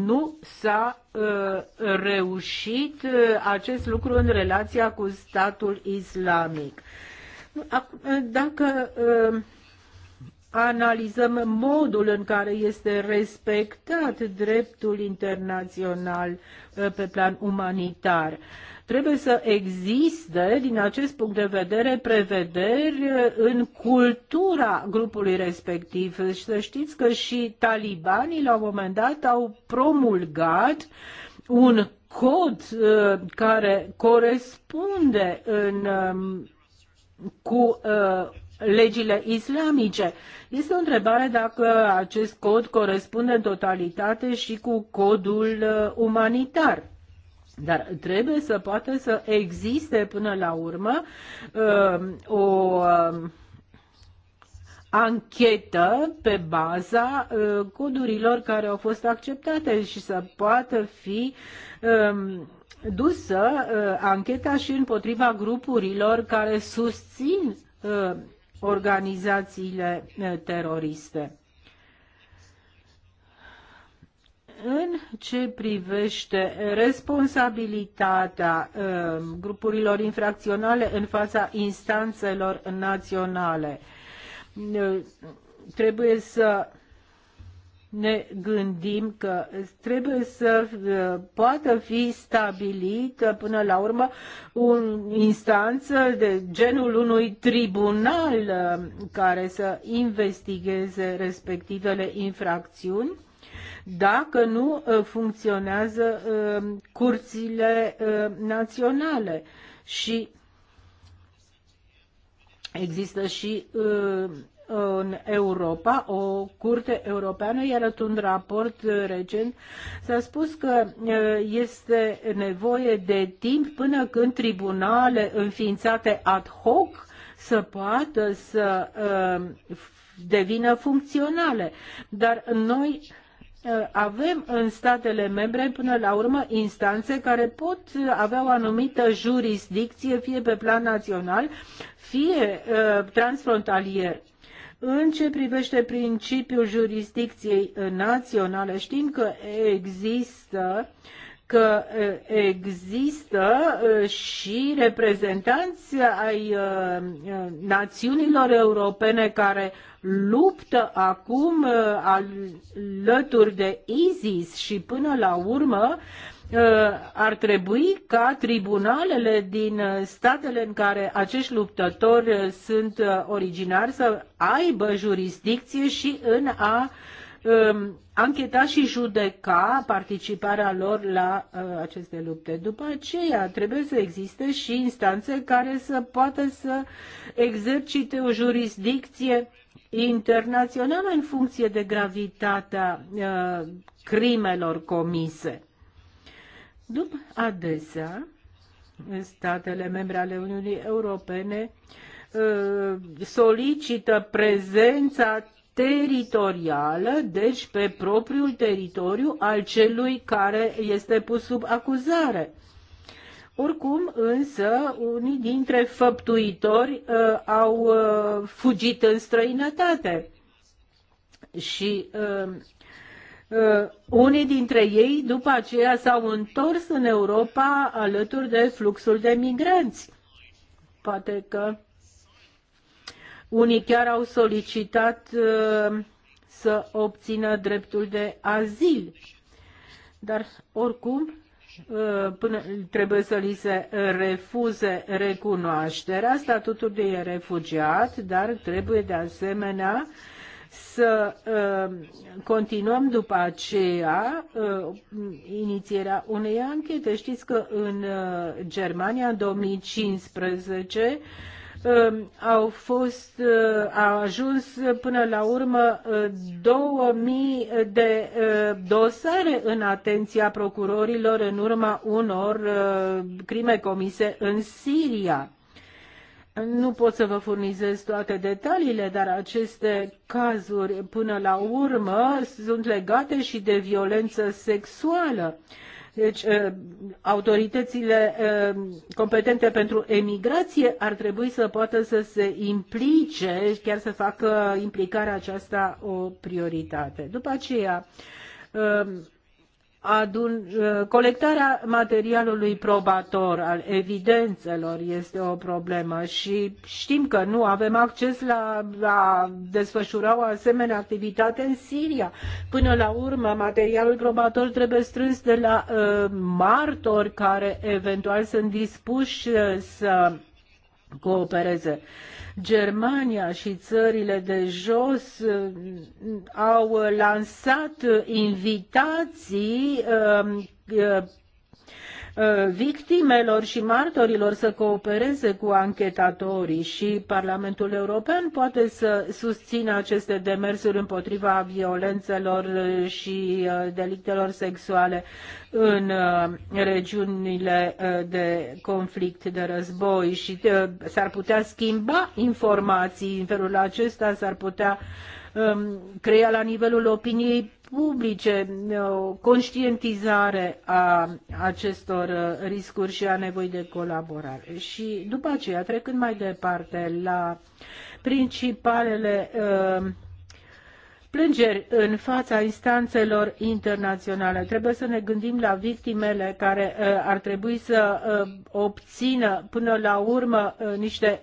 nu s-a uh, reușit uh, acest lucru în relația cu statul islamic. Uh, dacă uh, analizăm modul în care este respectat dreptul internațional uh, pe plan umanitar, Trebuie să existe, din acest punct de vedere, prevederi uh, în cultura grupului respectiv. Și să știți că și talibanii, la un moment dat, au promulgat un cod uh, care corespunde în, uh, cu uh, legile islamice. Este o întrebare dacă acest cod corespunde în totalitate și cu codul uh, umanitar. Dar trebuie să poată să existe până la urmă um, o um, anchetă pe baza uh, codurilor care au fost acceptate și să poată fi um, dusă uh, ancheta și împotriva grupurilor care susțin uh, organizațiile teroriste. În ce privește responsabilitatea um, grupurilor infracționale în fața instanțelor naționale, um, trebuie să ne gândim că trebuie să um, poată fi stabilită uh, până la urmă o instanță de genul unui tribunal care să investigheze respectivele infracțiuni dacă nu uh, funcționează uh, curțile uh, naționale. Și există și în Europa, o curte europeană, iar într-un raport recent s-a spus că este nevoie de timp până când tribunale înființate ad hoc să poată să devină funcționale. Dar noi Uh, avem în statele membre până la urmă instanțe care pot avea o anumită jurisdicție, fie pe plan național, fie uh, transfrontalier. În ce privește principiul jurisdicției naționale, știm că există uh, că există și reprezentanți ai națiunilor europene care luptă acum alături de ISIS și până la urmă ar trebui ca tribunalele din statele în care acești luptători sunt originari să aibă jurisdicție și în a Um, ancheta și judeca participarea lor la uh, aceste lupte. După aceea trebuie să existe și instanțe care să poată să exercite o jurisdicție internațională în funcție de gravitatea uh, crimelor comise. După adesea, statele membre ale Uniunii Europene uh, solicită prezența teritorială, deci pe propriul teritoriu al celui care este pus sub acuzare. Oricum, însă, unii dintre făptuitori uh, au uh, fugit în străinătate și uh, uh, unii dintre ei după aceea s-au întors în Europa alături de fluxul de migranți. Poate că unii chiar au solicitat uh, să obțină dreptul de azil. Dar, oricum, uh, până trebuie să li se refuze recunoașterea statutului de refugiat, dar trebuie de asemenea să uh, continuăm după aceea inițierea unei anchete. Știți că în Germania, în 2015, au fost, uh, au ajuns până la urmă 2000 uh, de uh, dosare în atenția procurorilor în urma unor crime comise în Siria. Nu pot să vă furnizez toate detaliile, dar aceste cazuri până la urmă sunt legate și de violență sexuală. Uh, deci, uh, autoritățile uh, competente pentru emigrație ar trebui să poată să se implice, chiar să facă implicarea aceasta o prioritate. După aceea, uh, adun, uh, colectarea materialului probator, al evidențelor, este o problemă și știm că nu avem acces la, la desfășura o asemenea activitate în Siria. Până la urmă, materialul probator trebuie strâns de la uh, martori care eventual sunt dispuși uh, să coopereze. Germania și țările de jos eh, au lansat invitații eh, eh, Uh, victimelor și martorilor să coopereze cu anchetatorii și Parlamentul European poate să susțină aceste demersuri împotriva violențelor uh, și uh, delictelor sexuale în regiunile de conflict, de război și s-ar putea schimba informații în felul acesta, s-ar putea uh, Um, crea la nivelul opiniei publice uh, o conștientizare a acestor uh, riscuri și a nevoii de colaborare. Și după aceea, trecând mai departe la principalele um, plângeri în fața instanțelor internaționale. Trebuie să ne gândim la victimele care uh, ar trebui să obțină până la urmă niște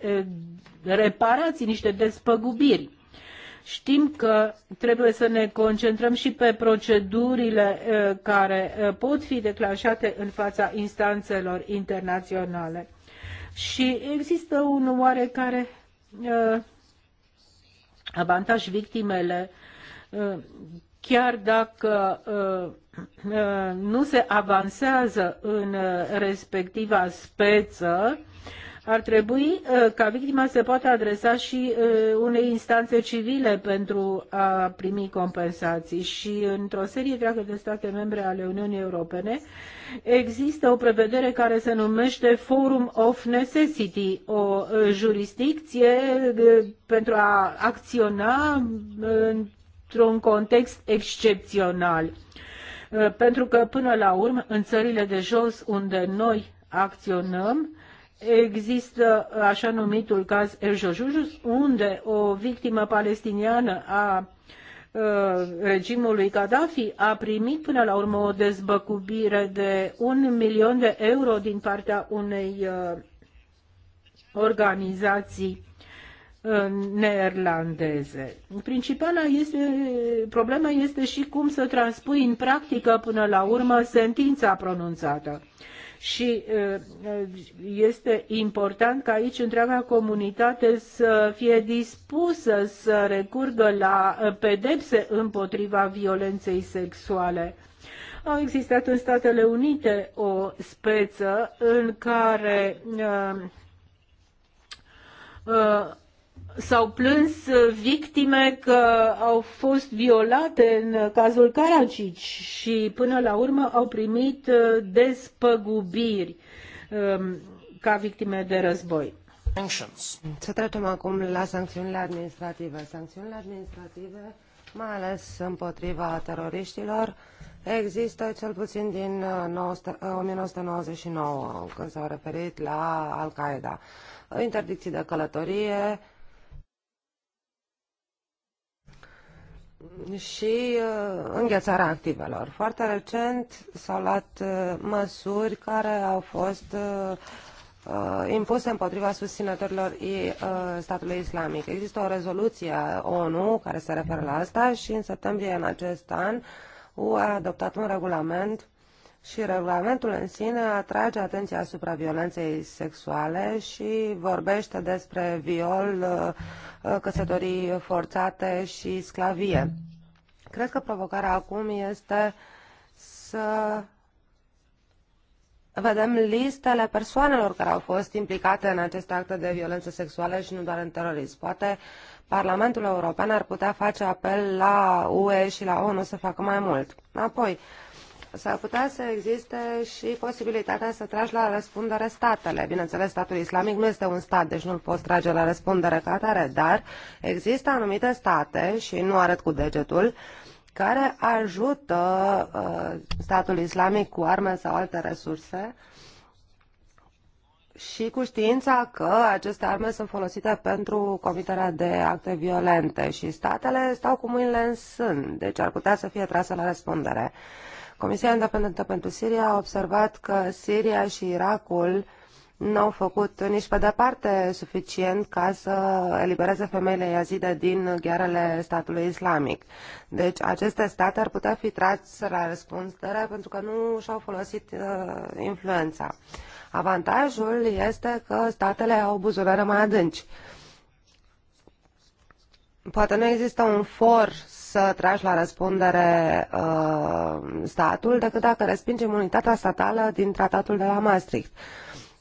reparații, niște despăgubiri. Știm că trebuie să ne concentrăm și pe procedurile eh, care eh, pot fi declanșate în fața instanțelor internaționale. Și există un oarecare eh, avantaj victimele chiar dacă nu se avansează în respectiva speță, ar trebui uh, ca victima să poată adresa și uh, unei instanțe civile pentru a primi compensații și într-o serie întreagă de state membre ale Uniunii Europene există o prevedere care se numește Forum of Necessity, o uh, jurisdicție pentru a acționa într-un context excepțional. Pentru că, până la urmă, în țările de jos unde noi acționăm, există uh, așa numitul caz El Jojujus, unde o victimă palestiniană a uh, regimului Gaddafi a primit până la urmă o dezbăcubire de un milion de euro din partea unei uh, organizații neerlandeze. Principala este, problema este și cum să transpui în practică până la urmă sentința pronunțată și este important ca aici întreaga comunitate să fie dispusă să recurgă la pedepse împotriva violenței sexuale. Au existat în Statele Unite o speță în care uh, uh, s-au plâns uh, victime că au fost violate în cazul Caracici și până la urmă au primit uh, despăgubiri um, ca victime de război. Să trecem acum la sancțiunile administrative. Sancțiunile administrative, mai ales împotriva teroriștilor, există cel puțin din 1999, uh, când s-au referit la Al-Qaeda. Interdicții de călătorie, și uh, înghețarea activelor. Foarte recent s-au luat uh, măsuri care au fost uh, impuse împotriva susținătorilor statului islamic. Există o rezoluție a ONU care se referă la asta și în septembrie în acest an UE a adoptat un regulament și regulamentul în sine atrage atenția asupra violenței sexuale și vorbește despre viol, uh, căsătorii forțate și sclavie. Cred că provocarea acum este să vedem listele persoanelor care au fost implicate în aceste acte de violență sexuală și nu doar în terorism. Poate Parlamentul European ar putea face apel la UE și la ONU să facă mai mult. Apoi, S-ar putea să existe și posibilitatea să tragi la răspundere statele. Bineînțeles, statul islamic nu este un stat, deci nu-l poți trage la răspundere ca atare, dar există anumite state, și nu arăt cu degetul, care ajută uh, statul islamic cu arme sau alte resurse și cu știința că aceste arme sunt folosite pentru comiterea de acte violente și statele stau cu mâinile în sân, deci ar putea să fie trasă la răspundere. Uh, Comisia Independentă pentru Siria a observat că Siria și Irakul nu au făcut nici pe departe suficient ca să elibereze femeile iazide din ghearele statului islamic. Deci aceste state ar putea fi trase la răspundere pentru că nu și-au folosit uh, influența. Avantajul este că statele au buzunare mai adânci. Poate nu există un for să tragi la răspundere uh, statul decât dacă respingi imunitatea statală din tratatul de la Maastricht.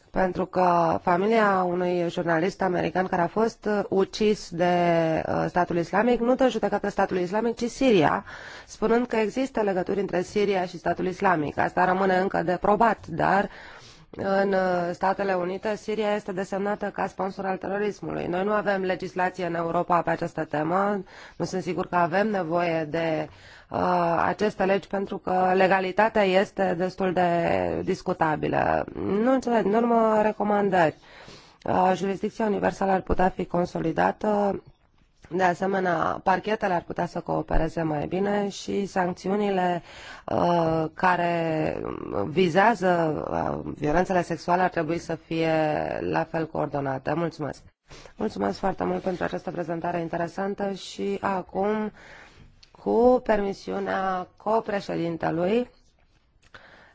Pentru că familia unui jurnalist american care a fost uh, ucis de uh, statul islamic nu dă judecată statul islamic, ci Siria, spunând că există legături între Siria și statul islamic. Asta rămâne încă de probat, dar uh, în uh, Statele Unite, Siria este desemnată ca sponsor al terorismului. Noi nu avem legislație în Europa pe această temă, nu sunt sigur că avem nevoie de uh, aceste legi pentru că legalitatea este destul de discutabilă. Nu în cele din urmă recomandări. Uh, jurisdicția universală ar putea fi consolidată de asemenea, parchetele ar putea să coopereze mai bine și sancțiunile uh, care vizează uh, violențele sexuale ar trebui să fie la fel coordonate. Mulțumesc! Mulțumesc foarte mult pentru această prezentare interesantă și acum, cu permisiunea copreședintelui,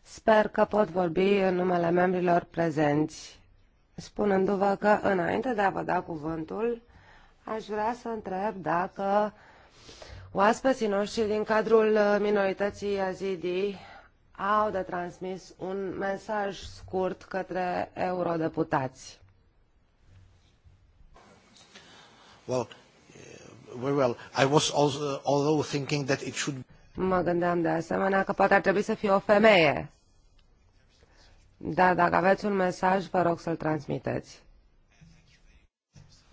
sper că pot vorbi în numele membrilor prezenți, spunându-vă că înainte de a vă da cuvântul, Aș vrea să întreb dacă oaspeții noștri din cadrul uh, minorității Yazidi au de transmis un mesaj scurt către eurodeputați. Well, uh, very well. I was also, although thinking that it should... Mă gândeam de asemenea că poate ar trebui să fie o femeie. Dar dacă aveți un mesaj, vă rog să-l transmiteți.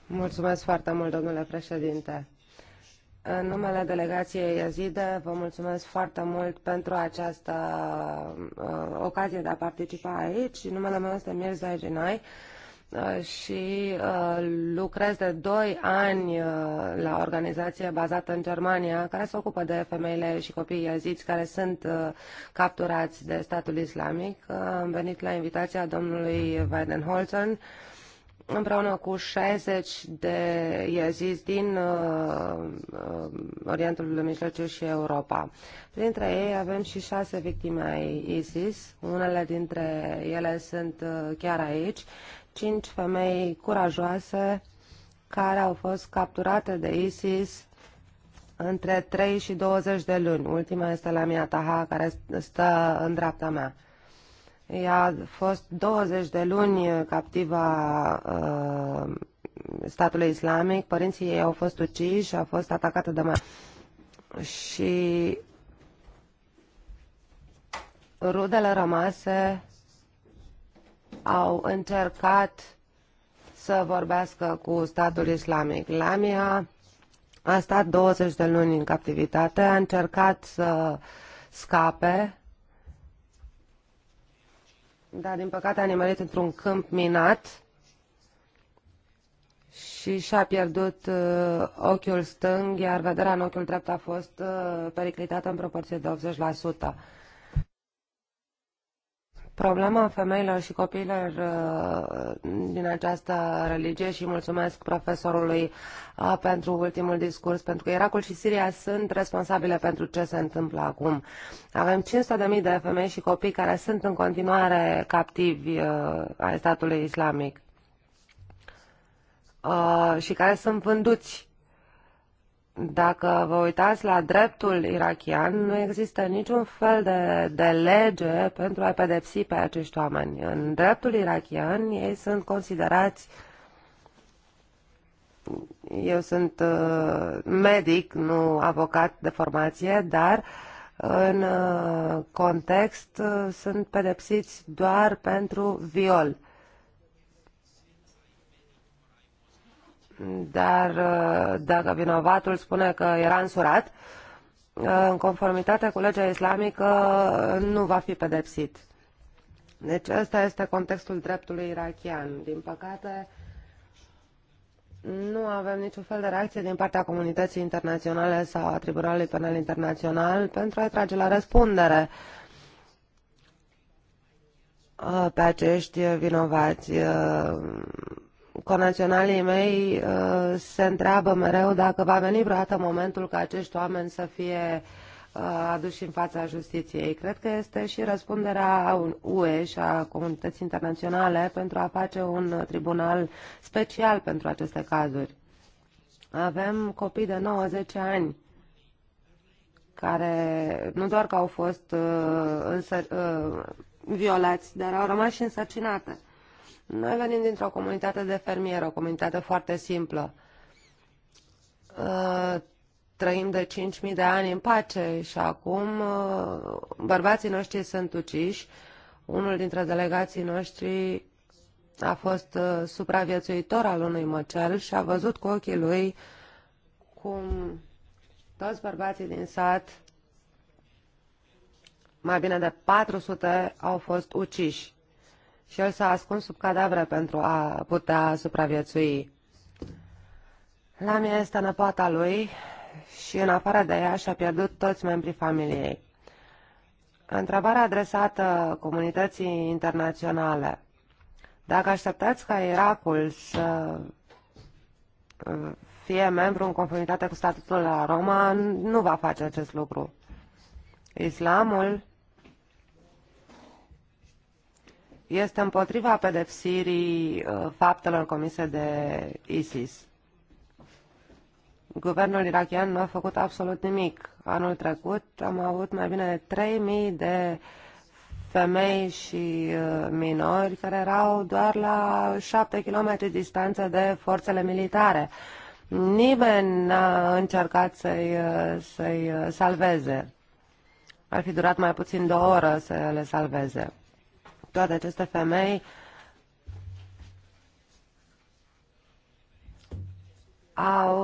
Mulțumesc foarte mult, domnule președinte. În numele delegației Iazide, vă mulțumesc foarte mult pentru această uh, ocazie de a participa aici. Numele meu este Mirza Ginai uh, și uh, lucrez de 2 ani la uh, la organizație bazată în Germania care se ocupă de femeile și copiii iaziți care sunt capturați de statul islamic. am venit la invitația domnului Weidenholzern. Uh, împreună cu 60 de iezizi din uh, uh, Orientul Mijlociu și Europa. Printre ei avem și șase victime ai ISIS, unele dintre ele sunt uh, chiar aici, cinci femei curajoase care au fost capturate de ISIS între 3 și 20 de luni. Ultima este la Mia Taha, care stă în dreapta mea. Ea a fost 20 de luni captiva uh, statului islamic, părinții ei au fost uciși, a fost atacată de mai... Și rudele rămase au încercat să vorbească cu statul islamic. Lamia a stat 20 de luni în captivitate, a încercat să scape, da, din păcate, a nimerit într-un câmp minat și și-a pierdut uh, ochiul stâng, iar vederea în ochiul drept a fost uh, periclitată în proporție de 80%. Problema femeilor și copiilor uh, din această religie și mulțumesc profesorului uh, pentru ultimul discurs, pentru că Irakul și Siria sunt responsabile pentru ce se întâmplă acum. Avem 500.000 de femei și copii care sunt în continuare captivi uh, ai statului islamic și care sunt vânduți dacă vă uitați la dreptul irachian, nu există niciun fel de, de lege pentru a pedepsi pe acești oameni. În dreptul irachian, ei sunt considerați eu sunt uh, medic, nu avocat de formație, dar în uh, context uh, sunt pedepsiți doar pentru viol. Dar uh, dacă vinovatul spune că era însurat, uh, în conformitate cu legea islamică nu va fi pedepsit. Deci ăsta este contextul dreptului irachian. Din păcate, nu avem niciun fel de reacție din partea comunității internaționale sau a Tribunalului Penal Internațional pentru a trage la răspundere uh, pe acești vinovați conaționalii mei uh, se întreabă mereu dacă va veni vreodată momentul ca acești oameni să fie uh, aduși în fața justiției. Cred că este și răspunderea UE și a comunității internaționale pentru a face un tribunal special pentru aceste cazuri. Avem copii de 90 ani care nu doar că au fost uh, însă, uh, violați, dar au rămas și însărcinate. Noi venim dintr-o comunitate de fermieri, o comunitate foarte simplă. Uh, trăim de 5.000 de ani în pace și acum uh, bărbații noștri sunt uciși. Unul dintre delegații noștri a fost uh, supraviețuitor al unui măcel și a văzut cu ochii lui cum toți bărbații din sat, mai bine de 400, au fost uciși și el s-a ascuns sub cadavre pentru a putea supraviețui. La mine este năpoata lui și în afară de ea și-a pierdut toți membrii familiei. Întrebarea adresată comunității internaționale. Dacă așteptați ca Irakul să fie membru în conformitate cu statutul la Roma, nu va face acest lucru. Islamul este împotriva pedepsirii uh, faptelor comise de ISIS. Guvernul irachian nu a făcut absolut nimic. Anul trecut am avut mai bine de 3.000 de femei și uh, minori care erau doar la 7 km distanță de forțele militare. Nimeni n-a încercat să-i uh, să, salveze. Ar fi durat mai puțin de o oră să le salveze toate aceste femei au,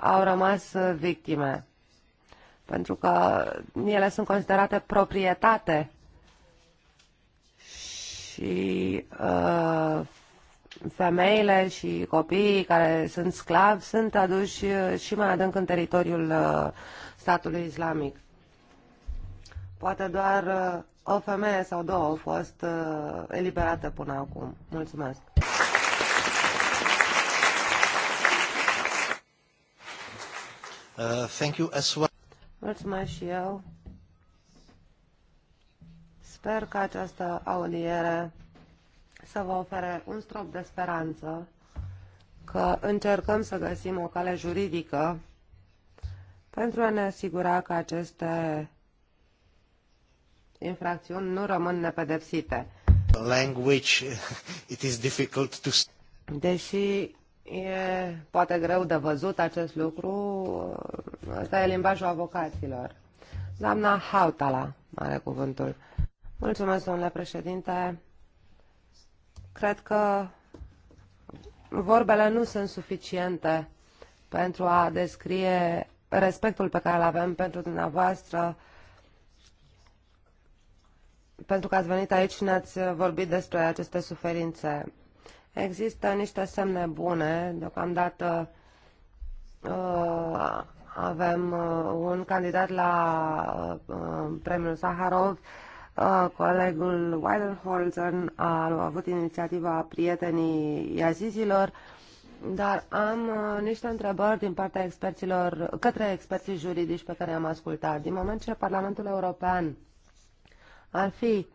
au rămas victime, pentru că ele sunt considerate proprietate și uh, femeile și copiii care sunt sclavi sunt aduși uh, și mai adânc în teritoriul uh, statului islamic. Poate doar uh, o femeie sau două au fost uh, eliberate până acum. Mulțumesc! Uh, thank you as well. Mulțumesc și eu. Sper că această audiere să vă ofere un strop de speranță că încercăm să găsim o cale juridică pentru a ne asigura că aceste infracțiuni nu rămân nepedepsite. Language, it is difficult to... Deși e poate greu de văzut acest lucru, ăsta e limbajul avocaților. Doamna Hautala are cuvântul. Mulțumesc, domnule președinte. Cred că vorbele nu sunt suficiente pentru a descrie respectul pe care îl avem pentru dumneavoastră pentru că ați venit aici și ne-ați vorbit despre aceste suferințe. Există niște semne bune. Deocamdată uh, avem uh, un candidat la uh, premiul Saharov. Uh, colegul Weidenholzer a, a avut inițiativa prietenii iazizilor, dar am uh, niște întrebări din partea experților, către experții juridici pe care am ascultat. Din moment ce Parlamentul European ar fi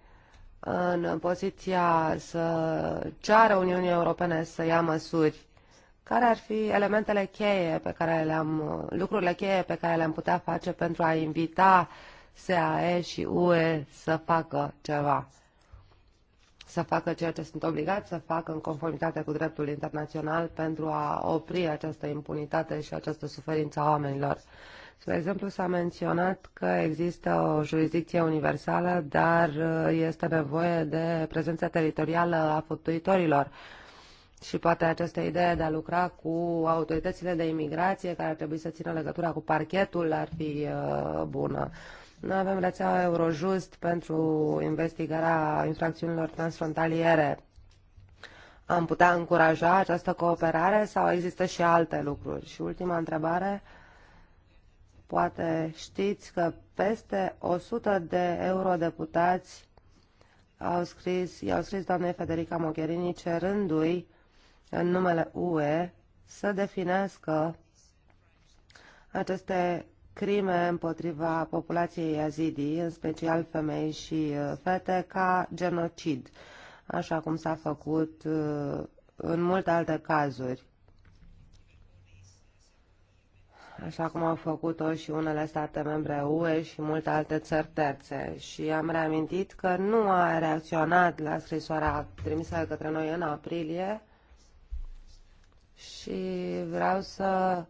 în poziția să ceară Uniunii Europene să ia măsuri, care ar fi elementele cheie pe care le-am, lucrurile cheie pe care le-am putea face pentru a invita SAE și UE să facă ceva? să facă ceea ce sunt obligați să facă în conformitate cu dreptul internațional pentru a opri această impunitate și această suferință a oamenilor. Spre exemplu, s-a menționat că există o jurisdicție universală, dar uh, este nevoie de prezența teritorială a făptuitorilor. Și poate această idee de a lucra cu autoritățile de imigrație, care ar trebui să țină legătura cu parchetul, ar fi uh, bună. Noi avem rețeaua Eurojust pentru investigarea infracțiunilor transfrontaliere. Am putea încuraja această cooperare sau există și alte lucruri? Și ultima întrebare. Uh, Poate știți că peste 100 de eurodeputați au scris, i-au scris doamnei Federica Mogherini cerându-i în numele UE să definească aceste crime împotriva populației yazidi, în special femei și uh, fete, ca genocid, așa cum s-a făcut uh, în multe alte cazuri așa cum au făcut-o și unele state membre UE și multe alte țări terțe. Și am reamintit că nu a reacționat la scrisoarea trimisă către noi în aprilie și vreau să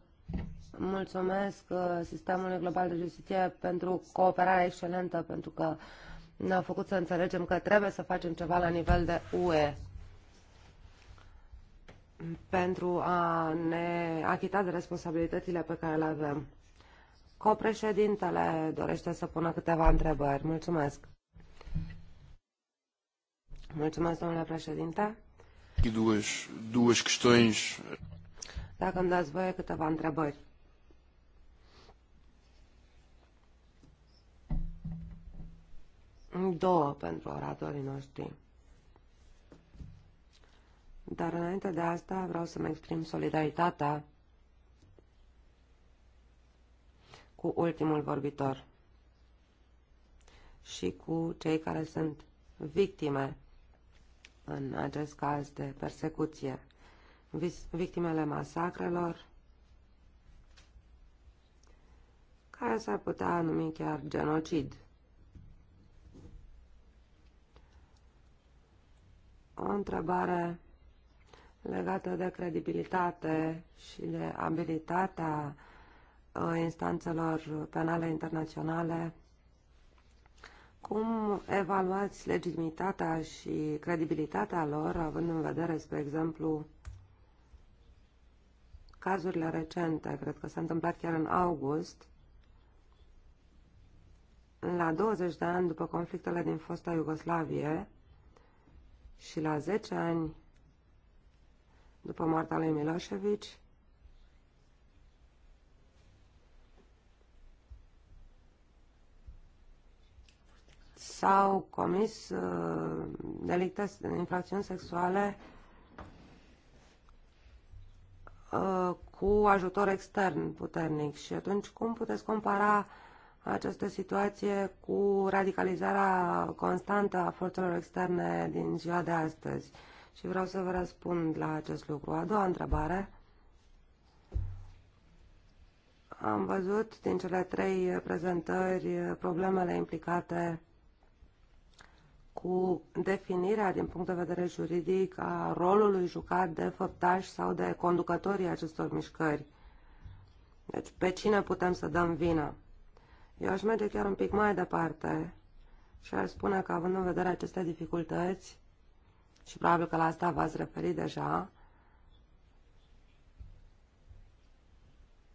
mulțumesc uh, sistemului global de justiție pentru cooperarea excelentă, pentru că ne-a făcut să înțelegem că trebuie să facem ceva la nivel de UE pentru a ne achita de responsabilitățile pe care le avem. Copreședintele dorește să pună câteva întrebări. Mulțumesc. Mulțumesc, domnule președinte. Două, două Dacă îmi dați voie câteva întrebări. Două pentru oratorii noștri. Dar înainte de asta vreau să-mi exprim solidaritatea cu ultimul vorbitor și cu cei care sunt victime, în acest caz de persecuție, victimele masacrelor, care s-ar putea numi chiar genocid. O întrebare legată de credibilitate și de abilitatea uh, instanțelor penale internaționale. Cum evaluați legitimitatea și credibilitatea lor, având în vedere, spre exemplu, cazurile recente, cred că s-a întâmplat chiar în august, la 20 de ani după conflictele din fosta Iugoslavie și la 10 ani după moartea lui Milosevic. S-au comis uh, delicte, infracțiuni sexuale uh, cu ajutor extern puternic. Și atunci cum puteți compara această situație cu radicalizarea constantă a forțelor externe din ziua de astăzi? Uh, și vreau să vă răspund la acest lucru. A doua întrebare. Am văzut din cele trei prezentări problemele implicate cu definirea din punct de vedere juridic a rolului jucat de făptași sau de conducătorii acestor mișcări. Deci pe cine putem să dăm vina? Eu aș merge chiar un pic mai departe și aș spune că având în vedere aceste dificultăți, și probabil că la asta v-ați referit deja,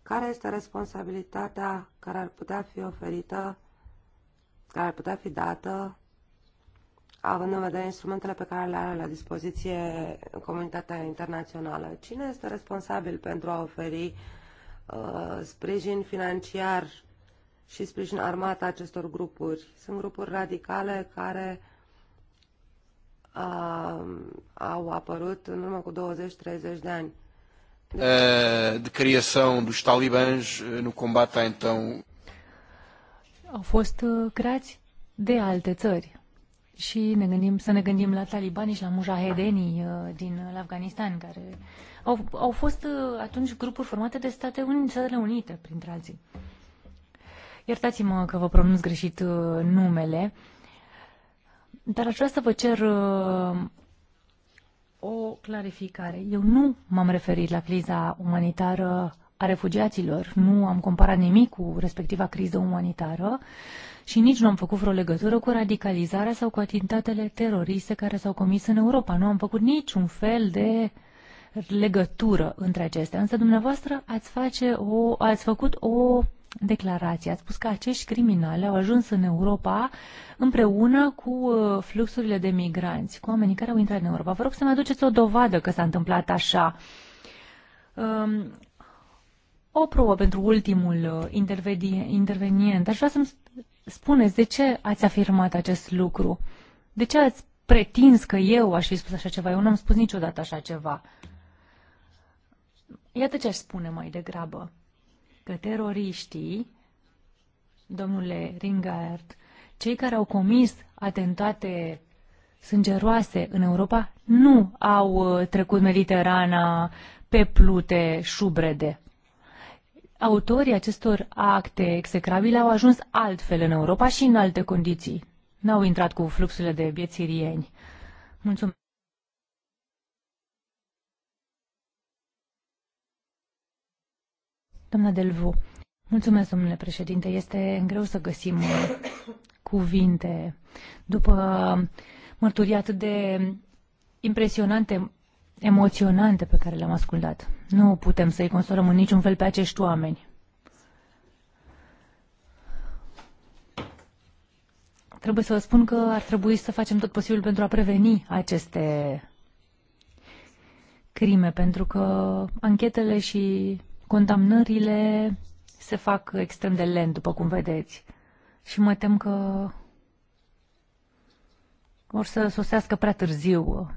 care este responsabilitatea care ar putea fi oferită, care ar putea fi dată, având în vedere instrumentele pe care le are la dispoziție comunitatea internațională. Cine este responsabil pentru a oferi uh, sprijin financiar și sprijin armat acestor grupuri? Sunt grupuri radicale care uh, a, uh, au apărut în urmă cu 20-30 de ani. Uh, de criação dos talibãs uh, no combate a então... Au fost uh, creați de alte țări și ne gândim, să ne gândim la talibani și la mujahedenii din Afganistan, care au, au fost atunci grupuri formate de state Unite, Statele Unite, printre alții. Iertați-mă că vă pronunț greșit numele. Uh, dar aș vrea să vă cer uh, o clarificare. Eu nu m-am referit la criza umanitară a refugiaților, nu am comparat nimic cu respectiva criză umanitară și nici nu am făcut vreo legătură cu radicalizarea sau cu atentatele teroriste care s-au comis în Europa. Nu am făcut niciun fel de legătură între acestea. Însă dumneavoastră ați, face o, ați făcut o declarație. Ați spus că acești criminali au ajuns în Europa împreună cu uh, fluxurile de migranți, cu oamenii care au intrat în Europa. Vă rog să-mi aduceți o dovadă că s-a întâmplat așa. Um, o probă pentru ultimul uh, intervenient. Aș vrea să-mi spuneți de ce ați afirmat acest lucru. De ce ați pretins că eu aș fi spus așa ceva? Eu n-am spus niciodată așa ceva. Iată ce aș spune mai degrabă că teroriștii, domnule Ringard, cei care au comis atentate sângeroase în Europa nu au uh, trecut Mediterana pe plute șubrede. Autorii acestor acte execrabile au ajuns altfel în Europa și în alte condiții. N-au intrat cu fluxurile de biețirieni. Mulțumesc. Doamna Delvu, mulțumesc, domnule președinte. Este greu să găsim uh, cuvinte după mărturii atât de impresionante, emoționante pe care le-am ascultat. Nu putem să-i consolăm în niciun fel pe acești oameni. Trebuie să vă spun că ar trebui să facem tot posibil pentru a preveni aceste crime, pentru că anchetele și Condamnările se fac extrem de lent, după cum vedeți. Și mă tem că vor să sosească prea târziu.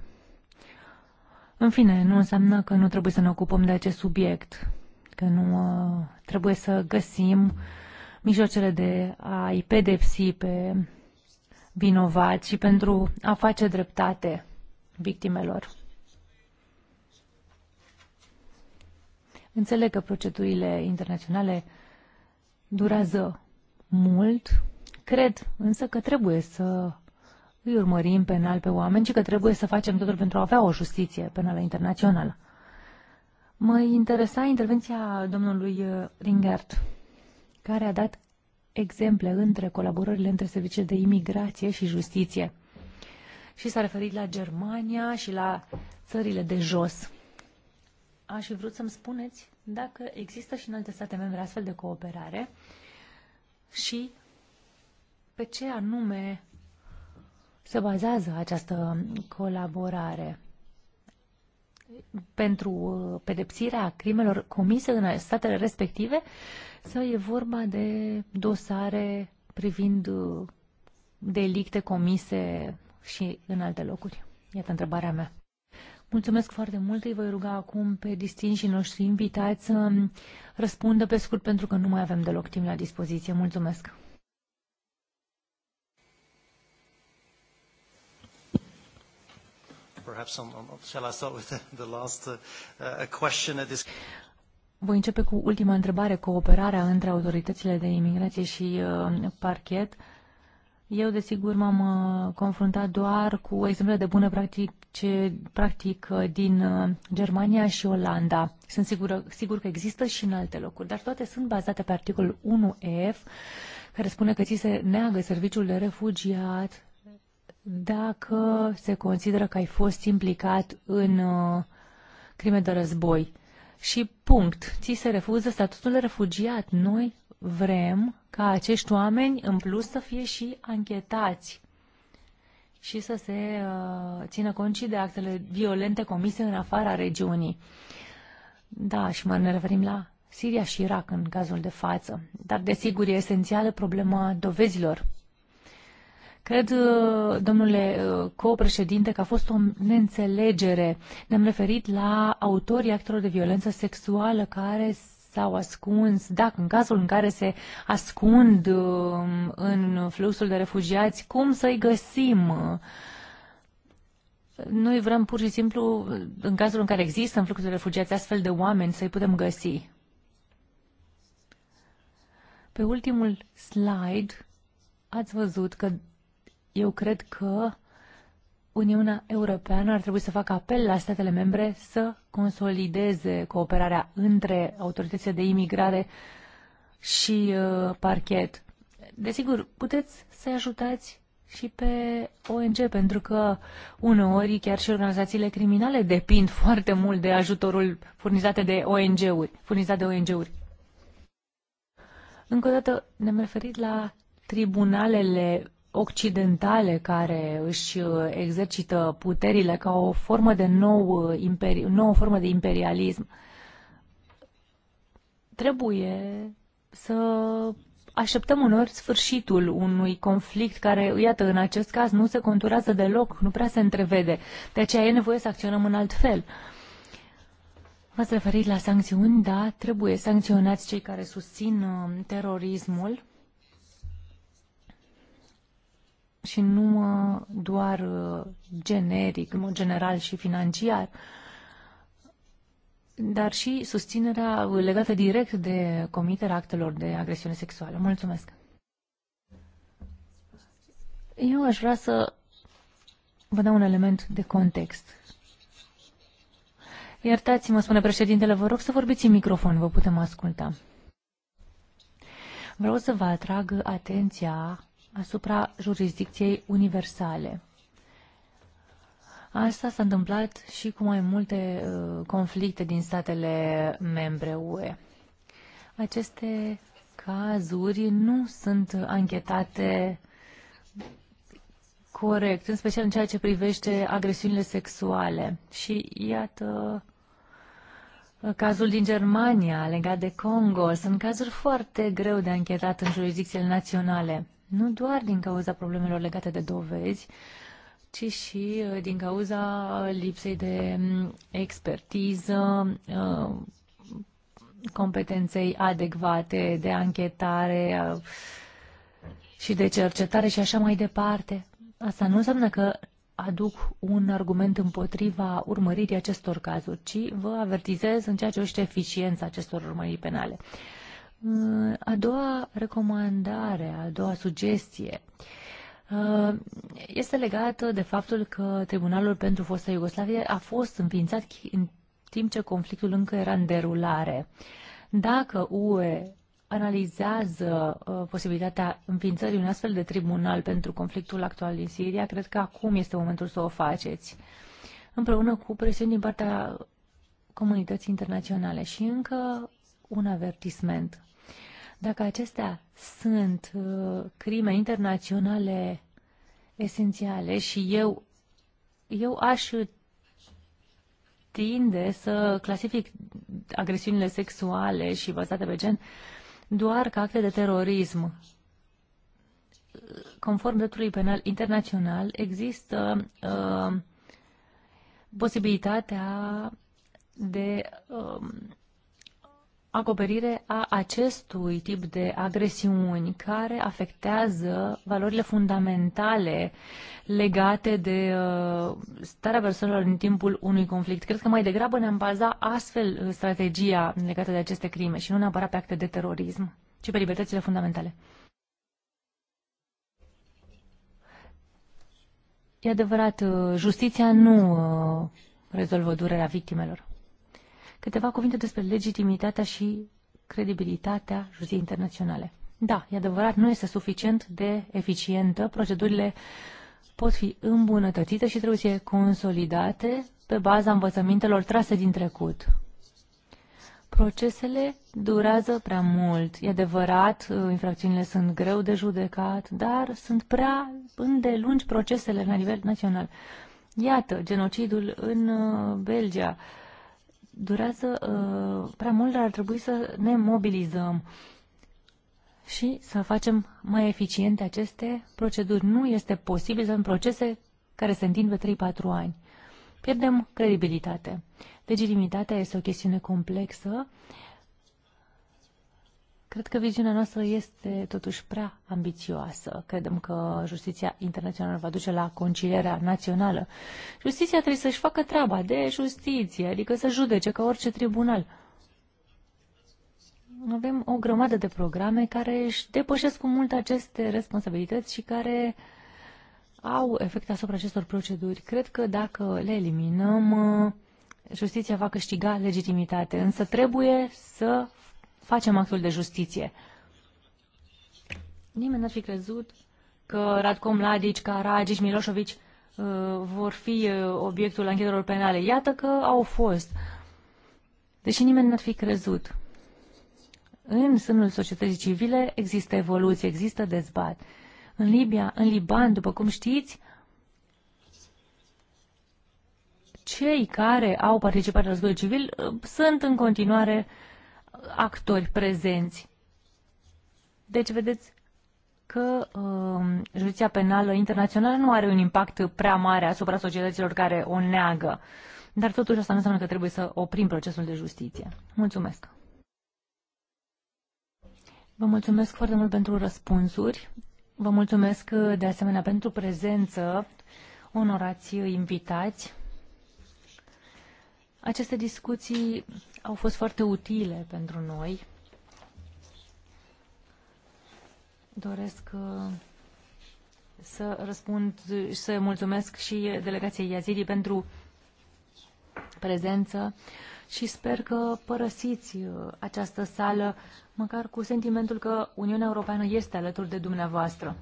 În fine, nu înseamnă că nu trebuie să ne ocupăm de acest subiect, că nu uh, trebuie să găsim mijloacele de a-i pedepsi pe vinovați și pentru a face dreptate victimelor. Înțeleg că procedurile internaționale durează mult, cred însă că trebuie să îi urmărim penal pe oameni și că trebuie să facem totul pentru a avea o justiție penală internațională. Mă interesa intervenția domnului uh, Ringert, care a dat exemple între colaborările între serviciile de imigrație și justiție. Și s-a referit la Germania și la țările de jos aș fi vrut să-mi spuneți dacă există și în alte state membre astfel de cooperare și pe ce anume se bazează această colaborare pentru uh, pedepsirea crimelor comise în statele respective sau e vorba de dosare privind uh, delicte comise și în alte locuri? Iată întrebarea mea. Mulțumesc foarte mult. Îi voi ruga acum pe distinșii noștri invitați să răspundă pe scurt pentru că nu mai avem deloc timp la dispoziție. Mulțumesc. Uh, voi începe cu ultima întrebare, cooperarea între autoritățile de imigrație și uh, parchet. Eu, desigur, m-am uh, confruntat doar cu exemple de bună practici ce practic din uh, Germania și Olanda. Sunt sigură, sigur că există și în alte locuri, dar toate sunt bazate pe articolul 1F, care spune că ți se neagă serviciul de refugiat dacă se consideră că ai fost implicat în uh, crime de război. Și punct. Ți se refuză statutul de refugiat. Noi vrem ca acești oameni, în plus, să fie și anchetați și să se uh, țină cont și de actele violente comise în afara regiunii. Da, și mă ne referim la Siria și Irak în cazul de față. Dar, desigur, e esențială problema dovezilor. Cred, uh, domnule uh, co-președinte, că a fost o neînțelegere. Ne-am referit la autorii actelor de violență sexuală care s-au ascuns, dacă în cazul în care se ascund um, în fluxul de refugiați, cum să-i găsim? Noi vrem pur și simplu, în cazul în care există în fluxul de refugiați astfel de oameni, să-i putem găsi. Pe ultimul slide ați văzut că eu cred că Uniunea Europeană ar trebui să facă apel la statele membre să consolideze cooperarea între autoritățile de imigrare și uh, parchet. Desigur, puteți să ajutați și pe ONG, pentru că uneori chiar și organizațiile criminale depind foarte mult de ajutorul furnizat de ONG-uri. Furnizat de ONG-uri. Încă o dată ne-am referit la tribunalele occidentale care își uh, exercită puterile ca o formă de nou uh, imperi, nouă formă de imperialism, trebuie să așteptăm uneori sfârșitul unui conflict care, iată, în acest caz nu se conturează deloc, nu prea se întrevede. De aceea e nevoie să acționăm în alt fel. V-ați referit la sancțiuni, da, trebuie sancționați cei care susțin uh, terorismul și nu doar uh, generic, în mod general și financiar, dar și susținerea uh, legată direct de comiterea actelor de agresiune sexuală. Mulțumesc! Eu aș vrea să vă dau un element de context. Iertați-mă, spune președintele, vă rog să vorbiți în microfon, vă putem asculta. Vreau să vă atrag atenția asupra jurisdicției universale. Asta s-a întâmplat și cu mai multe uh, conflicte din statele membre UE. Aceste cazuri nu sunt anchetate corect, în special în ceea ce privește agresiunile sexuale. Și iată cazul din Germania legat de Congo. Sunt cazuri foarte greu de anchetat în jurisdicțiile naționale nu doar din cauza problemelor legate de dovezi, ci și uh, din cauza lipsei de mm, expertiză, uh, competenței adecvate de anchetare uh, și de cercetare și așa mai departe. Asta nu înseamnă că aduc un argument împotriva urmăririi acestor cazuri, ci vă avertizez în ceea ce este eficiența acestor urmăriri penale. A doua recomandare, a doua sugestie este legată de faptul că Tribunalul pentru Fosta Iugoslavie a fost înființat în timp ce conflictul încă era în derulare. Dacă UE analizează uh, posibilitatea înființării unui astfel de tribunal pentru conflictul actual din Siria, cred că acum este momentul să o faceți, împreună cu presiuni din partea comunității internaționale. Și încă un avertisment. Dacă acestea sunt uh, crime internaționale esențiale și eu, eu aș tinde să clasific agresiunile sexuale și bazate pe gen doar ca acte de terorism. Conform dreptului penal internațional, există uh, posibilitatea de um, acoperire a acestui tip de agresiuni care afectează valorile fundamentale legate de uh, starea persoanelor în timpul unui conflict. Cred că mai degrabă ne-am baza astfel uh, strategia legată de aceste crime și nu neapărat pe acte de terorism, ci pe libertățile fundamentale. E adevărat, uh, justiția nu rezolvă durerea victimelor. Câteva cuvinte despre legitimitatea și credibilitatea justiției internaționale. Da, e adevărat, nu este suficient de eficientă. Procedurile pot fi îmbunătățite și trebuie să fie consolidate pe baza învățămintelor trase din trecut. Procesele durează prea mult. E adevărat, uh, infracțiunile sunt greu de judecat, dar sunt prea îndelungi procesele la nivel național. Iată, genocidul în uh, Belgia, durează uh, prea mult, dar ar trebui să ne mobilizăm și să facem mai eficiente aceste proceduri. Nu este posibil să avem procese care se întind pe 3-4 ani. Pierdem credibilitate. Legitimitatea este o chestiune complexă. Uh, Cred că viziunea noastră este totuși prea ambițioasă. Credem că justiția internațională va duce la concilierea națională. Justiția trebuie să-și facă treaba de justiție, adică să judece ca orice tribunal. Avem o grămadă de programe care își depășesc cu mult aceste responsabilități și care au efect asupra acestor proceduri. Cred că dacă le eliminăm, justiția va câștiga legitimitate, însă trebuie să facem actul de justiție. Nimeni n-ar fi crezut că Radcom Mladic, Caragici, Miloșovici uh, vor fi uh, obiectul anchetelor penale. Iată că au fost. Deși nimeni n-ar fi crezut. În sânul societății civile există evoluție, există dezbat. În Libia, în Liban, după cum știți, cei care au participat la războiul civil uh, sunt în continuare actori prezenți. Deci, vedeți că uh, justiția penală internațională nu are un impact prea mare asupra societăților care o neagă. Dar totuși asta nu înseamnă că trebuie să oprim procesul de justiție. Mulțumesc! Vă mulțumesc foarte mult pentru răspunsuri. Vă mulțumesc de asemenea pentru prezență, onorați invitați. Aceste discuții au fost foarte utile pentru noi. Doresc uh, să răspund și să mulțumesc și delegației Yazidi pentru prezență și sper că părăsiți uh, această sală măcar cu sentimentul că Uniunea Europeană este alături de dumneavoastră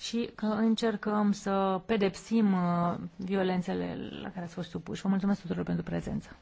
și că încercăm să pedepsim uh, violențele la care ați fost supuși. Vă mulțumesc tuturor pentru prezență.